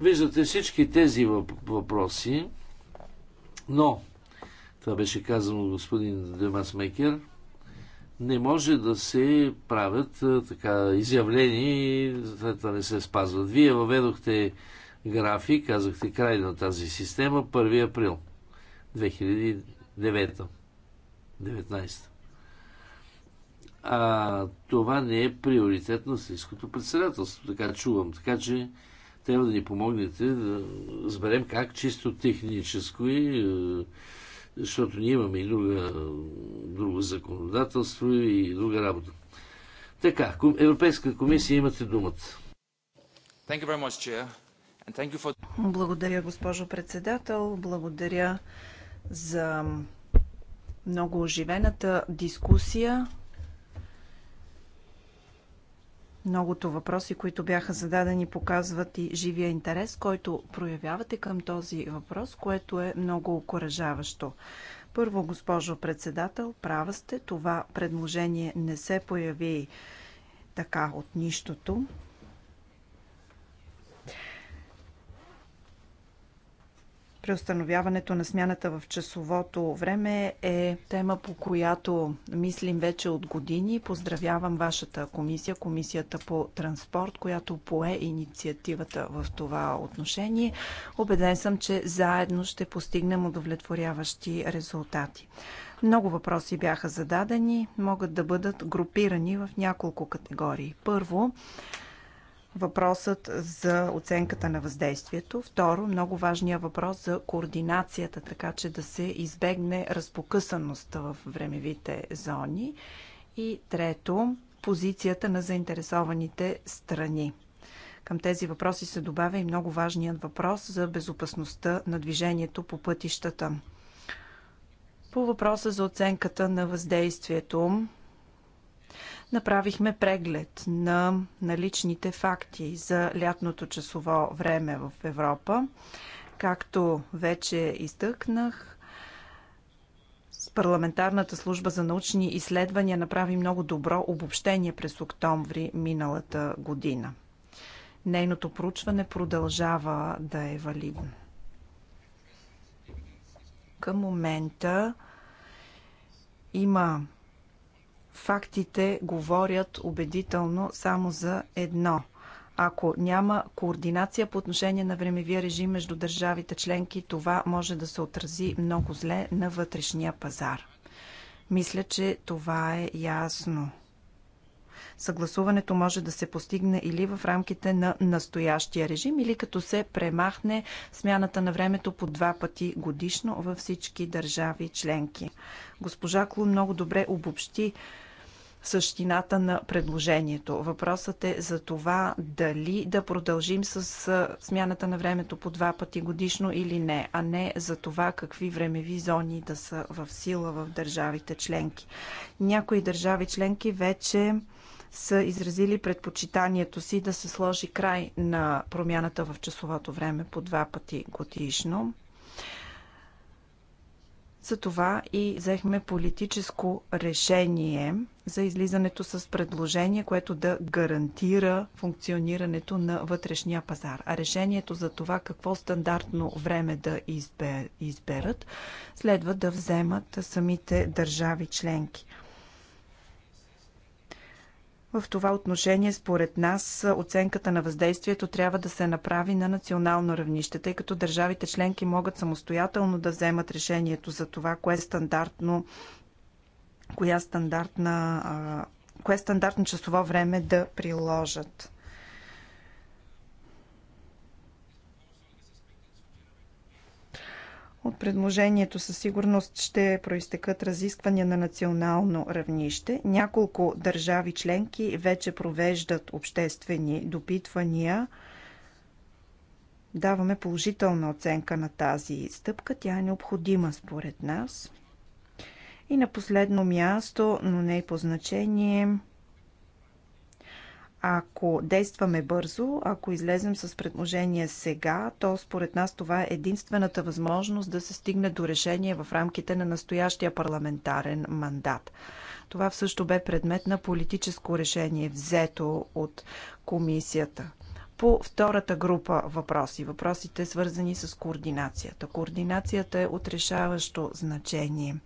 Виждате всички тези въпроси, но това беше казано господин Демас Мекер, не може да се правят така изявлени, и след това не се спазват. Вие въведохте графи, казахте край на тази система 1 април 2009 19 а, това не е приоритет на Сирийското председателство. Така чувам. Така че трябва да ни помогнете да разберем как чисто техническо и е, защото ние имаме и друга, друго законодателство и друга работа. Така, Европейска комисия имате думата. Благодаря, госпожо председател. Благодаря за много оживената дискусия. Многото въпроси, които бяха зададени, показват и живия интерес, който проявявате към този въпрос, което е много окоръжаващо. Първо, госпожо председател, права сте, това предложение не се появи така от нищото. Преустановяването на смяната в часовото време е тема, по която мислим вече от години. Поздравявам вашата комисия, комисията по транспорт, която пое инициативата в това отношение. Обеден съм, че заедно ще постигнем удовлетворяващи резултати. Много въпроси бяха зададени, могат да бъдат групирани в няколко категории. Първо, въпросът за оценката на въздействието. Второ, много важния въпрос за координацията, така че да се избегне разпокъсаността в времевите зони. И трето, позицията на заинтересованите страни. Към тези въпроси се добавя и много важният въпрос за безопасността на движението по пътищата. По въпроса за оценката на въздействието, направихме преглед на наличните факти за лятното часово време в Европа. Както вече изтъкнах, парламентарната служба за научни изследвания направи много добро обобщение през октомври миналата година. Нейното проучване продължава да е валидно. Към момента има Фактите говорят убедително само за едно. Ако няма координация по отношение на времевия режим между държавите членки, това може да се отрази много зле на вътрешния пазар. Мисля, че това е ясно. Съгласуването може да се постигне или в рамките на настоящия режим, или като се премахне смяната на времето по два пъти годишно във всички държави членки. Госпожа Клун много добре обобщи същината на предложението. Въпросът е за това дали да продължим с смяната на времето по два пъти годишно или не, а не за това какви времеви зони да са в сила в държавите членки. Някои държави членки вече са изразили предпочитанието си да се сложи край на промяната в часовото време по два пъти годишно. Затова и взехме политическо решение за излизането с предложение, което да гарантира функционирането на вътрешния пазар. А решението за това какво стандартно време да изберат, следва да вземат самите държави членки. В това отношение, според нас, оценката на въздействието трябва да се направи на национално равнище, тъй като държавите членки могат самостоятелно да вземат решението за това, кое е стандартно, коя е стандартна, кое е стандартно часово време да приложат. От предложението със сигурност ще проистекат разисквания на национално равнище. Няколко държави членки вече провеждат обществени допитвания. Даваме положителна оценка на тази стъпка. Тя е необходима според нас. И на последно място, но не и по значение, ако действаме бързо, ако излезем с предложение сега, то според нас това е единствената възможност да се стигне до решение в рамките на настоящия парламентарен мандат. Това също бе предмет на политическо решение, взето от комисията. По втората група въпроси, въпросите свързани с координацията. Координацията е от решаващо значение.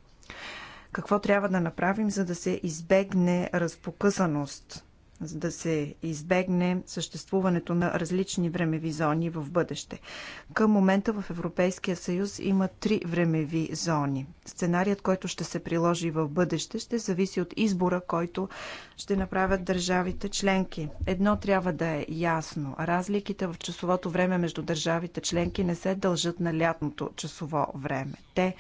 Какво трябва да направим, за да се избегне разпокъсаност за да се избегне съществуването на различни времеви зони в бъдеще. Към момента в Европейския съюз има три времеви зони. Сценарият, който ще се приложи в бъдеще, ще зависи от избора, който ще направят държавите членки. Едно трябва да е ясно. Разликите в часовото време между държавите членки не се дължат на лятното часово време. Те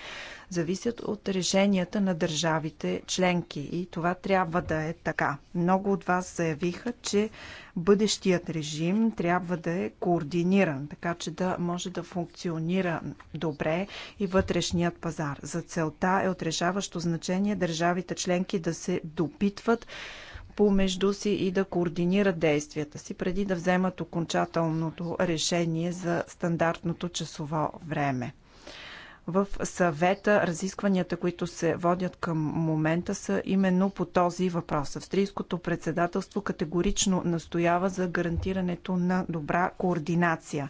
зависят от решенията на държавите членки и това трябва да е така. Много от вас заявиха, че бъдещият режим трябва да е координиран, така че да може да функционира добре и вътрешният пазар. За целта е отрешаващо значение държавите членки да се допитват помежду си и да координират действията си, преди да вземат окончателното решение за стандартното часово време в съвета разискванията, които се водят към момента, са именно по този въпрос. Австрийското председателство категорично настоява за гарантирането на добра координация.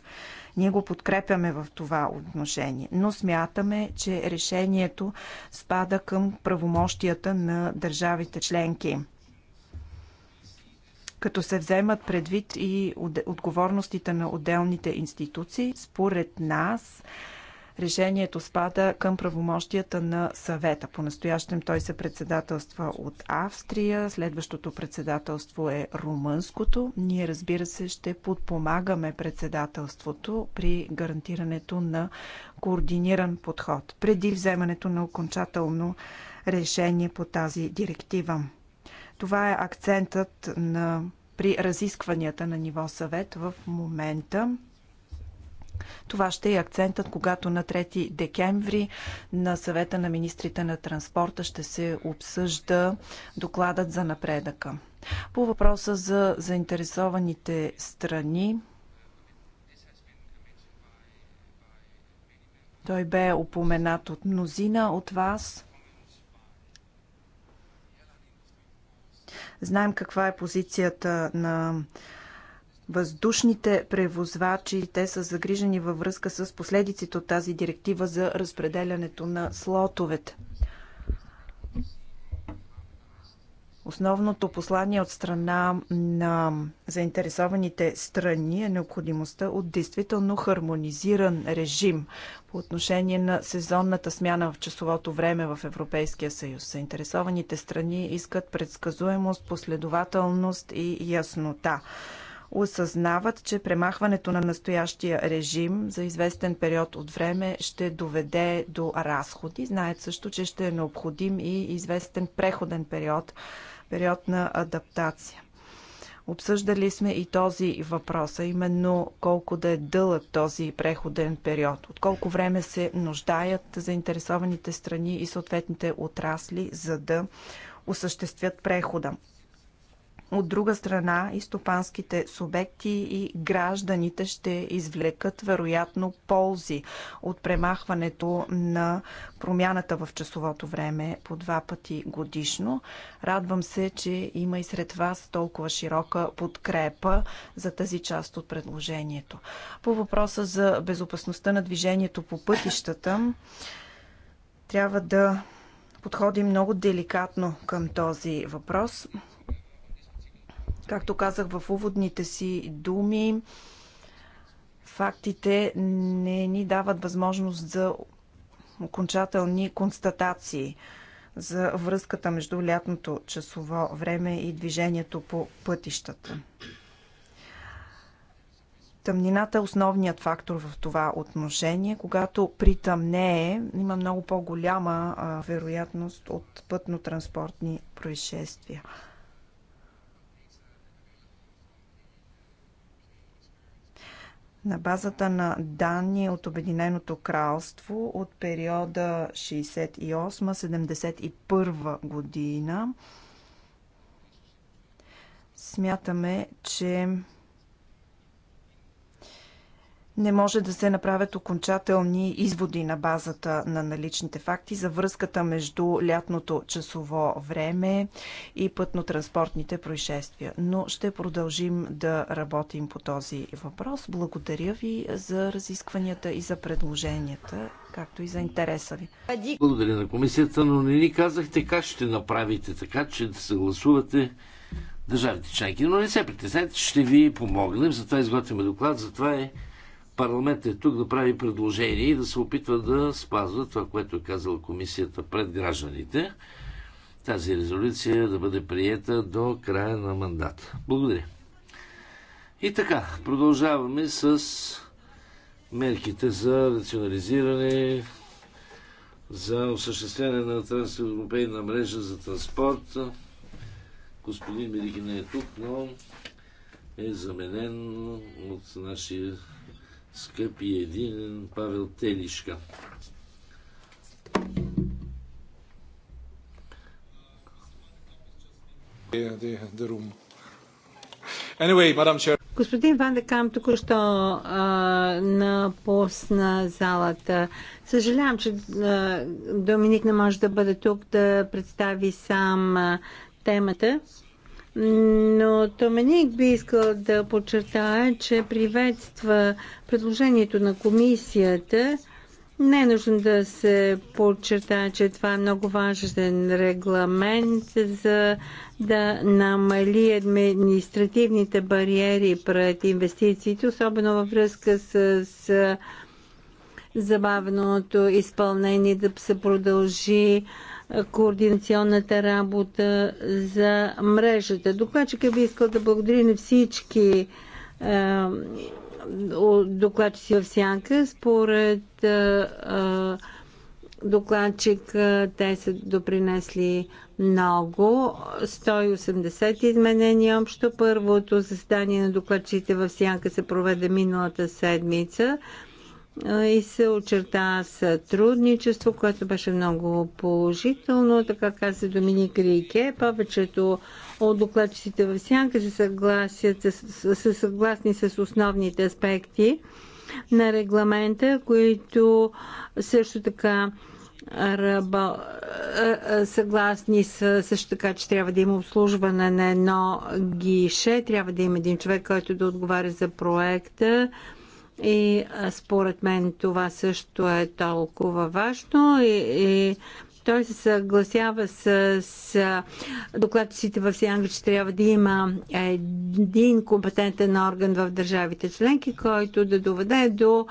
Ние го подкрепяме в това отношение, но смятаме, че решението спада към правомощията на държавите членки като се вземат предвид и отговорностите на отделните институции, според нас Решението спада към правомощията на съвета. По-настоящем той се председателства от Австрия, следващото председателство е румънското. Ние, разбира се, ще подпомагаме председателството при гарантирането на координиран подход преди вземането на окончателно решение по тази директива. Това е акцентът на при разискванията на ниво съвет в момента. Това ще е акцентът, когато на 3 декември на съвета на министрите на транспорта ще се обсъжда докладът за напредъка. По въпроса за заинтересованите страни, той бе упоменат от мнозина от вас. Знаем каква е позицията на въздушните превозвачи. Те са загрижени във връзка с последиците от тази директива за разпределянето на слотовете. Основното послание от страна на заинтересованите страни е необходимостта от действително хармонизиран режим по отношение на сезонната смяна в часовото време в Европейския съюз. Заинтересованите страни искат предсказуемост, последователност и яснота осъзнават, че премахването на настоящия режим за известен период от време ще доведе до разходи. Знаят също, че ще е необходим и известен преходен период, период на адаптация. Обсъждали сме и този въпрос, а именно колко да е дълъг този преходен период, от колко време се нуждаят заинтересованите страни и съответните отрасли, за да осъществят прехода. От друга страна, и стопанските субекти и гражданите ще извлекат вероятно ползи от премахването на промяната в часовото време по два пъти годишно. Радвам се, че има и сред вас толкова широка подкрепа за тази част от предложението. По въпроса за безопасността на движението по пътищата, трябва да подходим много деликатно към този въпрос. Както казах в уводните си думи, фактите не ни дават възможност за окончателни констатации за връзката между лятното часово време и движението по пътищата. Тъмнината е основният фактор в това отношение. Когато притъмнее, има много по-голяма вероятност от пътно-транспортни происшествия. на базата на данни от Обединеното кралство от периода 68-71 година смятаме, че не може да се направят окончателни изводи на базата на наличните факти за връзката между лятното часово време и пътно-транспортните происшествия. Но ще продължим да работим по този въпрос. Благодаря ви за разискванията и за предложенията, както и за интереса ви. Благодаря на комисията, но не ни казахте как ще направите така, че да съгласувате държавите членки. Но не се притеснете, ще ви помогнем. Затова изготвяме доклад, затова е парламент е тук да прави предложение и да се опитва да спазва това, което е казала комисията пред гражданите. Тази резолюция да бъде приета до края на мандата. Благодаря. И така, продължаваме с мерките за рационализиране, за осъществяване на трансевропейна мрежа за транспорт. Господин не е тук, но е заменен от нашия скъпи един Павел Телишка. Господин Ван Декам току-що напусна залата. Съжалявам, че а, Доминик не може да бъде тук да представи сам а, темата. Но Томеник би искал да подчертая, че приветства предложението на комисията. Не е нужно да се подчертая, че това е много важен регламент за да намали административните бариери пред инвестициите, особено във връзка с, с забавеното изпълнение да се продължи координационната работа за мрежата. Докладчика би искал да благодари на всички е, докладчици в сянка. Според е, е, докладчик те са допринесли много. 180 изменения общо. Първото заседание на докладчите в сянка се проведе миналата седмица и се очерта сътрудничество, което беше много положително. Така каза Доминик Рике, повечето от докладчиците в Сянка се съгласят, са съгласни с основните аспекти на регламента, които също така ръба, съгласни са също така, че трябва да има обслужване на едно гише, трябва да има един човек, който да отговаря за проекта и според мен това също е толкова важно и, и той се съгласява с, с докладчиците в Сянга, че трябва да има един компетентен орган в държавите членки, който да доведе до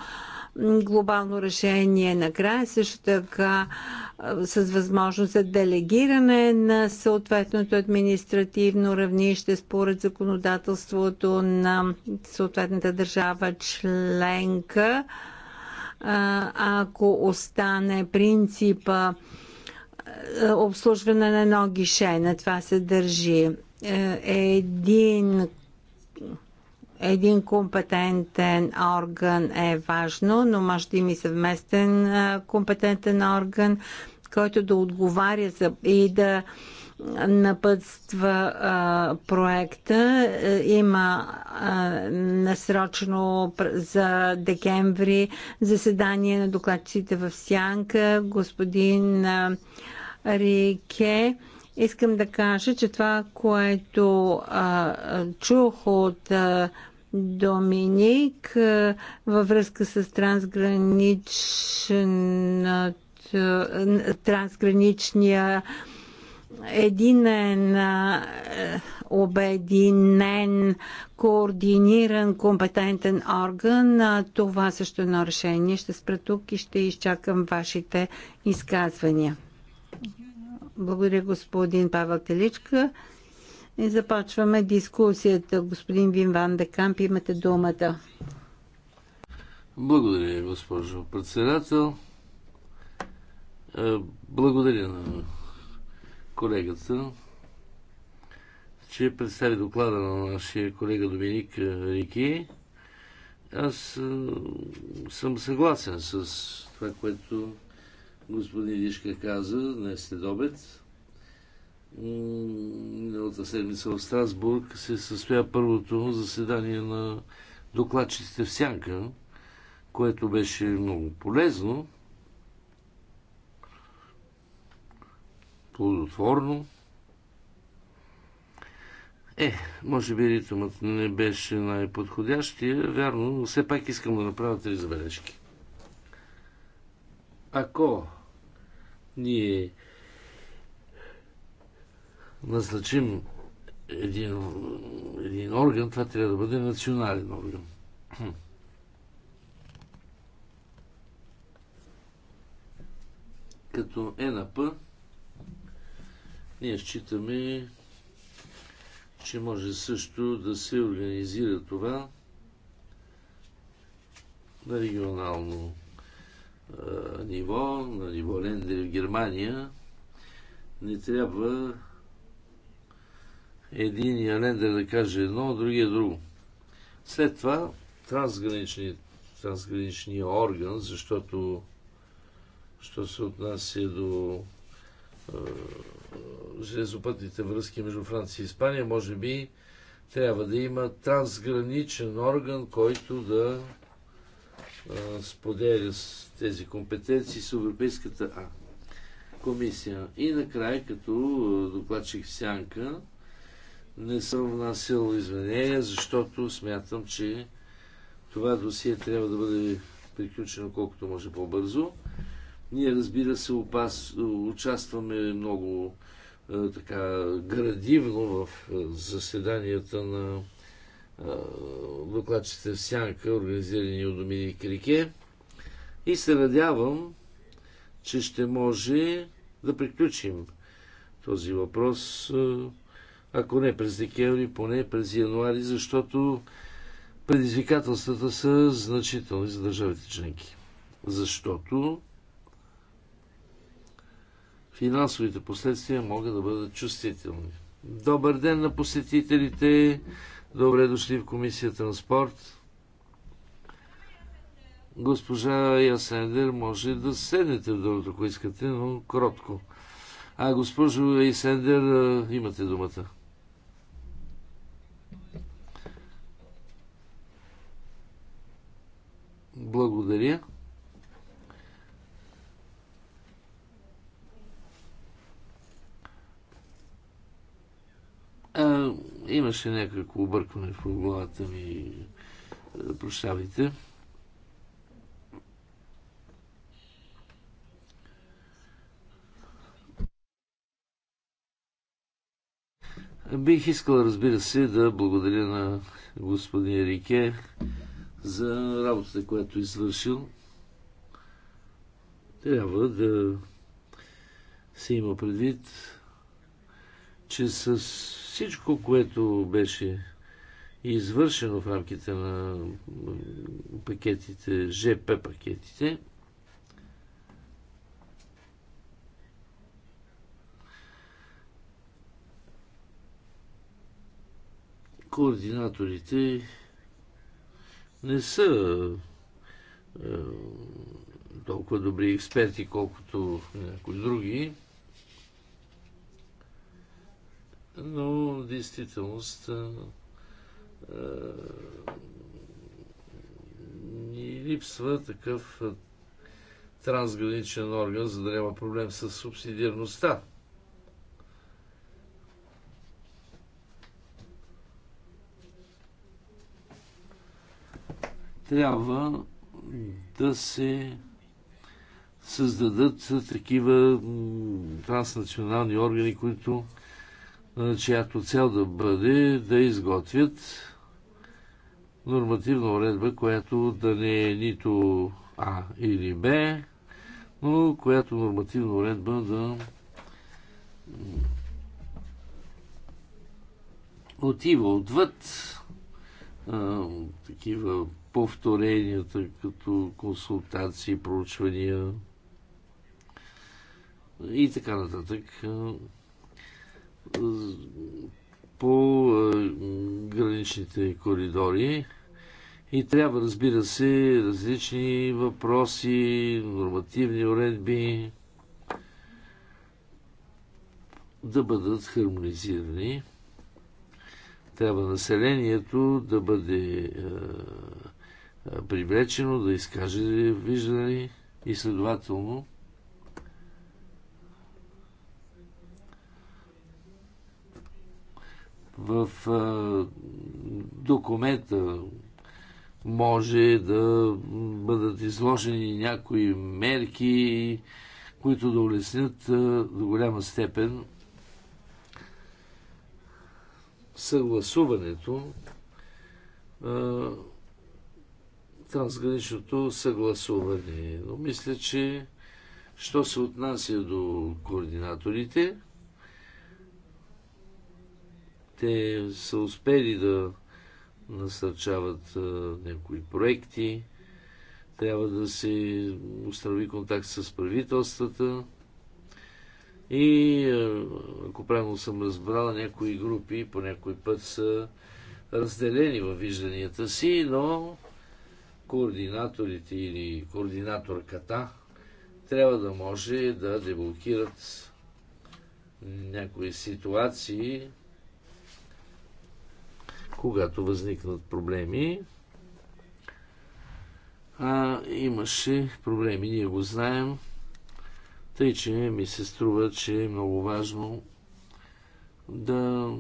глобално решение накрая, също така с възможност за делегиране на съответното административно равнище според законодателството на съответната държава членка. Ако остане принципа обслужване на едно гише, на това се държи е, един един компетентен орган е важно, но може да има и съвместен компетентен орган, който да отговаря за, и да напътства а, проекта. Е, има а, насрочно за декември заседание на докладчиците в Сянка. Господин а, Рике. Искам да кажа, че това, което а, чух от а, Доминик във връзка с трансграничния единен обединен координиран компетентен орган. Това също е едно решение. Ще спра тук и ще изчакам вашите изказвания. Благодаря господин Павел Теличка. И започваме дискусията. Господин Вин Ван Декамп, имате думата. Благодаря, госпожо председател. Е, благодаря на колегата, че представи доклада на нашия колега Доминик Рики. Аз е, съм съгласен с това, което господин Дишка каза днес след обед миналата седмица в Страсбург се състоя първото заседание на докладчиците в Сянка, което беше много полезно, плодотворно. Е, може би ритъмът не беше най-подходящия, вярно, но все пак искам да направя три забележки. Ако ние назначим един, един орган, това трябва да бъде национален орган. Като ЕНАП ние считаме, че може също да се организира това на регионално а, ниво, на ниво Лендер в Германия. Не трябва единия лендер да каже едно, другия друго. След това трансграничният трансграничния орган, защото що се отнася до е, железопътните връзки между Франция и Испания, може би трябва да има трансграничен орган, който да е, споделя с тези компетенции с Европейската а, комисия. И накрая, като докладчик Сянка, не съм внасил изменения, защото смятам, че това досие трябва да бъде приключено колкото може по-бързо. Ние, разбира се, опас... участваме много е, така градивно в е, заседанията на е, докладчите в Сянка, организирани от Доминик Рике. И се надявам, че ще може да приключим този въпрос е, ако не през декември, поне през януари, защото предизвикателствата са значителни за държавите членки. Защото финансовите последствия могат да бъдат чувствителни. Добър ден на посетителите! Добре дошли в Комисия Транспорт. Госпожа Ясендер може да седнете в дълното, ако искате, но кротко. А, госпожо Ясендер, имате думата. Благодаря. А, имаше някакво объркване в главата ми. Е, прощавайте. Бих искал, разбира се, да благодаря на господин Рике за работата, която е извършил. Трябва да се има предвид, че с всичко, което беше извършено в рамките на пакетите, ЖП пакетите, координаторите не са е, толкова добри експерти, колкото някои други. Но в действителност е, ни липсва такъв е, трансграничен орган, за да няма проблем с субсидирността. трябва да се създадат такива транснационални органи, които, чиято цел да бъде да изготвят нормативна уредба, която да не е нито А или Б, но която нормативна уредба да отива отвъд а, такива повторенията като консултации, проучвания и така нататък. По е, граничните коридори и трябва, разбира се, различни въпроси, нормативни уредби да бъдат хармонизирани. Трябва населението да бъде е, привлечено, да изкаже виждане и следователно в документа може да бъдат изложени някои мерки, които да улеснят до голяма степен съгласуването трансграничното съгласуване. Но мисля, че що се отнася до координаторите, те са успели да насърчават някои проекти, трябва да се установи контакт с правителствата и ако правилно съм разбрал, някои групи по някой път са разделени във вижданията си, но координаторите или координаторката трябва да може да деблокират някои ситуации, когато възникнат проблеми. А, имаше проблеми, ние го знаем. Тъй, че ми се струва, че е много важно да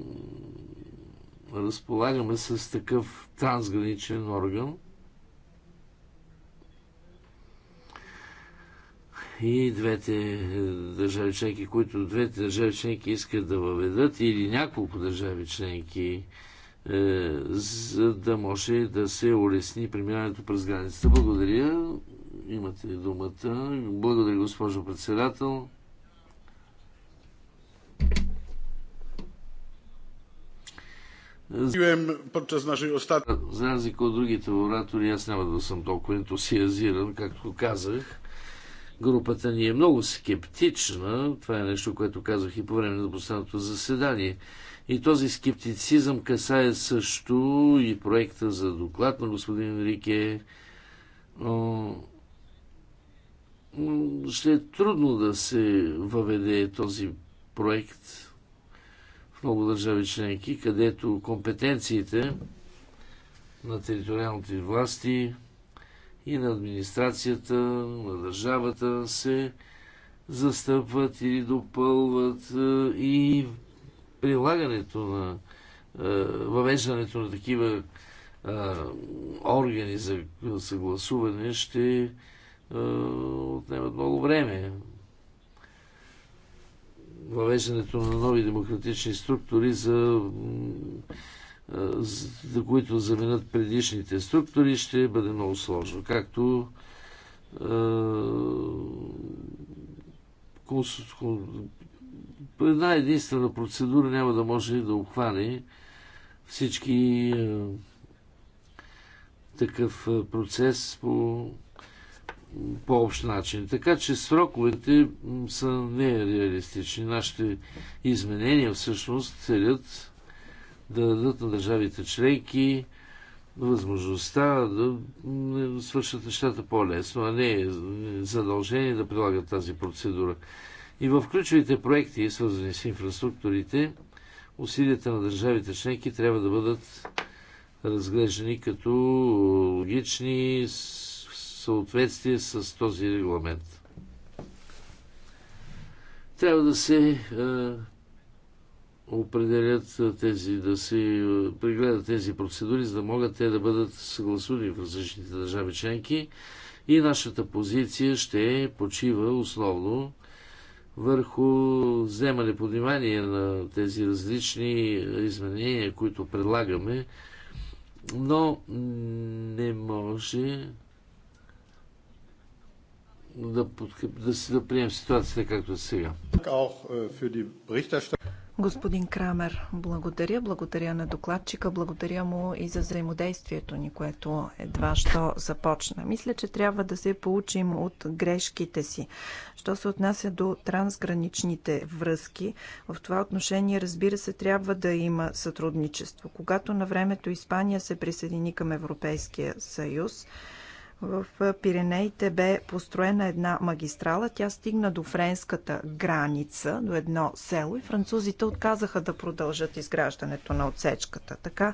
разполагаме с такъв трансграничен орган, и двете е, държави членки, които двете държави членки искат да въведат или няколко държави членки, е, за да може да се улесни преминаването през границата. Благодаря. Имате думата. Благодаря, госпожо председател. За разлика от другите оратори, аз няма да съм толкова ентусиазиран, както казах. Групата ни е много скептична. Това е нещо, което казах и по време на последното заседание. И този скептицизъм касае също и проекта за доклад на господин Рике. Ще е трудно да се въведе този проект в много държави членки, където компетенциите на териториалните власти и на администрацията, на държавата се застъпват или допълват е, и прилагането на е, въвеждането на такива е, органи за съгласуване ще отнемат много време. Въвеждането на нови демократични структури за за които заменят предишните структури, ще бъде много сложно. Както по е, една единствена процедура няма да може да обхване всички е, такъв е, процес по по-общ начин. Така че сроковете са нереалистични. Нашите изменения всъщност целят да дадат на държавите членки възможността да свършат нещата по-лесно, а не задължение да прилагат тази процедура. И в ключовите проекти, свързани с инфраструктурите, усилията на държавите членки трябва да бъдат разглеждани като логични в съответствие с този регламент. Трябва да се определят тези, да се прегледат тези процедури, за да могат те да бъдат съгласувани в различните държави членки. И нашата позиция ще почива основно върху вземане под внимание на тези различни изменения, които предлагаме, но не може да, подкреп, да, да приемем ситуацията както е сега. Господин Крамер, благодаря. Благодаря на докладчика, благодаря му и за взаимодействието ни, което едва що започна. Мисля, че трябва да се получим от грешките си. Що се отнася до трансграничните връзки, в това отношение, разбира се, трябва да има сътрудничество. Когато на времето Испания се присъедини към Европейския съюз, в Пиренеите бе построена една магистрала. Тя стигна до френската граница, до едно село и французите отказаха да продължат изграждането на отсечката. Така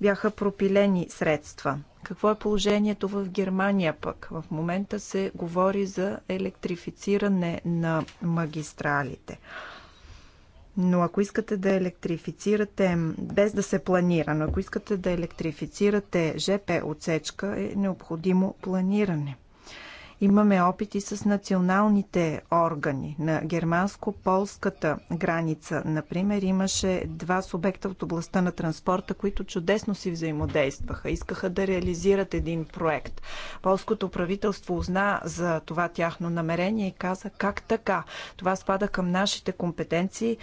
бяха пропилени средства. Какво е положението в Германия пък? В момента се говори за електрифициране на магистралите. Но ако искате да електрифицирате, без да се планира, но ако искате да електрифицирате ЖП отсечка, е необходимо планиране. Имаме опити с националните органи. На германско-полската граница, например, имаше два субекта от областта на транспорта, които чудесно си взаимодействаха. Искаха да реализират един проект. Полското правителство узна за това тяхно намерение и каза как така. Това спада към нашите компетенции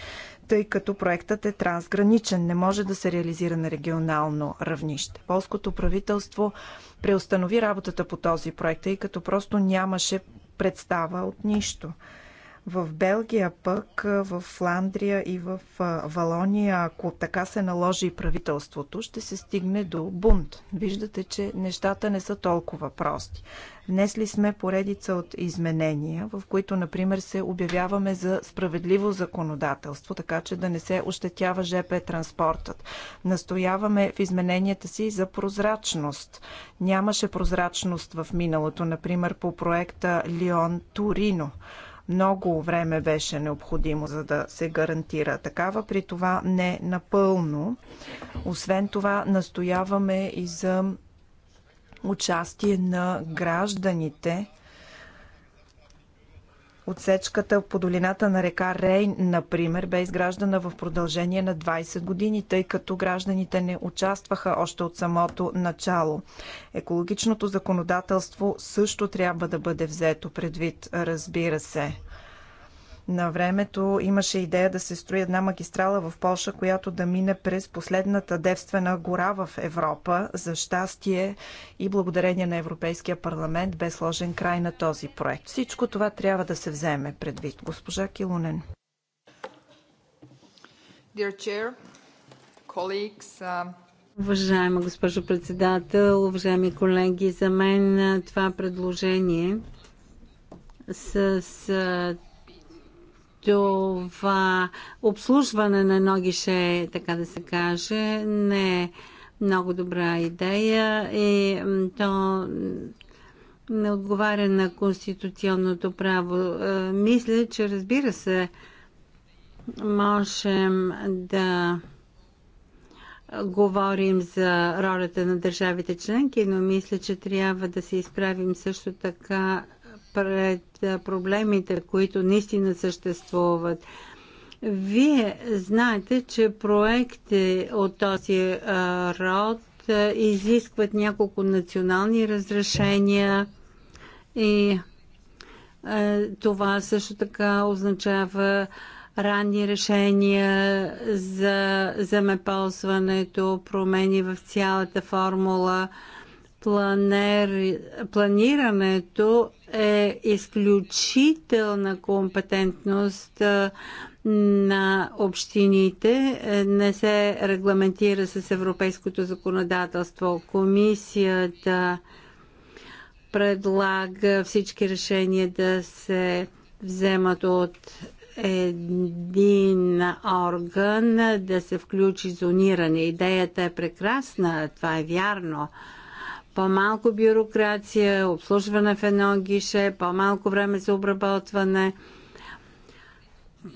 тъй като проектът е трансграничен, не може да се реализира на регионално равнище. Полското правителство преустанови работата по този проект, тъй като просто нямаше представа от нищо. В Белгия пък, в Фландрия и в Валония, ако така се наложи правителството, ще се стигне до бунт. Виждате, че нещата не са толкова прости. Внесли сме поредица от изменения, в които, например, се обявяваме за справедливо законодателство, така че да не се ощетява ЖП транспортът. Настояваме в измененията си за прозрачност. Нямаше прозрачност в миналото, например, по проекта Лион Турино. Много време беше необходимо, за да се гарантира такава, при това не напълно. Освен това, настояваме и за участие на гражданите Отсечката по долината на река Рейн, например, бе изграждана в продължение на 20 години, тъй като гражданите не участваха още от самото начало. Екологичното законодателство също трябва да бъде взето предвид, разбира се. На времето имаше идея да се строи една магистрала в Польша, която да мине през последната девствена гора в Европа. За щастие и благодарение на Европейския парламент бе сложен край на този проект. Всичко това трябва да се вземе предвид. Госпожа Килунен. Dear Chair, colleagues, uh... Уважаема госпожо председател, уважаеми колеги, за мен това предложение с, с в обслужване на едно така да се каже, не е много добра идея и то не отговаря на конституционното право. Е, мисля, че разбира се, можем да говорим за ролята на държавите членки, но мисля, че трябва да се изправим също така пред проблемите, които наистина съществуват. Вие знаете, че проекти от този род изискват няколко национални разрешения и това също така означава ранни решения за земеползването, промени в цялата формула. Планер, планирането е изключителна компетентност на общините е, не се регламентира с европейското законодателство. Комисията предлага всички решения да се вземат от един орган, да се включи зониране. Идеята е прекрасна, това е вярно по-малко бюрокрация, обслужване в едно гише, по-малко време за обработване.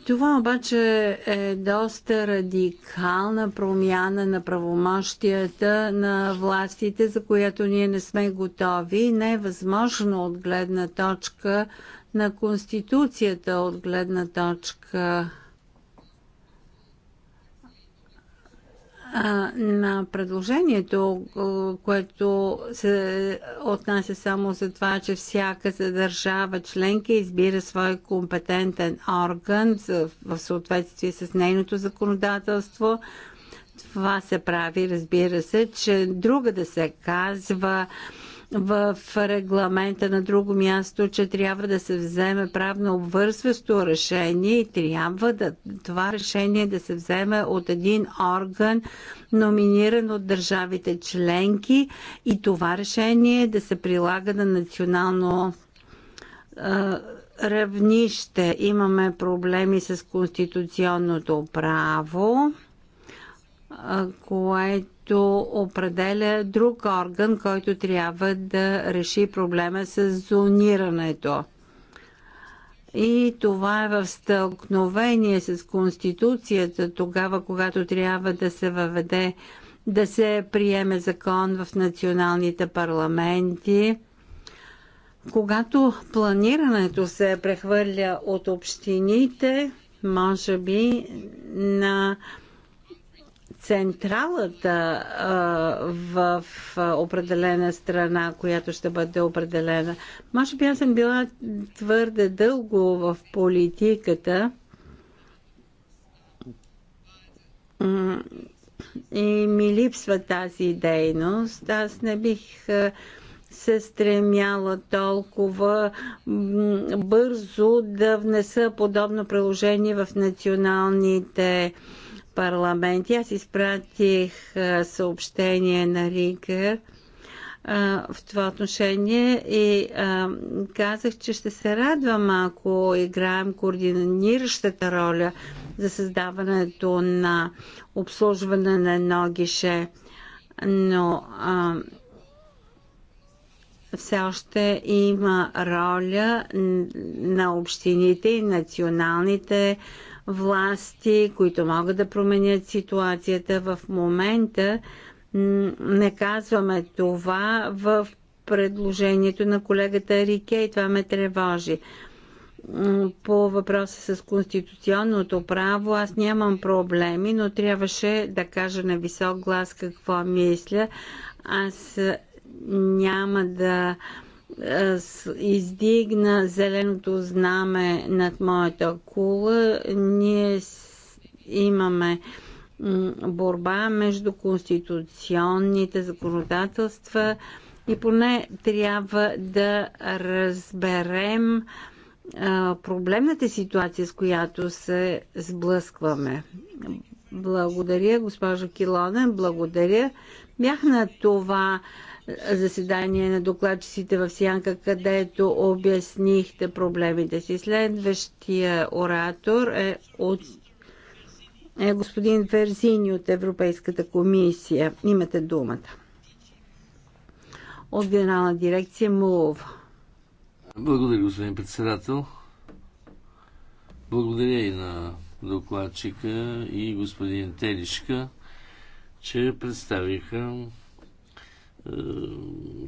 Това обаче е доста радикална промяна на правомощията на властите, за която ние не сме готови. Не е възможно от гледна точка на Конституцията, от гледна точка на предложението, което се отнася само за това, че всяка държава членка избира свой компетентен орган в съответствие с нейното законодателство. Това се прави, разбира се, че друга да се казва в регламента на друго място, че трябва да се вземе правно обвързващо решение и трябва да, това решение да се вземе от един орган, номиниран от държавите членки и това решение да се прилага на национално равнище имаме проблеми с конституционното право, което който определя друг орган, който трябва да реши проблема с зонирането. И това е в стълкновение с Конституцията, тогава, когато трябва да се въведе, да се приеме закон в националните парламенти. Когато планирането се прехвърля от общините, може би на централата в определена страна, която ще бъде определена. Може би аз съм била твърде дълго в политиката и ми липсва тази дейност. Аз не бих се стремяла толкова бързо да внеса подобно приложение в националните и Аз изпратих съобщение на Ригър в това отношение и а, казах, че ще се радвам, ако играем координиращата роля за създаването на обслужване на едно гише, но а, все още има роля на общините и националните а, власти, които могат да променят ситуацията. В момента не казваме това в предложението на колегата Рике и това ме тревожи. По въпроса с конституционното право аз нямам проблеми, но трябваше да кажа на висок глас какво мисля. Аз няма да е, издигна зеленото знаме над моята кула. Ние имаме борба между конституционните законодателства и поне трябва да разберем е, проблемната ситуация, с която се сблъскваме. Благодаря, госпожо Килонен, благодаря. Бях на това заседание на докладчиците в Сянка, където обяснихте проблемите си. Следващия оратор е от е господин Ферзини от Европейската комисия. Имате думата. От генерална дирекция МОВ. Благодаря, господин председател. Благодаря и на докладчика и господин Телишка, че представиха е,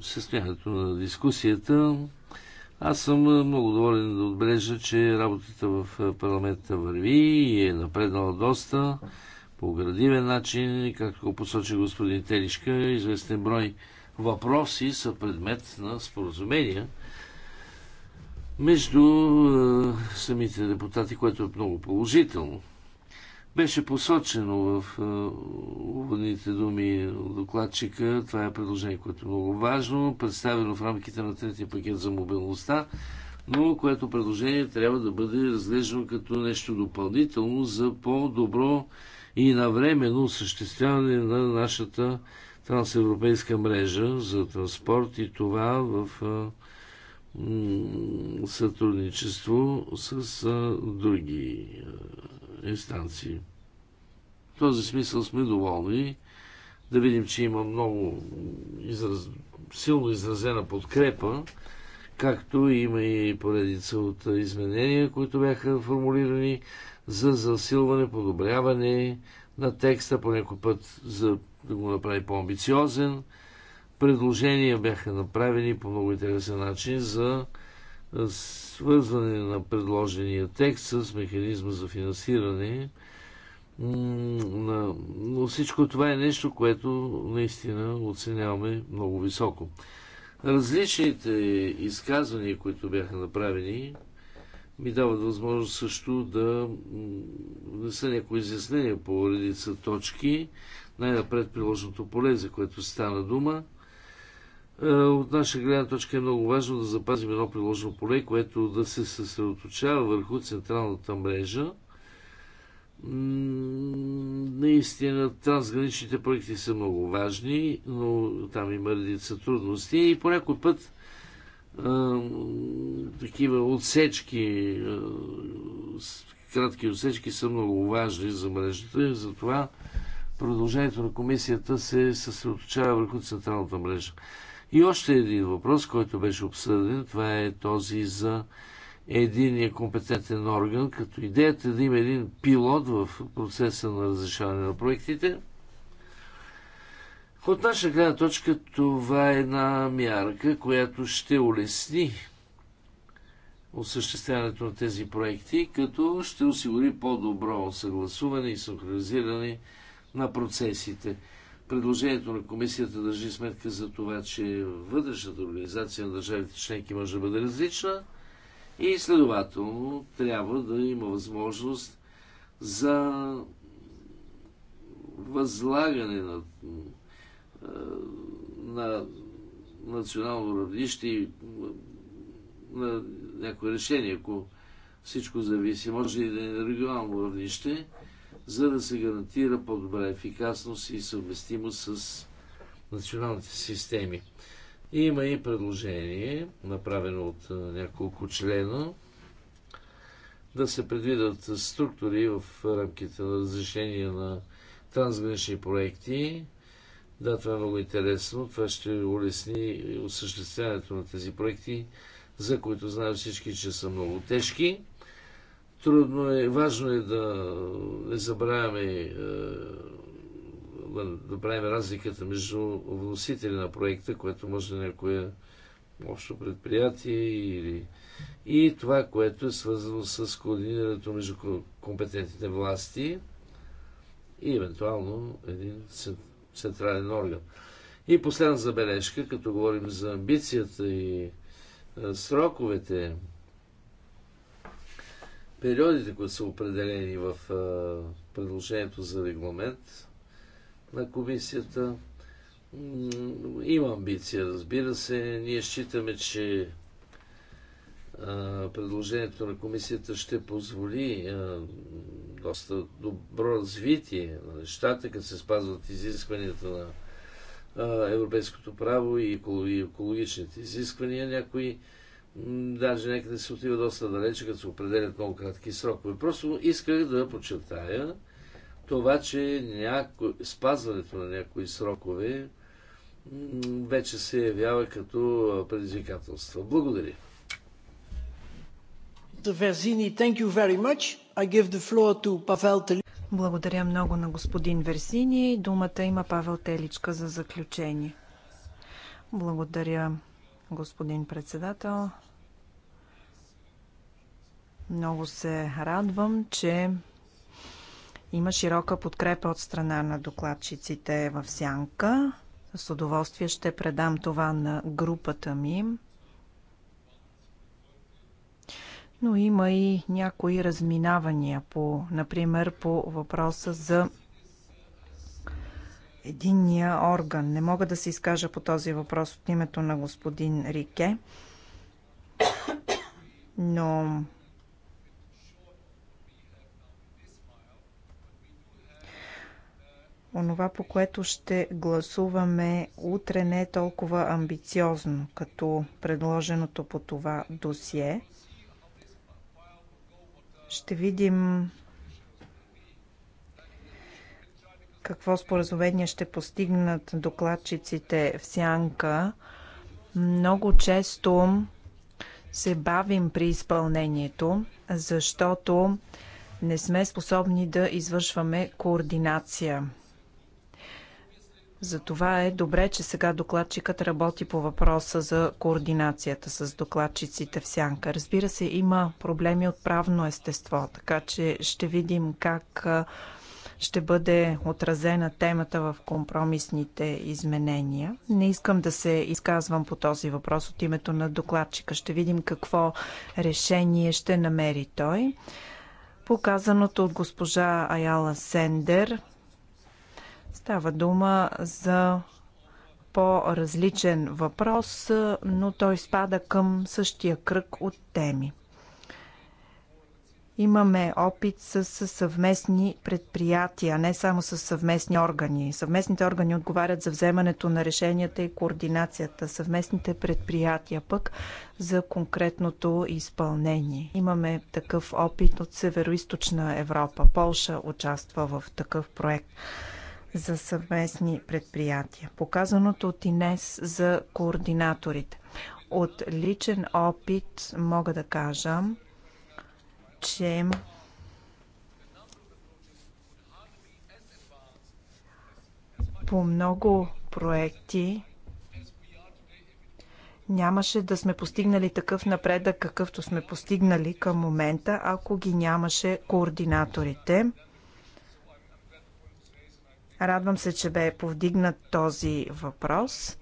състоянието на дискусията. Аз съм е, много доволен да отбележа, че работата в е, парламента върви и е напреднала доста по градивен начин, както го посочи господин Телишка, известен брой въпроси са предмет на споразумения между самите депутати, което е много положително. Беше посочено в е, уводните думи от докладчика. Това е предложение, което е много важно, представено в рамките на третия пакет за мобилността, но което предложение трябва да бъде разглеждано като нещо допълнително за по-добро и навременно осъществяване на нашата трансевропейска мрежа за транспорт и това в е, сътрудничество с е, други инстанции. В този смисъл сме доволни да видим, че има много израз... силно изразена подкрепа, както има и поредица от изменения, които бяха формулирани за засилване, подобряване на текста, по някой път за да го направи по-амбициозен. Предложения бяха направени по много интересен начин за свързване на предложения текст с механизма за финансиране. Но всичко това е нещо, което наистина оценяваме много високо. Различните изказвания, които бяха направени, ми дават възможност също да внеса някои изяснения по редица точки. Най-напред приложното поле, за което стана дума – е, от наша гледна точка е много важно да запазим едно приложено поле, което да се съсредоточава върху централната мрежа. Наистина трансграничните проекти са много важни, но там има редица трудности и по някой път е, такива отсечки, е, кратки отсечки са много важни за мрежата и затова продължението на комисията се съсредоточава върху централната мрежа. И още един въпрос, който беше обсъден, това е този за единия компетентен орган, като идеята е да има един пилот в процеса на разрешаване на проектите. От наша гледна точка това е една мярка, която ще улесни осъществяването на тези проекти, като ще осигури по-добро съгласуване и синхронизиране на процесите предложението на комисията държи сметка за това, че вътрешната организация на държавите членки може да бъде различна и следователно трябва да има възможност за възлагане на, е, на национално равнище и е, на някои решения, ако всичко зависи, може и да е на регионално равнище за да се гарантира по-добра ефикасност и съвместимост с националните системи. Има и предложение, направено от няколко члена, да се предвидат структури в рамките на разрешение на трансгранични проекти. Да, това е много интересно. Това ще улесни осъществяването на тези проекти, за които знаем всички, че са много тежки. Трудно е, важно е да не забравяме е, да правим разликата между вносители на проекта, което може да е някое общо предприятие или и това, което е свързано с координирането между компетентните власти и евентуално един централен орган. И последна забележка, като говорим за амбицията и е, сроковете, периодите, които са определени в предложението за регламент на комисията, има амбиция, разбира се. Ние считаме, че предложението на комисията ще позволи доста добро развитие на нещата, като се спазват изискванията на европейското право и екологичните изисквания. Някои даже някъде се отива доста далече, като се определят много кратки срокове. Просто исках да подчертая това, че няко... спазването на някои срокове вече се явява като предизвикателство. Благодаря. Благодаря много на господин Версини. Думата има Павел Теличка за заключение. Благодаря, господин председател. Много се радвам, че има широка подкрепа от страна на докладчиците в Сянка. С удоволствие ще предам това на групата ми. Но има и някои разминавания, по, например по въпроса за единния орган. Не мога да се изкажа по този въпрос от името на господин Рике, но онова, по което ще гласуваме утре не е толкова амбициозно, като предложеното по това досие. Ще видим какво споразумение ще постигнат докладчиците в сянка. Много често се бавим при изпълнението, защото не сме способни да извършваме координация. Затова е добре, че сега докладчикът работи по въпроса за координацията с докладчиците в сянка. Разбира се, има проблеми от правно естество, така че ще видим как ще бъде отразена темата в компромисните изменения. Не искам да се изказвам по този въпрос от името на докладчика. Ще видим какво решение ще намери той. Показаното от госпожа Аяла Сендер става дума за по-различен въпрос, но той спада към същия кръг от теми. Имаме опит с съвместни предприятия, не само с съвместни органи. Съвместните органи отговарят за вземането на решенията и координацията. Съвместните предприятия пък за конкретното изпълнение. Имаме такъв опит от Североизточна Европа. Полша участва в такъв проект за съвместни предприятия. Показаното от Инес за координаторите. От личен опит мога да кажа, че по много проекти нямаше да сме постигнали такъв напредък, какъвто сме постигнали към момента, ако ги нямаше координаторите. Радвам се, че бе повдигнат този въпрос.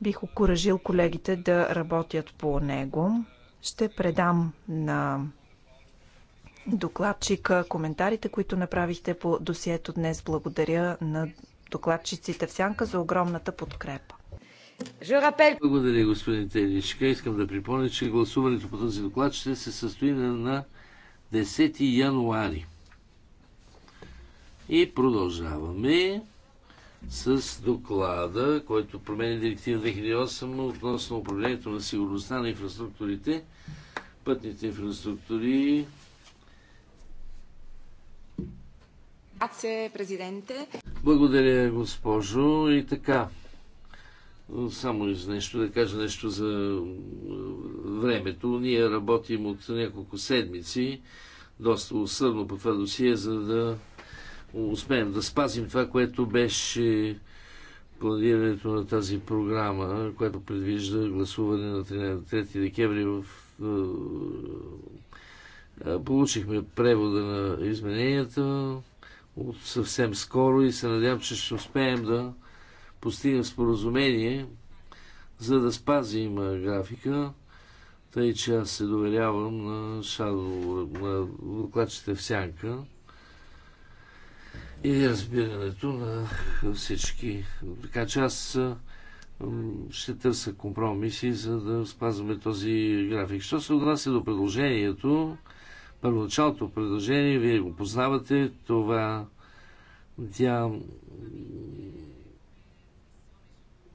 Бих окоръжил колегите да работят по него. Ще предам на докладчика, коментарите, които направихте по досието днес. Благодаря на докладчиците в Сянка за огромната подкрепа. Благодаря, господин Теличка. Искам да припомня, че гласуването по този доклад ще се състои на 10 януари. И продължаваме с доклада, който променя директива 2008 относно управлението на сигурността на инфраструктурите, пътните инфраструктури, Благодаря, госпожо. И така, само нещо да кажа нещо за времето. Ние работим от няколко седмици, доста усърдно по това досие, за да успеем да спазим това, което беше планирането на тази програма, която предвижда гласуване на 3 декември в получихме превода на измененията съвсем скоро и се надявам, че ще успеем да постигнем споразумение, за да спазим графика, тъй че аз се доверявам на, шадо, на докладчите в сянка и разбирането на всички. Така че аз ще търся компромиси, за да спазваме този график. Що се отнася до предложението, първоначалното предложение, вие го познавате, това тя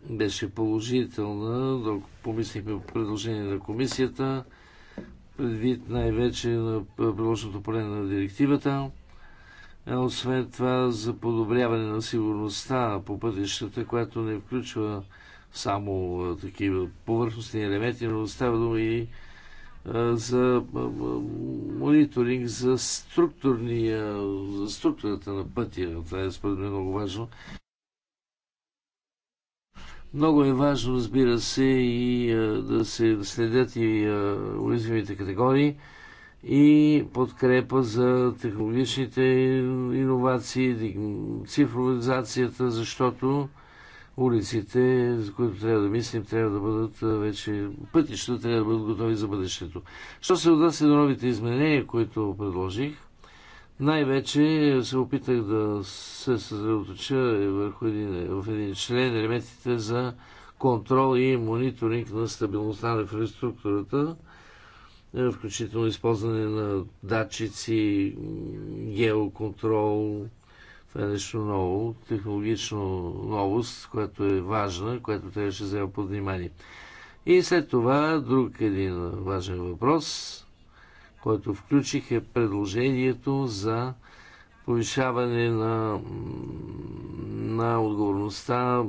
беше положителна, докато помислихме по предложение на комисията, предвид най-вече на приложното поле на директивата. Освен това, за подобряване на сигурността по пътищата, която не включва само такива повърхностни елементи, но става дума и за мониторинг за, структурния, за структурата на пътя. Това е според мен много важно. Много е важно, разбира се, и да се следят и уязвимите категории и подкрепа за технологичните иновации, цифровизацията, защото улиците, за които трябва да мислим, трябва да бъдат вече пътища, трябва да бъдат готови за бъдещето. Що се отнася до новите изменения, които предложих, най-вече се опитах да се съсредоточа върху един, в един член елементите за контрол и мониторинг на стабилността на инфраструктурата, включително използване на датчици, геоконтрол, това е нещо ново, технологично новост, която е важна, която трябваше да взема под внимание. И след това друг един важен въпрос, който включих е предложението за повишаване на, на отговорността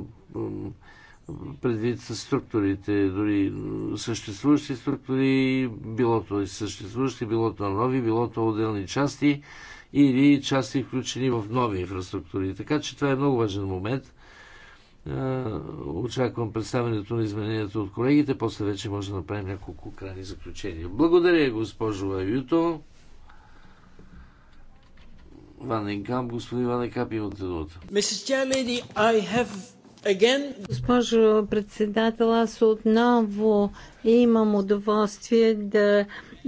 предвид структурите, дори съществуващи структури, било то и съществуващи, било то нови, било то отделни части или части включени в нови инфраструктури. Така че това е много важен момент. Очаквам представянето на изменението от колегите. После вече може да направим няколко крайни заключения. Благодаря, госпожо Аюто. Кам, господин Ваненкап, имате думата. Госпожо председател, аз отново имам удоволствие да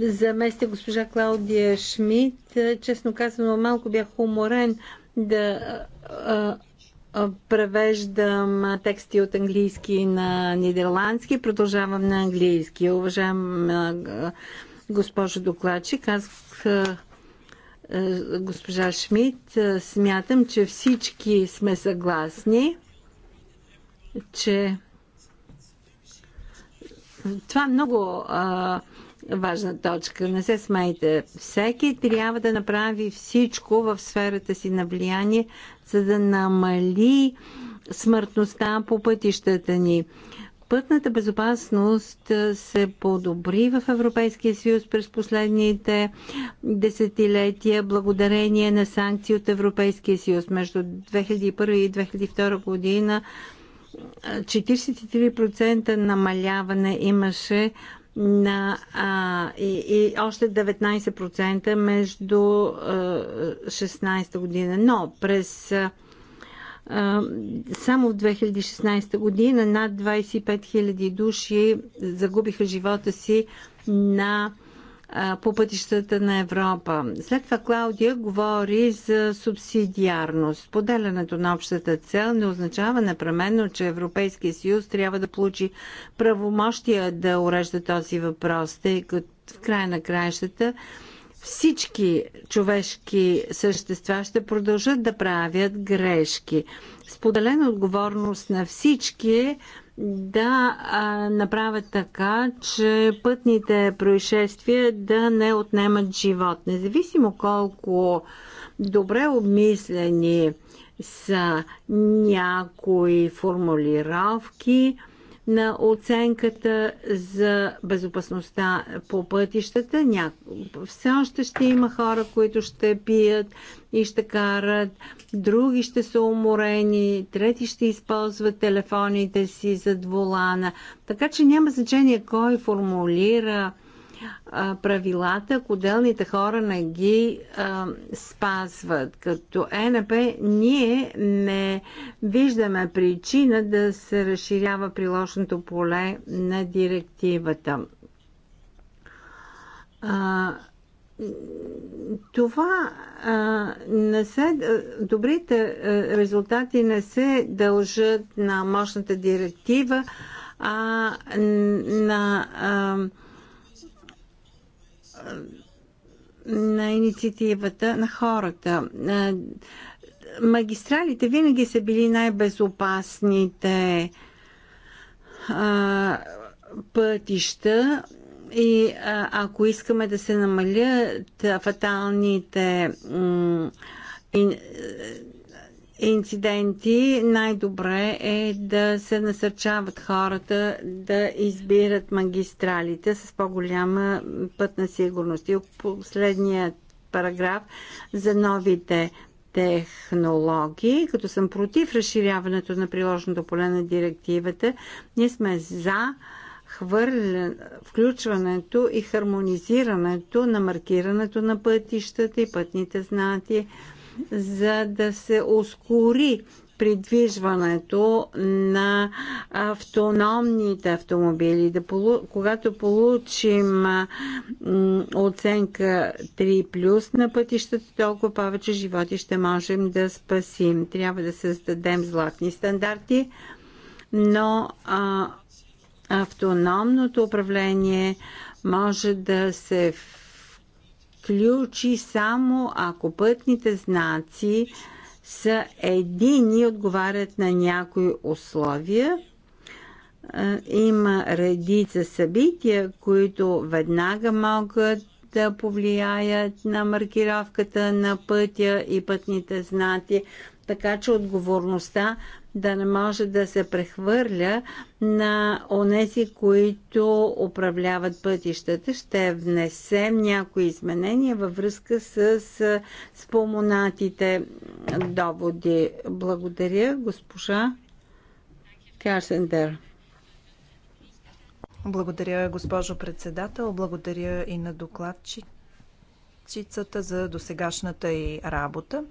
заместя госпожа Клаудия Шмидт. Честно казано, малко бях уморен да превеждам тексти от английски на нидерландски. Продължавам на английски. Уважаем госпожо докладчик, аз госпожа Шмидт, смятам, че всички сме съгласни, че това много а, важна точка. Не се смейте. Всеки трябва да направи всичко в сферата си на влияние, за да намали смъртността по пътищата ни. Пътната безопасност се подобри в Европейския съюз през последните десетилетия благодарение на санкции от Европейския съюз. Между 2001 и 2002 година 43% намаляване имаше на а, и, и още 19% между а, 16 година. Но през а, само в 2016 година над 25 000 души загубиха живота си на а, по пътищата на Европа. След това Клаудия говори за субсидиарност. Поделянето на общата цел не означава непременно, че Европейския съюз трябва да получи правомощия да урежда този въпрос, тъй като в края на краищата всички човешки същества ще продължат да правят грешки. Споделена отговорност на всички е да а, направят така, че пътните происшествия да не отнемат живот. Независимо колко добре обмислени са някои формулировки, на оценката за безопасността по пътищата. Ня... Все още ще има хора, които ще пият и ще карат, други ще са уморени, трети ще използват телефоните си зад волана. Така че няма значение кой формулира правилата, ако отделните хора не ги а, спазват. Като ЕНП ние не виждаме причина да се разширява приложното поле на директивата. А, това а, не се, добрите резултати не се дължат на мощната директива, а на а, на инициативата на хората. Магистралите винаги са били най-безопасните пътища и ако искаме да се намалят фаталните инциденти, най-добре е да се насърчават хората да избират магистралите с по-голяма пътна сигурност. И последният параграф за новите технологии, като съм против разширяването на приложното поле на директивата, ние сме за хвърля, включването и хармонизирането на маркирането на пътищата и пътните знати за да се ускори придвижването на автономните автомобили. Да полу... Когато получим оценка 3 на пътищата, толкова повече животи ще можем да спасим. Трябва да създадем златни стандарти, но а, автономното управление може да се включи само ако пътните знаци са едини и отговарят на някои условия. Има редица събития, които веднага могат да повлияят на маркировката на пътя и пътните знати, така че отговорността да не може да се прехвърля на онези, които управляват пътищата. Ще внесем някои изменения във връзка с споменатите доводи. Благодаря, госпожа Кашендер. Благодаря, госпожо председател. Благодаря и на докладчик частицата за досегашната и работа.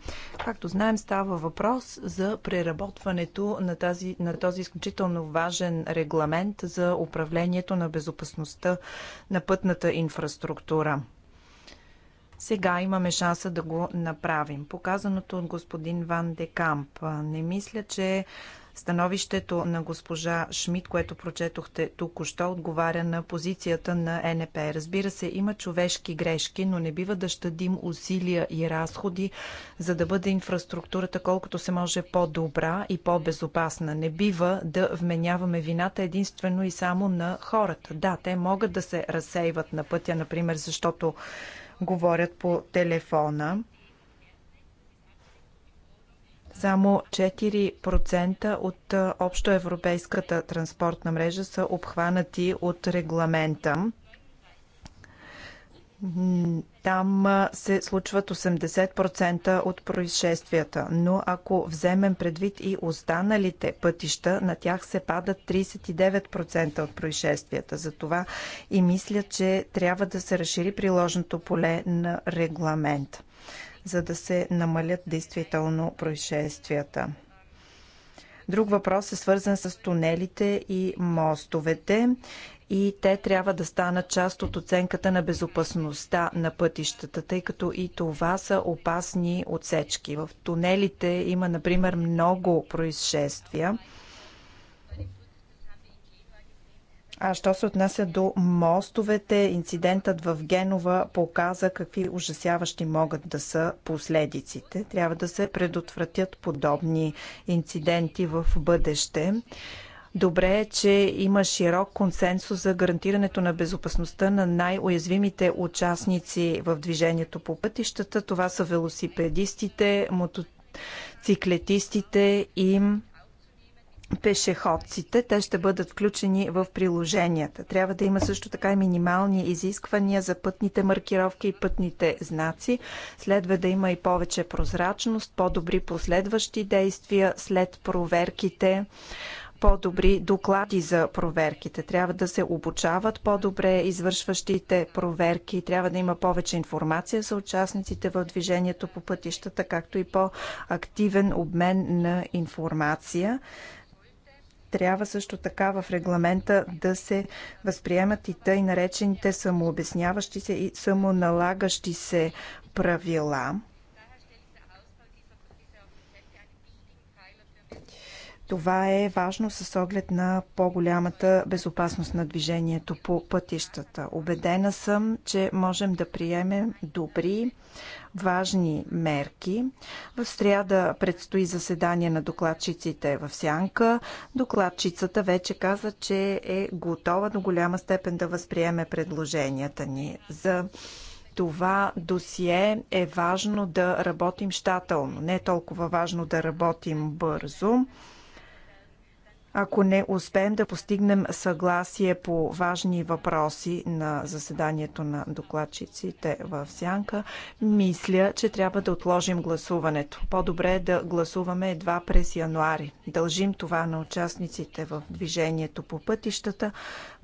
Както знаем, става въпрос за преработването на, тази, на този изключително важен регламент за управлението на безопасността на пътната инфраструктура. Сега имаме шанса да го направим. Показаното от господин Ван Декамп: Не мисля, че Становището на госпожа Шмидт, което прочетохте току-що, отговаря на позицията на НП. Разбира се, има човешки грешки, но не бива да щадим усилия и разходи, за да бъде инфраструктурата колкото се може по-добра и по-безопасна. Не бива да вменяваме вината единствено и само на хората. Да, те могат да се разсейват на пътя, например, защото говорят по телефона само 4% от общоевропейската транспортна мрежа са обхванати от регламента. Там се случват 80% от происшествията, но ако вземем предвид и останалите пътища, на тях се падат 39% от происшествията. Затова и мисля, че трябва да се разшири приложното поле на регламент за да се намалят действително происшествията. Друг въпрос е свързан с тунелите и мостовете и те трябва да станат част от оценката на безопасността на пътищата, тъй като и това са опасни отсечки. В тунелите има, например, много происшествия. А що се отнася до мостовете, инцидентът в Генова показа какви ужасяващи могат да са последиците. Трябва да се предотвратят подобни инциденти в бъдеще. Добре е, че има широк консенсус за гарантирането на безопасността на най-уязвимите участници в движението по пътищата. Това са велосипедистите, мотоциклетистите и пешеходците. Те ще бъдат включени в приложенията. Трябва да има също така и минимални изисквания за пътните маркировки и пътните знаци. Следва да има и повече прозрачност, по-добри последващи действия след проверките по-добри доклади за проверките. Трябва да се обучават по-добре извършващите проверки. Трябва да има повече информация за участниците в движението по пътищата, както и по-активен обмен на информация. Трябва също така в регламента да се възприемат и тъй наречените самообясняващи се и самоналагащи се правила. Това е важно с оглед на по-голямата безопасност на движението по пътищата. Обедена съм, че можем да приемем добри, важни мерки. В сряда предстои заседание на докладчиците в Сянка. Докладчицата вече каза, че е готова до голяма степен да възприеме предложенията ни за това досие е важно да работим щателно, не е толкова важно да работим бързо. Ако не успеем да постигнем съгласие по важни въпроси на заседанието на докладчиците в Сянка, мисля, че трябва да отложим гласуването. По-добре е да гласуваме едва през януари. Дължим това на участниците в движението по пътищата.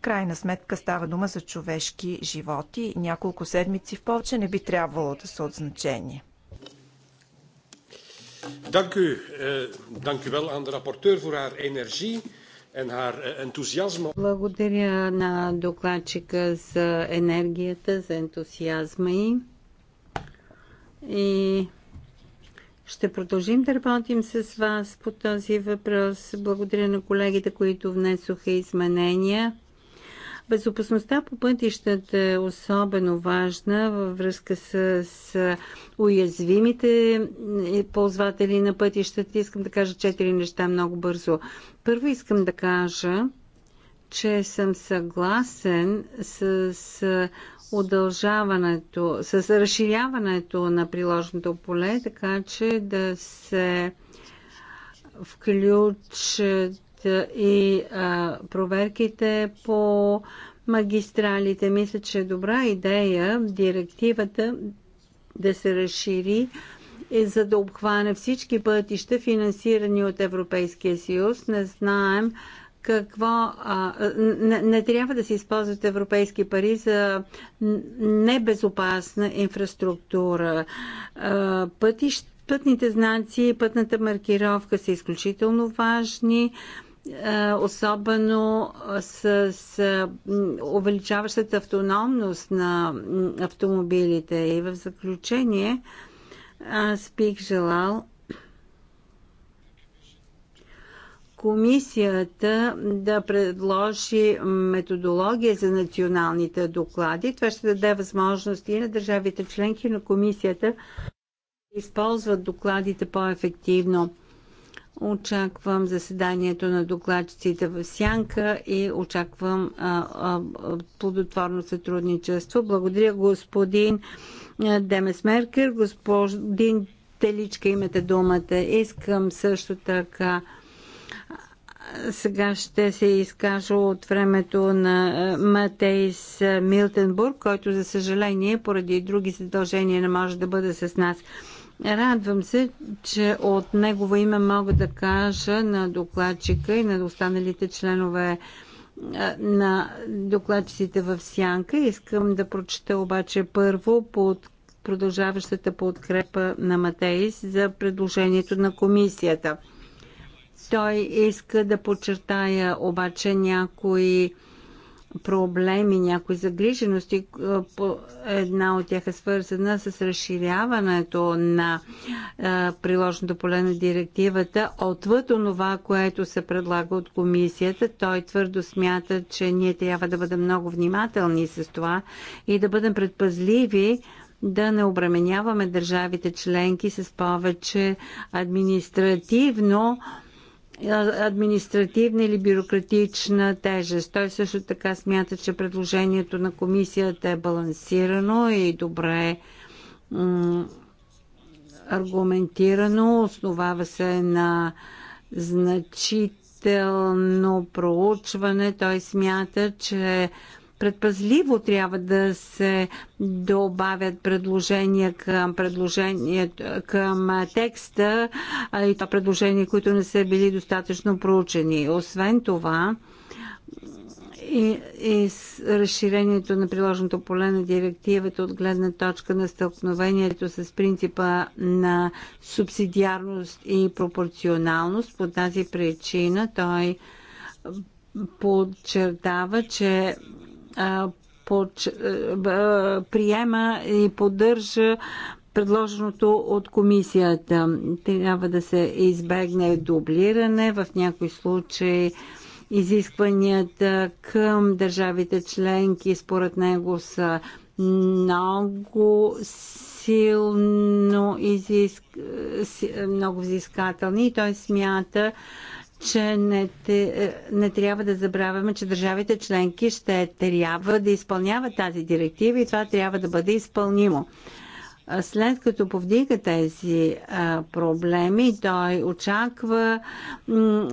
Крайна сметка става дума за човешки животи. Няколко седмици в повече не би трябвало да са от значение. Dank u. Eh, dank u wel aan de rapporteur voor haar energie en haar eh, enthousiasme. Благодаря на докладчика за енергията, за ентусиазма и, и ще продължим да работим с вас по този въпрос. Благодаря на колегите, които внесоха изменения. Безопасността по пътищата е особено важна във връзка с, с уязвимите е, ползватели на пътищата. Искам да кажа четири неща много бързо. Първо искам да кажа, че съм съгласен с, с удължаването, с разширяването на приложното поле, така че да се включат и а, проверките по магистралите. Мисля, че е добра идея директивата да се разшири е за да обхване всички пътища, финансирани от Европейския съюз. Не знаем какво. А, не, не трябва да се използват европейски пари за небезопасна инфраструктура. А, пътищ, Пътните знаци и пътната маркировка са изключително важни. Е, особено с, с увеличаващата автономност на автомобилите. И в заключение аз бих желал комисията да предложи методология за националните доклади. Това ще даде възможности и на държавите членки на комисията да използват докладите по-ефективно. Очаквам заседанието на докладчиците в Сянка и очаквам а, а, плодотворно сътрудничество. Благодаря господин Демес Меркер. Господин Теличка, имате думата. Искам също така сега ще се изкажа от времето на Матейс Милтенбург, който за съжаление поради други задължения не може да бъде с нас. Радвам се, че от негово име мога да кажа на докладчика и на останалите членове е, на докладчиците в Сянка. Искам да прочета обаче първо под продължаващата подкрепа на Матеис за предложението на комисията. Той иска да подчертая обаче някои проблеми, някои загрижености. Една от тях е свързана с разширяването на приложното поле на директивата отвъд онова, което се предлага от комисията. Той твърдо смята, че ние трябва да бъдем много внимателни с това и да бъдем предпазливи да не обременяваме държавите членки с повече административно е, административна или бюрократична тежест. Той също така смята, че предложението на комисията е балансирано и добре аргументирано, основава се на значително проучване. Той смята, че предпазливо трябва да се добавят предложения към, предложения, към текста и то предложения, които не са били достатъчно проучени. Освен това, и, и с разширението на приложното поле на директивата от гледна точка на стълкновението с принципа на субсидиарност и пропорционалност. По тази причина той подчертава, че приема и поддържа предложеното от комисията. Трябва да се избегне дублиране, в някои случаи изискванията към държавите членки според него са много силно изиск... много взискателни и той смята, че не, не трябва да забравяме, че държавите членки ще трябва да изпълняват тази директива и това трябва да бъде изпълнимо. След като повдига тези а, проблеми, той очаква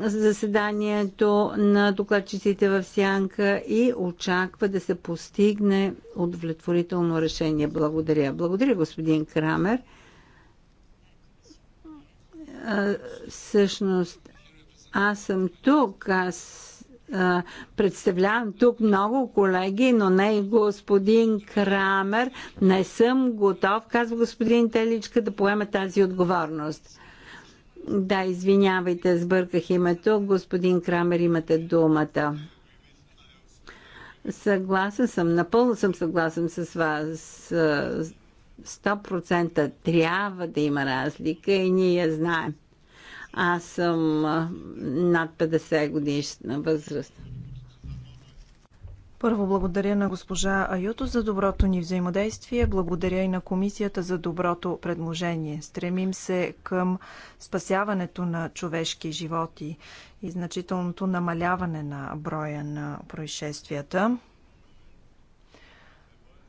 заседанието на докладчиците в Сянка и очаква да се постигне удовлетворително решение. Благодаря. Благодаря, господин Крамер всъщност аз съм тук, аз а, представлявам тук много колеги, но не и господин Крамер. Не съм готов, казва господин Теличка, да поема тази отговорност. Да, извинявайте, сбърках името. Господин Крамер, имате думата. Съгласен съм, напълно съм съгласен с вас. 100% трябва да има разлика и ние я знаем. Аз съм над 50 годишна възраст. Първо благодаря на госпожа Аюто за доброто ни взаимодействие. Благодаря и на комисията за доброто предложение. Стремим се към спасяването на човешки животи и значителното намаляване на броя на происшествията.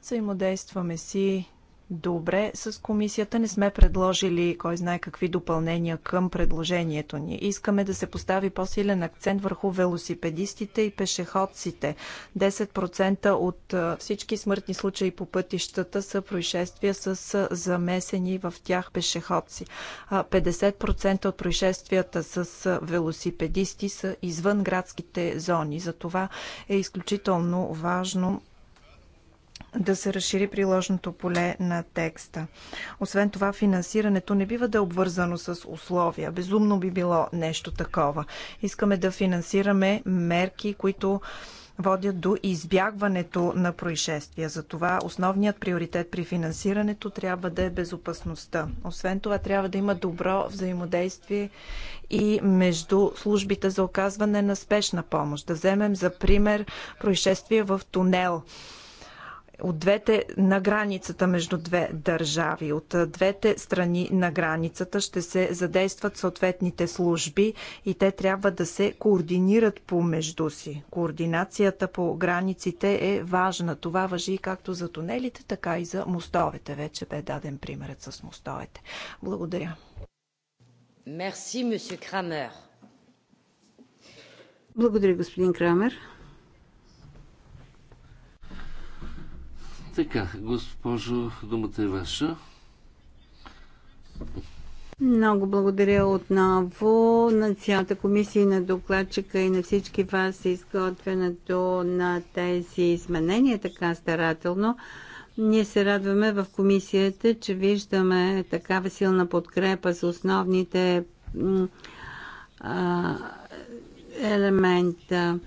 Взаимодействаме си добре с комисията. Не сме предложили кой знае какви допълнения към предложението ни. Искаме да се постави по-силен акцент върху велосипедистите и пешеходците. 10% от всички смъртни случаи по пътищата са происшествия с замесени в тях пешеходци. 50% от происшествията с велосипедисти са извън градските зони. Затова е изключително важно да се разшири приложното поле на текста. Освен това, финансирането не бива да е обвързано с условия. Безумно би било нещо такова. Искаме да финансираме мерки, които водят до избягването на происшествия. Затова основният приоритет при финансирането трябва да е безопасността. Освен това, трябва да има добро взаимодействие и между службите за оказване на спешна помощ. Да вземем за пример происшествие в тунел от двете на границата между две държави. От двете страни на границата ще се задействат съответните служби и те трябва да се координират помежду си. Координацията по границите е важна. Това въжи както за тунелите, така и за мостовете. Вече бе даден примерът с мостовете. Благодаря. Мерси, Крамер. Благодаря, господин Крамер. Така, госпожо, думата е ваша. Много благодаря отново на цялата комисия, на докладчика и на всички вас за изготвянето на тези изменения така старателно. Ние се радваме в комисията, че виждаме такава силна подкрепа за основните елемента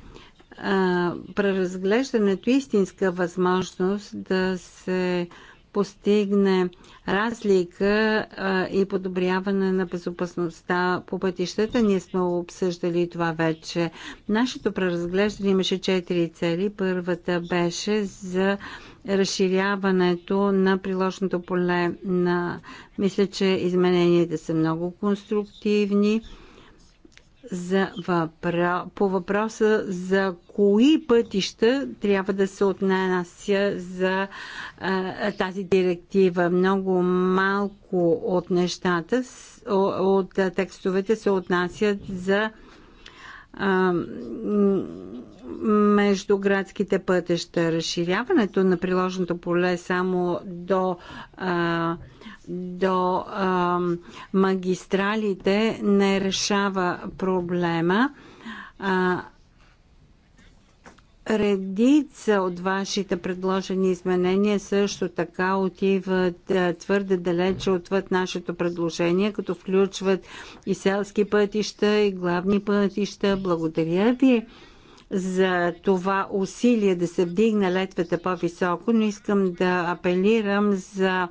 преразглеждането е истинска възможност да се постигне разлика а, и подобряване на безопасността по пътищата. Ние сме обсъждали това вече. Нашето преразглеждане имаше четири цели. Първата беше за разширяването на приложното поле на... Мисля, че измененията са много конструктивни за въпро... по въпроса за кои пътища трябва да се отнася за а, тази директива. Много малко от нещата, от текстовете се отнасят за а, междуградските пътища. Разширяването на приложното поле само до а, до а, магистралите не решава проблема. А, редица от вашите предложени изменения също така отиват твърде далече отвъд нашето предложение, като включват и селски пътища, и главни пътища. Благодаря ви за това усилие да се вдигне летвата по-високо, но искам да апелирам за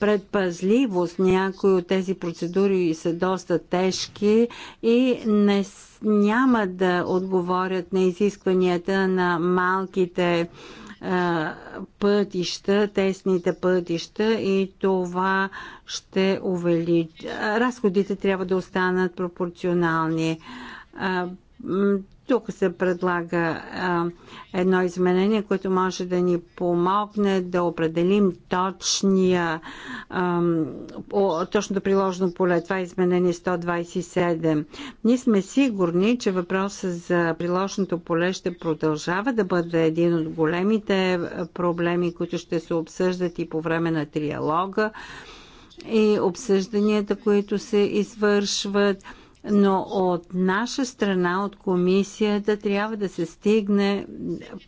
предпазливост. Някои от тези процедури са доста тежки и не няма да отговорят на изискванията на малките пътища, тесните пътища и това ще увеличи. Разходите трябва да останат пропорционални. Тук се предлага а, едно изменение, което може да ни помогне да определим точния, а, точното приложено поле. Това е изменение 127. Ние сме сигурни, че въпросът за приложното поле ще продължава да бъде един от големите е, проблеми, които ще се обсъждат и по време на триалога и обсъжданията, които се извършват но от наша страна, от комисията, трябва да се стигне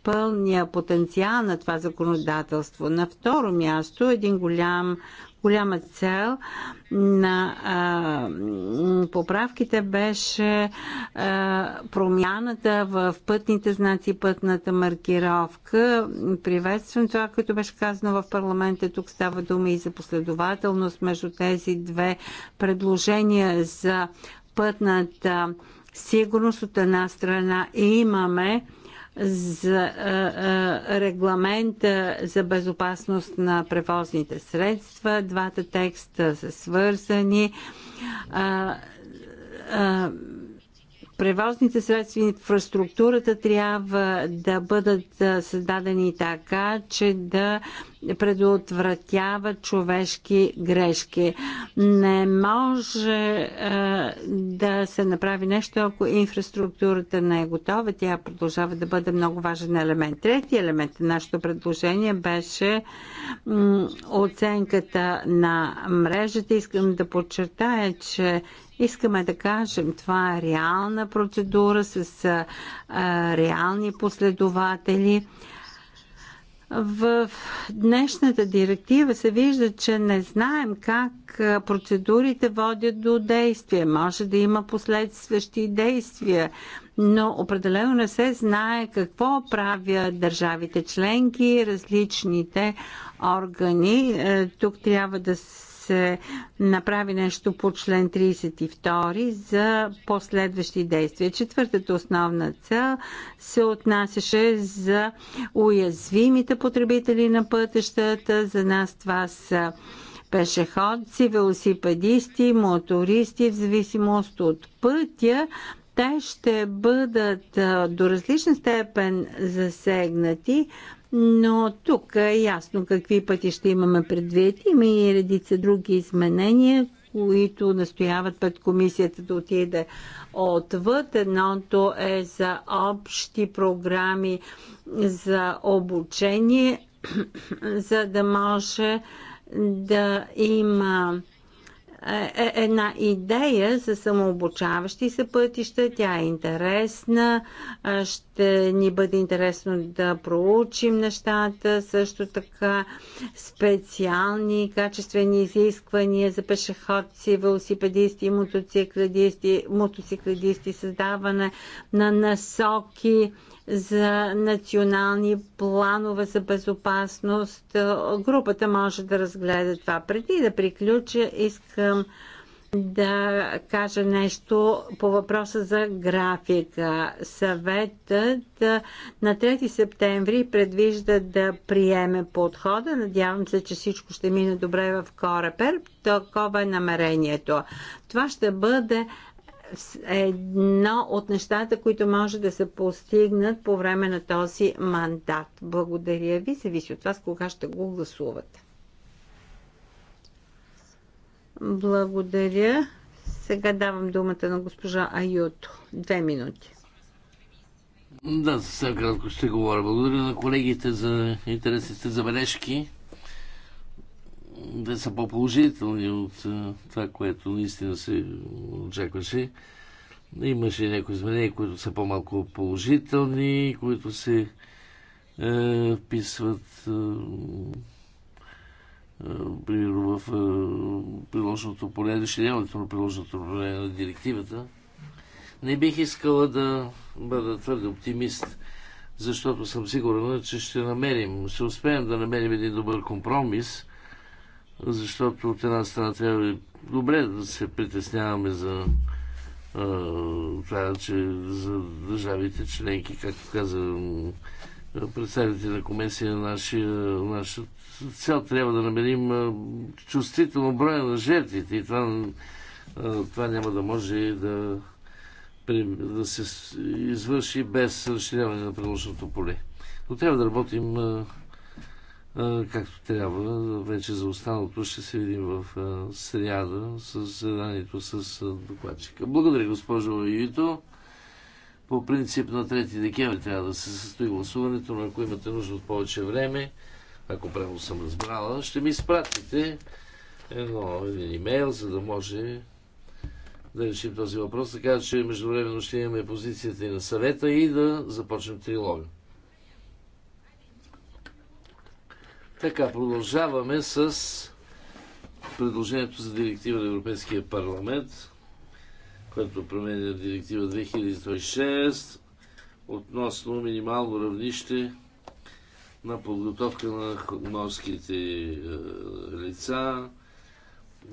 пълния потенциал на това законодателство. На второ място, един голям голяма цел на а, поправките беше а, промяната в пътните знаци, пътната маркировка. Приветствам това, което беше казано в парламента. Тук става дума и за последователност между тези две предложения за пътната сигурност от една страна и имаме за е, е, регламента е, за безопасност на превозните средства. Двата текста са свързани. Превозните средства и инфраструктурата трябва да бъдат създадени така, че да предотвратява човешки грешки. Не може е, да се направи нещо, ако инфраструктурата не е готова. Тя продължава да бъде много важен елемент. Трети елемент на нашето предложение беше оценката на мрежата. Искам да подчертая, че Искаме да кажем, това е реална процедура с а, е, реални последователи. В днешната директива се вижда, че не знаем как процедурите водят до действия. Може да има последстващи действия, но определено не се знае какво правят държавите членки, различните органи. Е, тук трябва да се се направи нещо по член 32 за последващи действия. Четвъртата основна цел се отнасяше за уязвимите потребители на пътещата. За нас това са пешеходци, велосипедисти, мотористи, в зависимост от пътя, те ще бъдат до различна степен засегнати но тук е ясно какви пъти ще имаме предвид. Има и редица други изменения, които настояват пред комисията да отиде отвъд. Едното е за общи програми за обучение, за да може да има е, е, една идея за самообучаващи се пътища. Тя е интересна. Е, ще ни бъде интересно да проучим нещата. Също така специални качествени изисквания за пешеходци, велосипедисти, мотоциклисти, мотоциклисти, създаване на насоки за национални планове за безопасност. Групата може да разгледа това. Преди да приключа, искам да кажа нещо по въпроса за графика. Съветът на 3 септември предвижда да приеме подхода. Надявам се, че всичко ще мине добре в Корепер. Такова е намерението. Това ще бъде едно от нещата, които може да се постигнат по време на този мандат. Благодаря ви. Зависи от вас кога ще го гласувате. Благодаря. Сега давам думата на госпожа Айото. Две минути. Да, съвсем кратко ще говоря. Благодаря на колегите за интересните забележки да са по-положителни от това, което наистина се очакваше. Имаше някои изменения, които са по-малко положителни, които се е, вписват е, е, в е, приложеното поле, решението на приложеното поле на директивата, не бих искала да бъда твърде оптимист, защото съм сигурен, че ще намерим, ще успеем да намерим един добър компромис, защото от една страна трябва и добре да се притесняваме за това, че за държавите членки, както каза представители на комисия, нашия, нашата цел трябва да намерим чувствително броя на жертвите и това, това няма да може да, да се извърши без разширяване на приложното поле. Но трябва да работим както трябва. Вече за останалото ще се видим в сряда с заданието с докладчика. Благодаря, госпожо Юто. По принцип на 3 декември трябва да се състои гласуването, но ако имате нужда от повече време, ако правилно съм разбрала, ще ми изпратите едно, един имейл, за да може да решим този въпрос. Така че междувременно ще имаме позицията и на съвета и да започнем трилога. Така, продължаваме с предложението за директива на Европейския парламент, което променя директива 2006 относно минимално равнище на подготовка на морските е, лица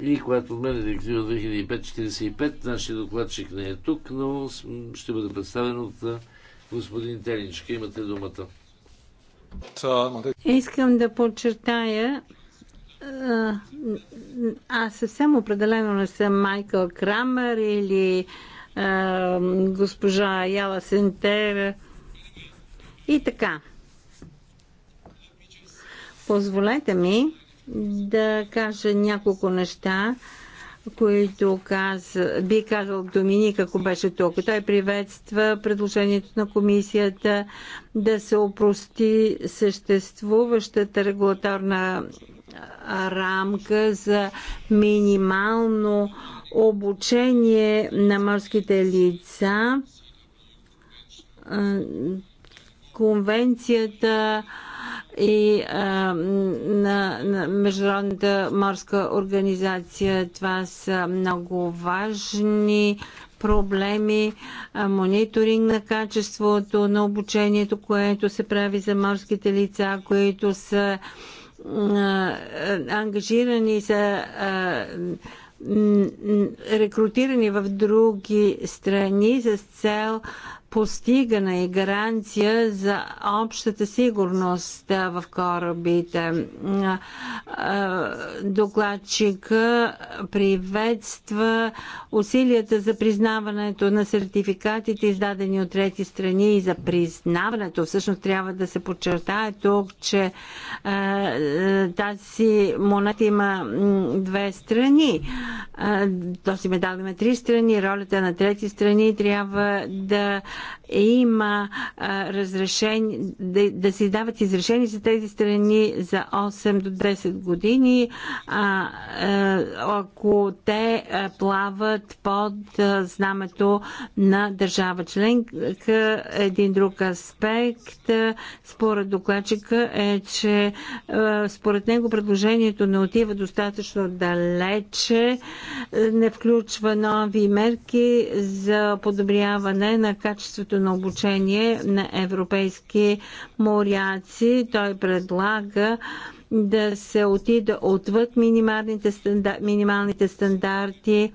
и което отменя директива 2545. Нашия докладчик не е тук, но ще бъде представен от е, господин Теличка. Имате думата. Искам да подчертая, аз съвсем определено не съм Майкъл Крамер или а, госпожа Яла Сентер и така. Позволете ми да кажа няколко неща които каза, би казал Доминик, ако беше тук. Той приветства предложението на комисията да се опрости съществуващата регулаторна рамка за минимално обучение на морските лица. Конвенцията и а, на, на Международната морска организация. Това са много важни проблеми, мониторинг на качеството на обучението, което се прави за морските лица, които са а, ангажирани за рекрутирани в други страни с цел постигане и гаранция за общата сигурност в корабите. Докладчика приветства усилията за признаването на сертификатите, издадени от трети страни и за признаването. Всъщност трябва да се подчертае тук, че тази монета има две страни. Този медал има три страни. Ролята на трети страни трябва да има а, разрешение, да, да се дават изрешения за тези страни за 8 до 10 години, а, а, ако те а, плават под а, знамето на държава членка. Един друг аспект а, според докладчика е, че а, според него предложението не отива достатъчно далече, не включва нови мерки за подобряване на качеството качеството на обучение на европейски моряци. Той предлага да се отида отвъд минималните стандарти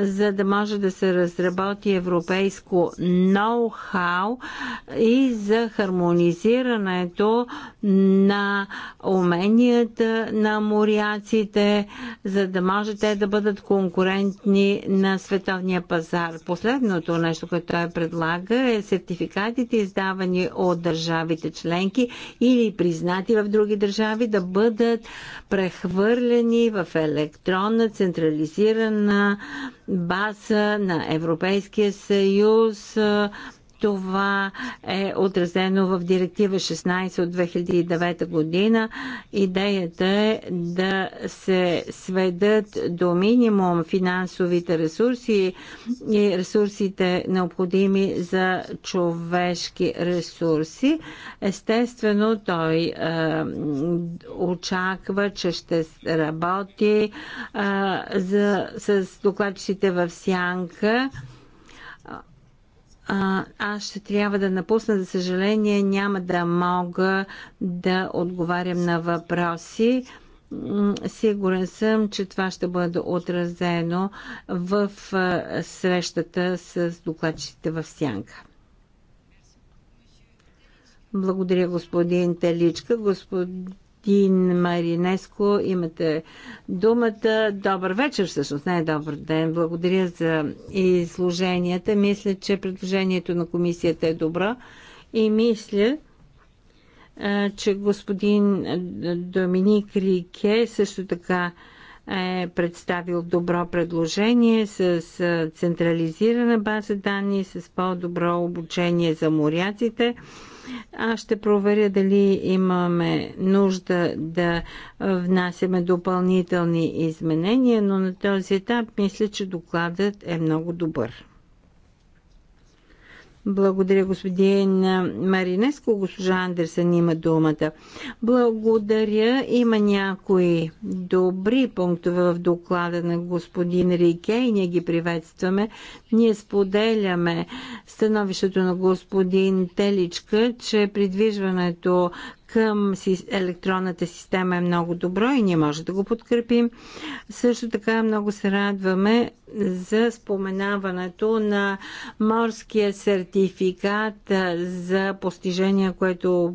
за да може да се разработи европейско ноу-хау и за хармонизирането на уменията на моряците, за да може те да бъдат конкурентни на световния пазар. Последното нещо, което той предлага е сертификатите, издавани от държавите членки или признати в други държави, да бъдат прехвърлени в електронна централизирана база на Европейския съюз това е отразено в директива 16 от 2009 година. Идеята е да се сведат до минимум финансовите ресурси и ресурсите необходими за човешки ресурси. Естествено, той е, очаква, че ще работи е, за, с докладчиците в сянка а, аз ще трябва да напусна, за съжаление няма да мога да отговарям на въпроси. Сигурен съм, че това ще бъде отразено в срещата с докладчите в Сянка. Благодаря, господин Теличка. Господин Мартин Маринеско, имате думата. Добър вечер, всъщност, не е добър ден. Благодаря за изложенията. Мисля, че предложението на комисията е добро и мисля, че господин Доминик Рике също така е представил добро предложение с централизирана база данни, с по-добро обучение за моряците аз ще проверя дали имаме нужда да внасяме допълнителни изменения, но на този етап мисля, че докладът е много добър. Благодаря господин Маринеско. Госпожа Андерсен има думата. Благодаря. Има някои добри пунктове в доклада на господин Рике и ние ги приветстваме. Ние споделяме становището на господин Теличка, че придвижването към електронната система е много добро и ние може да го подкрепим. Също така много се радваме за споменаването на морския сертификат за постижение, което,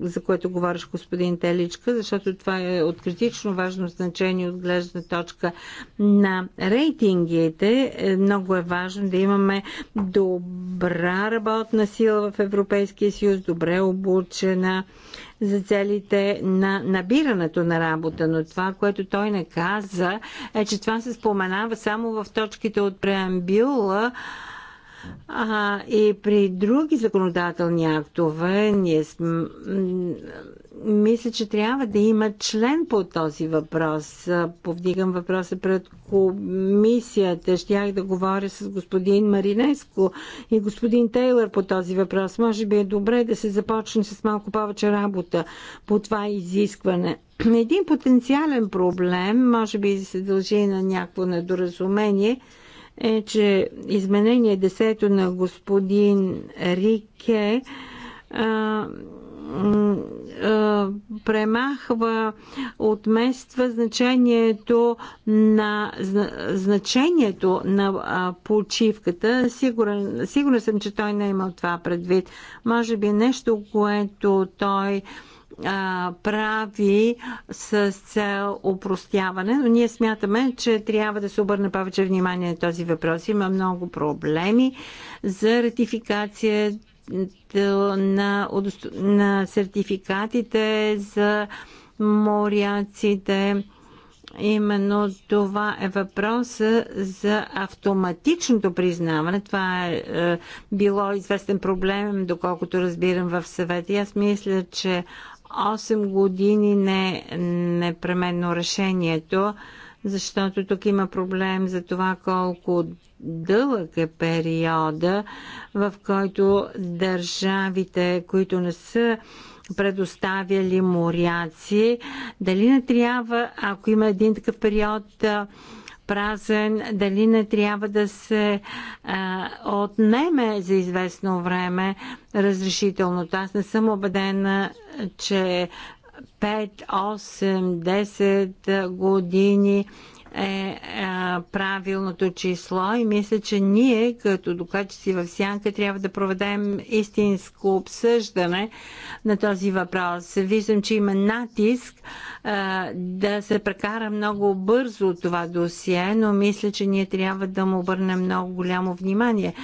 за което говориш господин Теличка, защото това е от критично важно значение от гледна точка на рейтингите. Е, много е важно да имаме добра работна сила в Европейския съюз, добре обучена за целите на набирането на работа, но това, което той не каза, е, че това се споменава само в точките от преамбюла, а, и при други законодателни актове ние сме мисля, че трябва да има член по този въпрос. Повдигам въпроса пред комисията. Щях да говоря с господин Маринеско и господин Тейлър по този въпрос. Може би е добре да се започне с малко повече работа по това изискване. Един потенциален проблем, може би се дължи на някакво недоразумение, е, че изменение 10 на господин Рике премахва, отмества значението на, значението на почивката. Сигурен, сигурен съм, че той не е имал това предвид. Може би е нещо, което той а, прави с цел упростяване, но ние смятаме, че трябва да се обърне повече внимание на този въпрос. Има много проблеми за ратификация на, на сертификатите за моряците. Именно това е въпрос за автоматичното признаване. Това е, е било известен проблем, доколкото разбирам в съвет. И аз мисля, че 8 години не е непременно решението защото тук има проблем за това колко дълъг е периода, в който държавите, които не са предоставяли моряци, дали не трябва, ако има един такъв период, празен, дали не трябва да се а, отнеме за известно време разрешителното. Аз не съм убедена, че 5, 8, 10 години е а, е, правилното число и мисля, че ние като докладчици в Сянка трябва да проведем истинско обсъждане на този въпрос. Виждам, че има натиск а, е, да се прекара много бързо това досие, но мисля, че ние трябва да му обърнем много голямо внимание.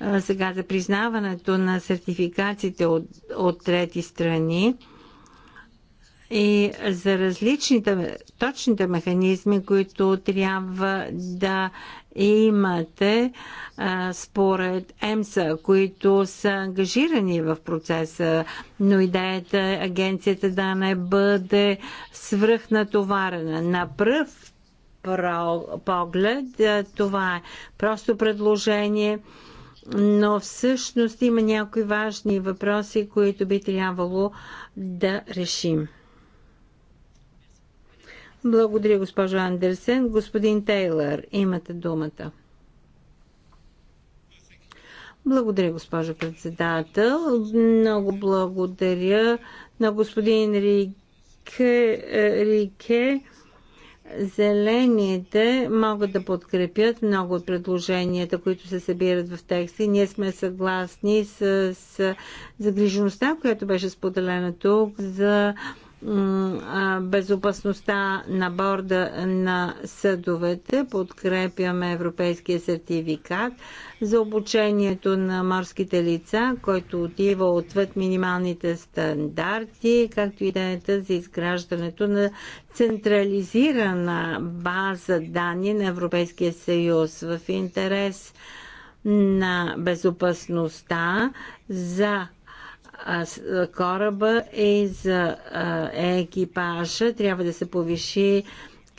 А, е, сега за признаването на сертификациите от, от трети страни и за различните точните механизми, които трябва да имате а, според ЕМСА, които са ангажирани в процеса, но идеята е агенцията да не бъде свръхнатоварена. На пръв поглед това е просто предложение но всъщност има някои важни въпроси, които би трябвало да решим. Благодаря, госпожо Андерсен. Господин Тейлър, имате думата. Благодаря, госпожо председател. Много благодаря на господин Рике. Рике. Зелените могат да подкрепят много от предложенията, които се събират в текста ние сме съгласни с, с загрижеността, която беше споделена тук за безопасността на борда на съдовете. Подкрепяме европейския сертификат за обучението на морските лица, който отива отвъд минималните стандарти, както идеята за изграждането на централизирана база данни на Европейския съюз в интерес на безопасността за кораба и е за екипажа. Трябва да се повиши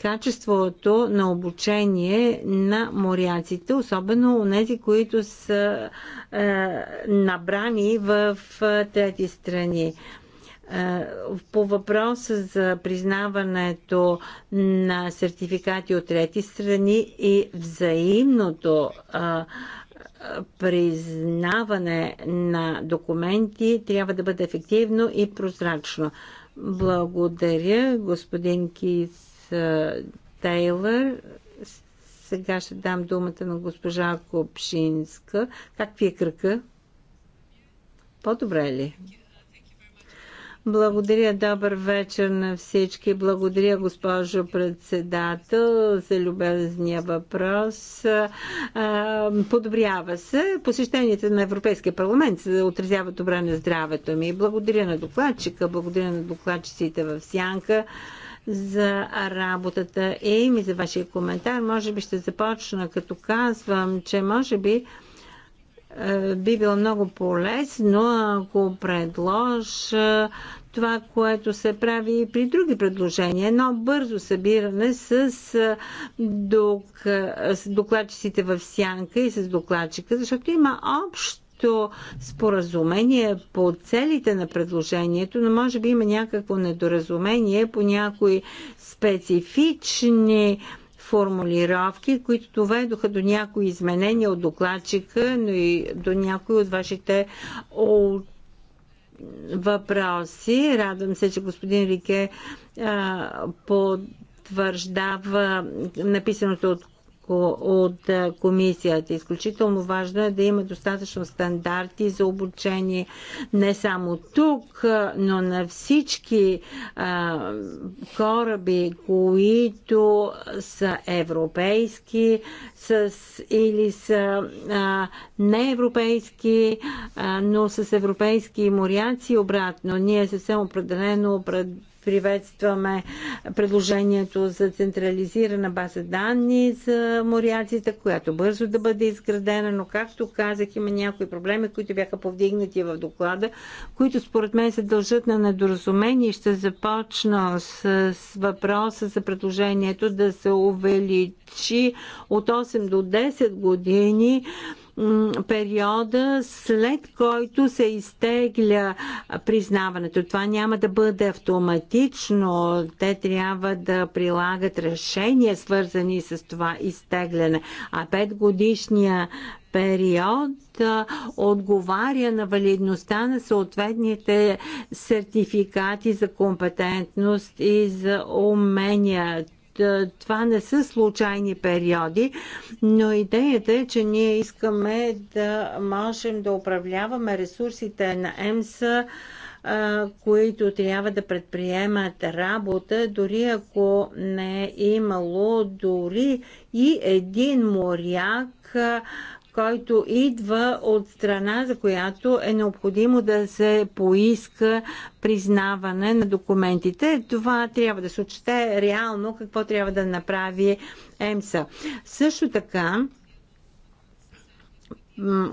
качеството на обучение на моряците, особено у нези, които са е, набрани в трети страни. По въпроса за признаването на сертификати от трети страни и взаимното а, признаване на документи трябва да бъде ефективно и прозрачно. Благодаря, господин Кис Тейлър. Сега ще дам думата на госпожа Копшинска. Как ви е кръка? По-добре е ли? Благодаря, добър вечер на всички. Благодаря, госпожо председател, за любезния въпрос. Подобрява се. Посещенията на Европейския парламент се отразяват добре на здравето ми. Благодаря на докладчика, благодаря на докладчиците в Сянка за работата им и за вашия коментар. Може би ще започна като казвам, че може би би било много полезно, ако предложа това, което се прави и при други предложения. Едно бързо събиране с, докладчиците в сянка и с докладчика, защото има общо споразумение по целите на предложението, но може би има някакво недоразумение по някои специфични формулировки, които доведоха до някои изменения от докладчика, но и до някои от вашите въпроси. Радвам се, че господин Рике а, по потвърждава написаното от от комисията. Изключително важно е да има достатъчно стандарти за обучение не само тук, но на всички а, кораби, които са европейски с, или са а, неевропейски, а, но с европейски моряци обратно. Ние съвсем определено пред Приветстваме предложението за централизирана база данни за моряците, която бързо да бъде изградена, но както казах, има някои проблеми, които бяха повдигнати в доклада, които според мен се дължат на недоразумение. Ще започна с, с въпроса за предложението да се увеличи от 8 до 10 години периода, след който се изтегля признаването. Това няма да бъде автоматично. Те трябва да прилагат решения, свързани с това изтегляне. А петгодишния период отговаря на валидността на съответните сертификати за компетентност и за умения. Е, това не са случайни периоди, но идеята е, че ние искаме да можем да управляваме ресурсите на ЕМСА е, които трябва да предприемат работа, дори ако не е имало дори и един моряк е, който идва от страна, за която е необходимо да се поиска признаване на документите. Това трябва да се отчете реално какво трябва да направи ЕМСА. Също така,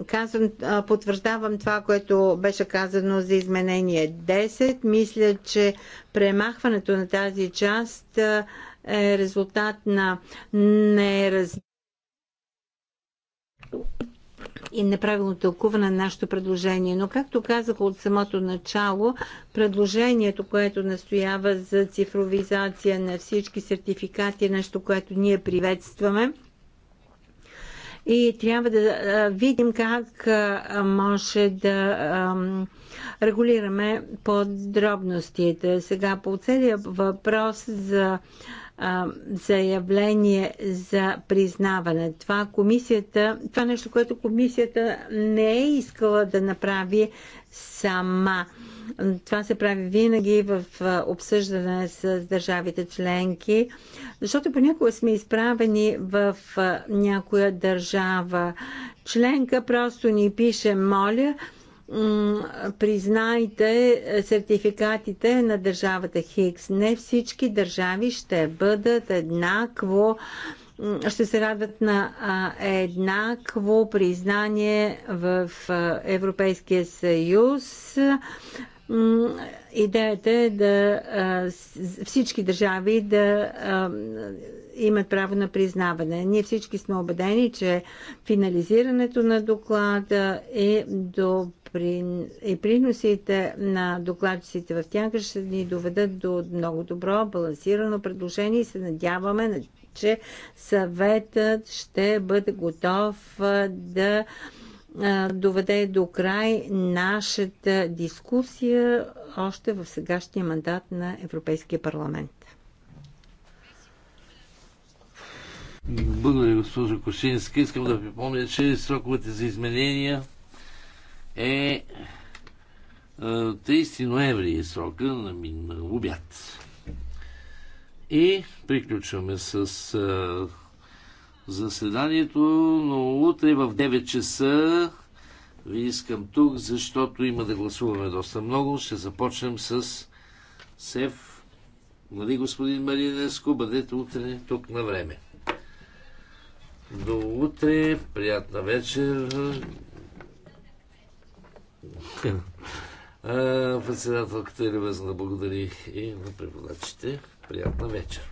Казвам, потвърждавам това, което беше казано за изменение 10. Мисля, че премахването на тази част е резултат на неразбиране и неправилно тълкуване на нашето предложение. Но, както казах от самото начало, предложението, което настоява за цифровизация на всички сертификати, е нещо, което ние приветстваме. И трябва да видим как може да регулираме подробностите. Сега по целия въпрос за заявление за признаване. Това комисията, това нещо, което комисията не е искала да направи сама. Това се прави винаги в обсъждане с държавите членки, защото понякога сме изправени в някоя държава членка, просто ни пише, моля, признайте сертификатите на държавата Хикс. Не всички държави ще бъдат еднакво ще се радват на еднакво признание в Европейския съюз. Идеята е да всички държави да имат право на признаване. Ние всички сме убедени, че финализирането на доклада е до и е приносите на докладчиците в тях ще ни доведат до много добро балансирано предложение и се надяваме, че съветът ще бъде готов да доведе до край нашата дискусия още в сегашния мандат на Европейския парламент. Благодаря, госпожо Кошински, Искам да ви помня, че сроковете за изменения е 30 е, ноември е срока на, на обяд. И приключваме с е, заседанието, но утре в 9 часа ви искам тук, защото има да гласуваме доста много. Ще започнем с СЕФ. Нали, господин Маринеско, бъдете утре тук на време. До утре, приятна вечер. Председателката е любезна да благодари и на преводачите. Приятна вечер.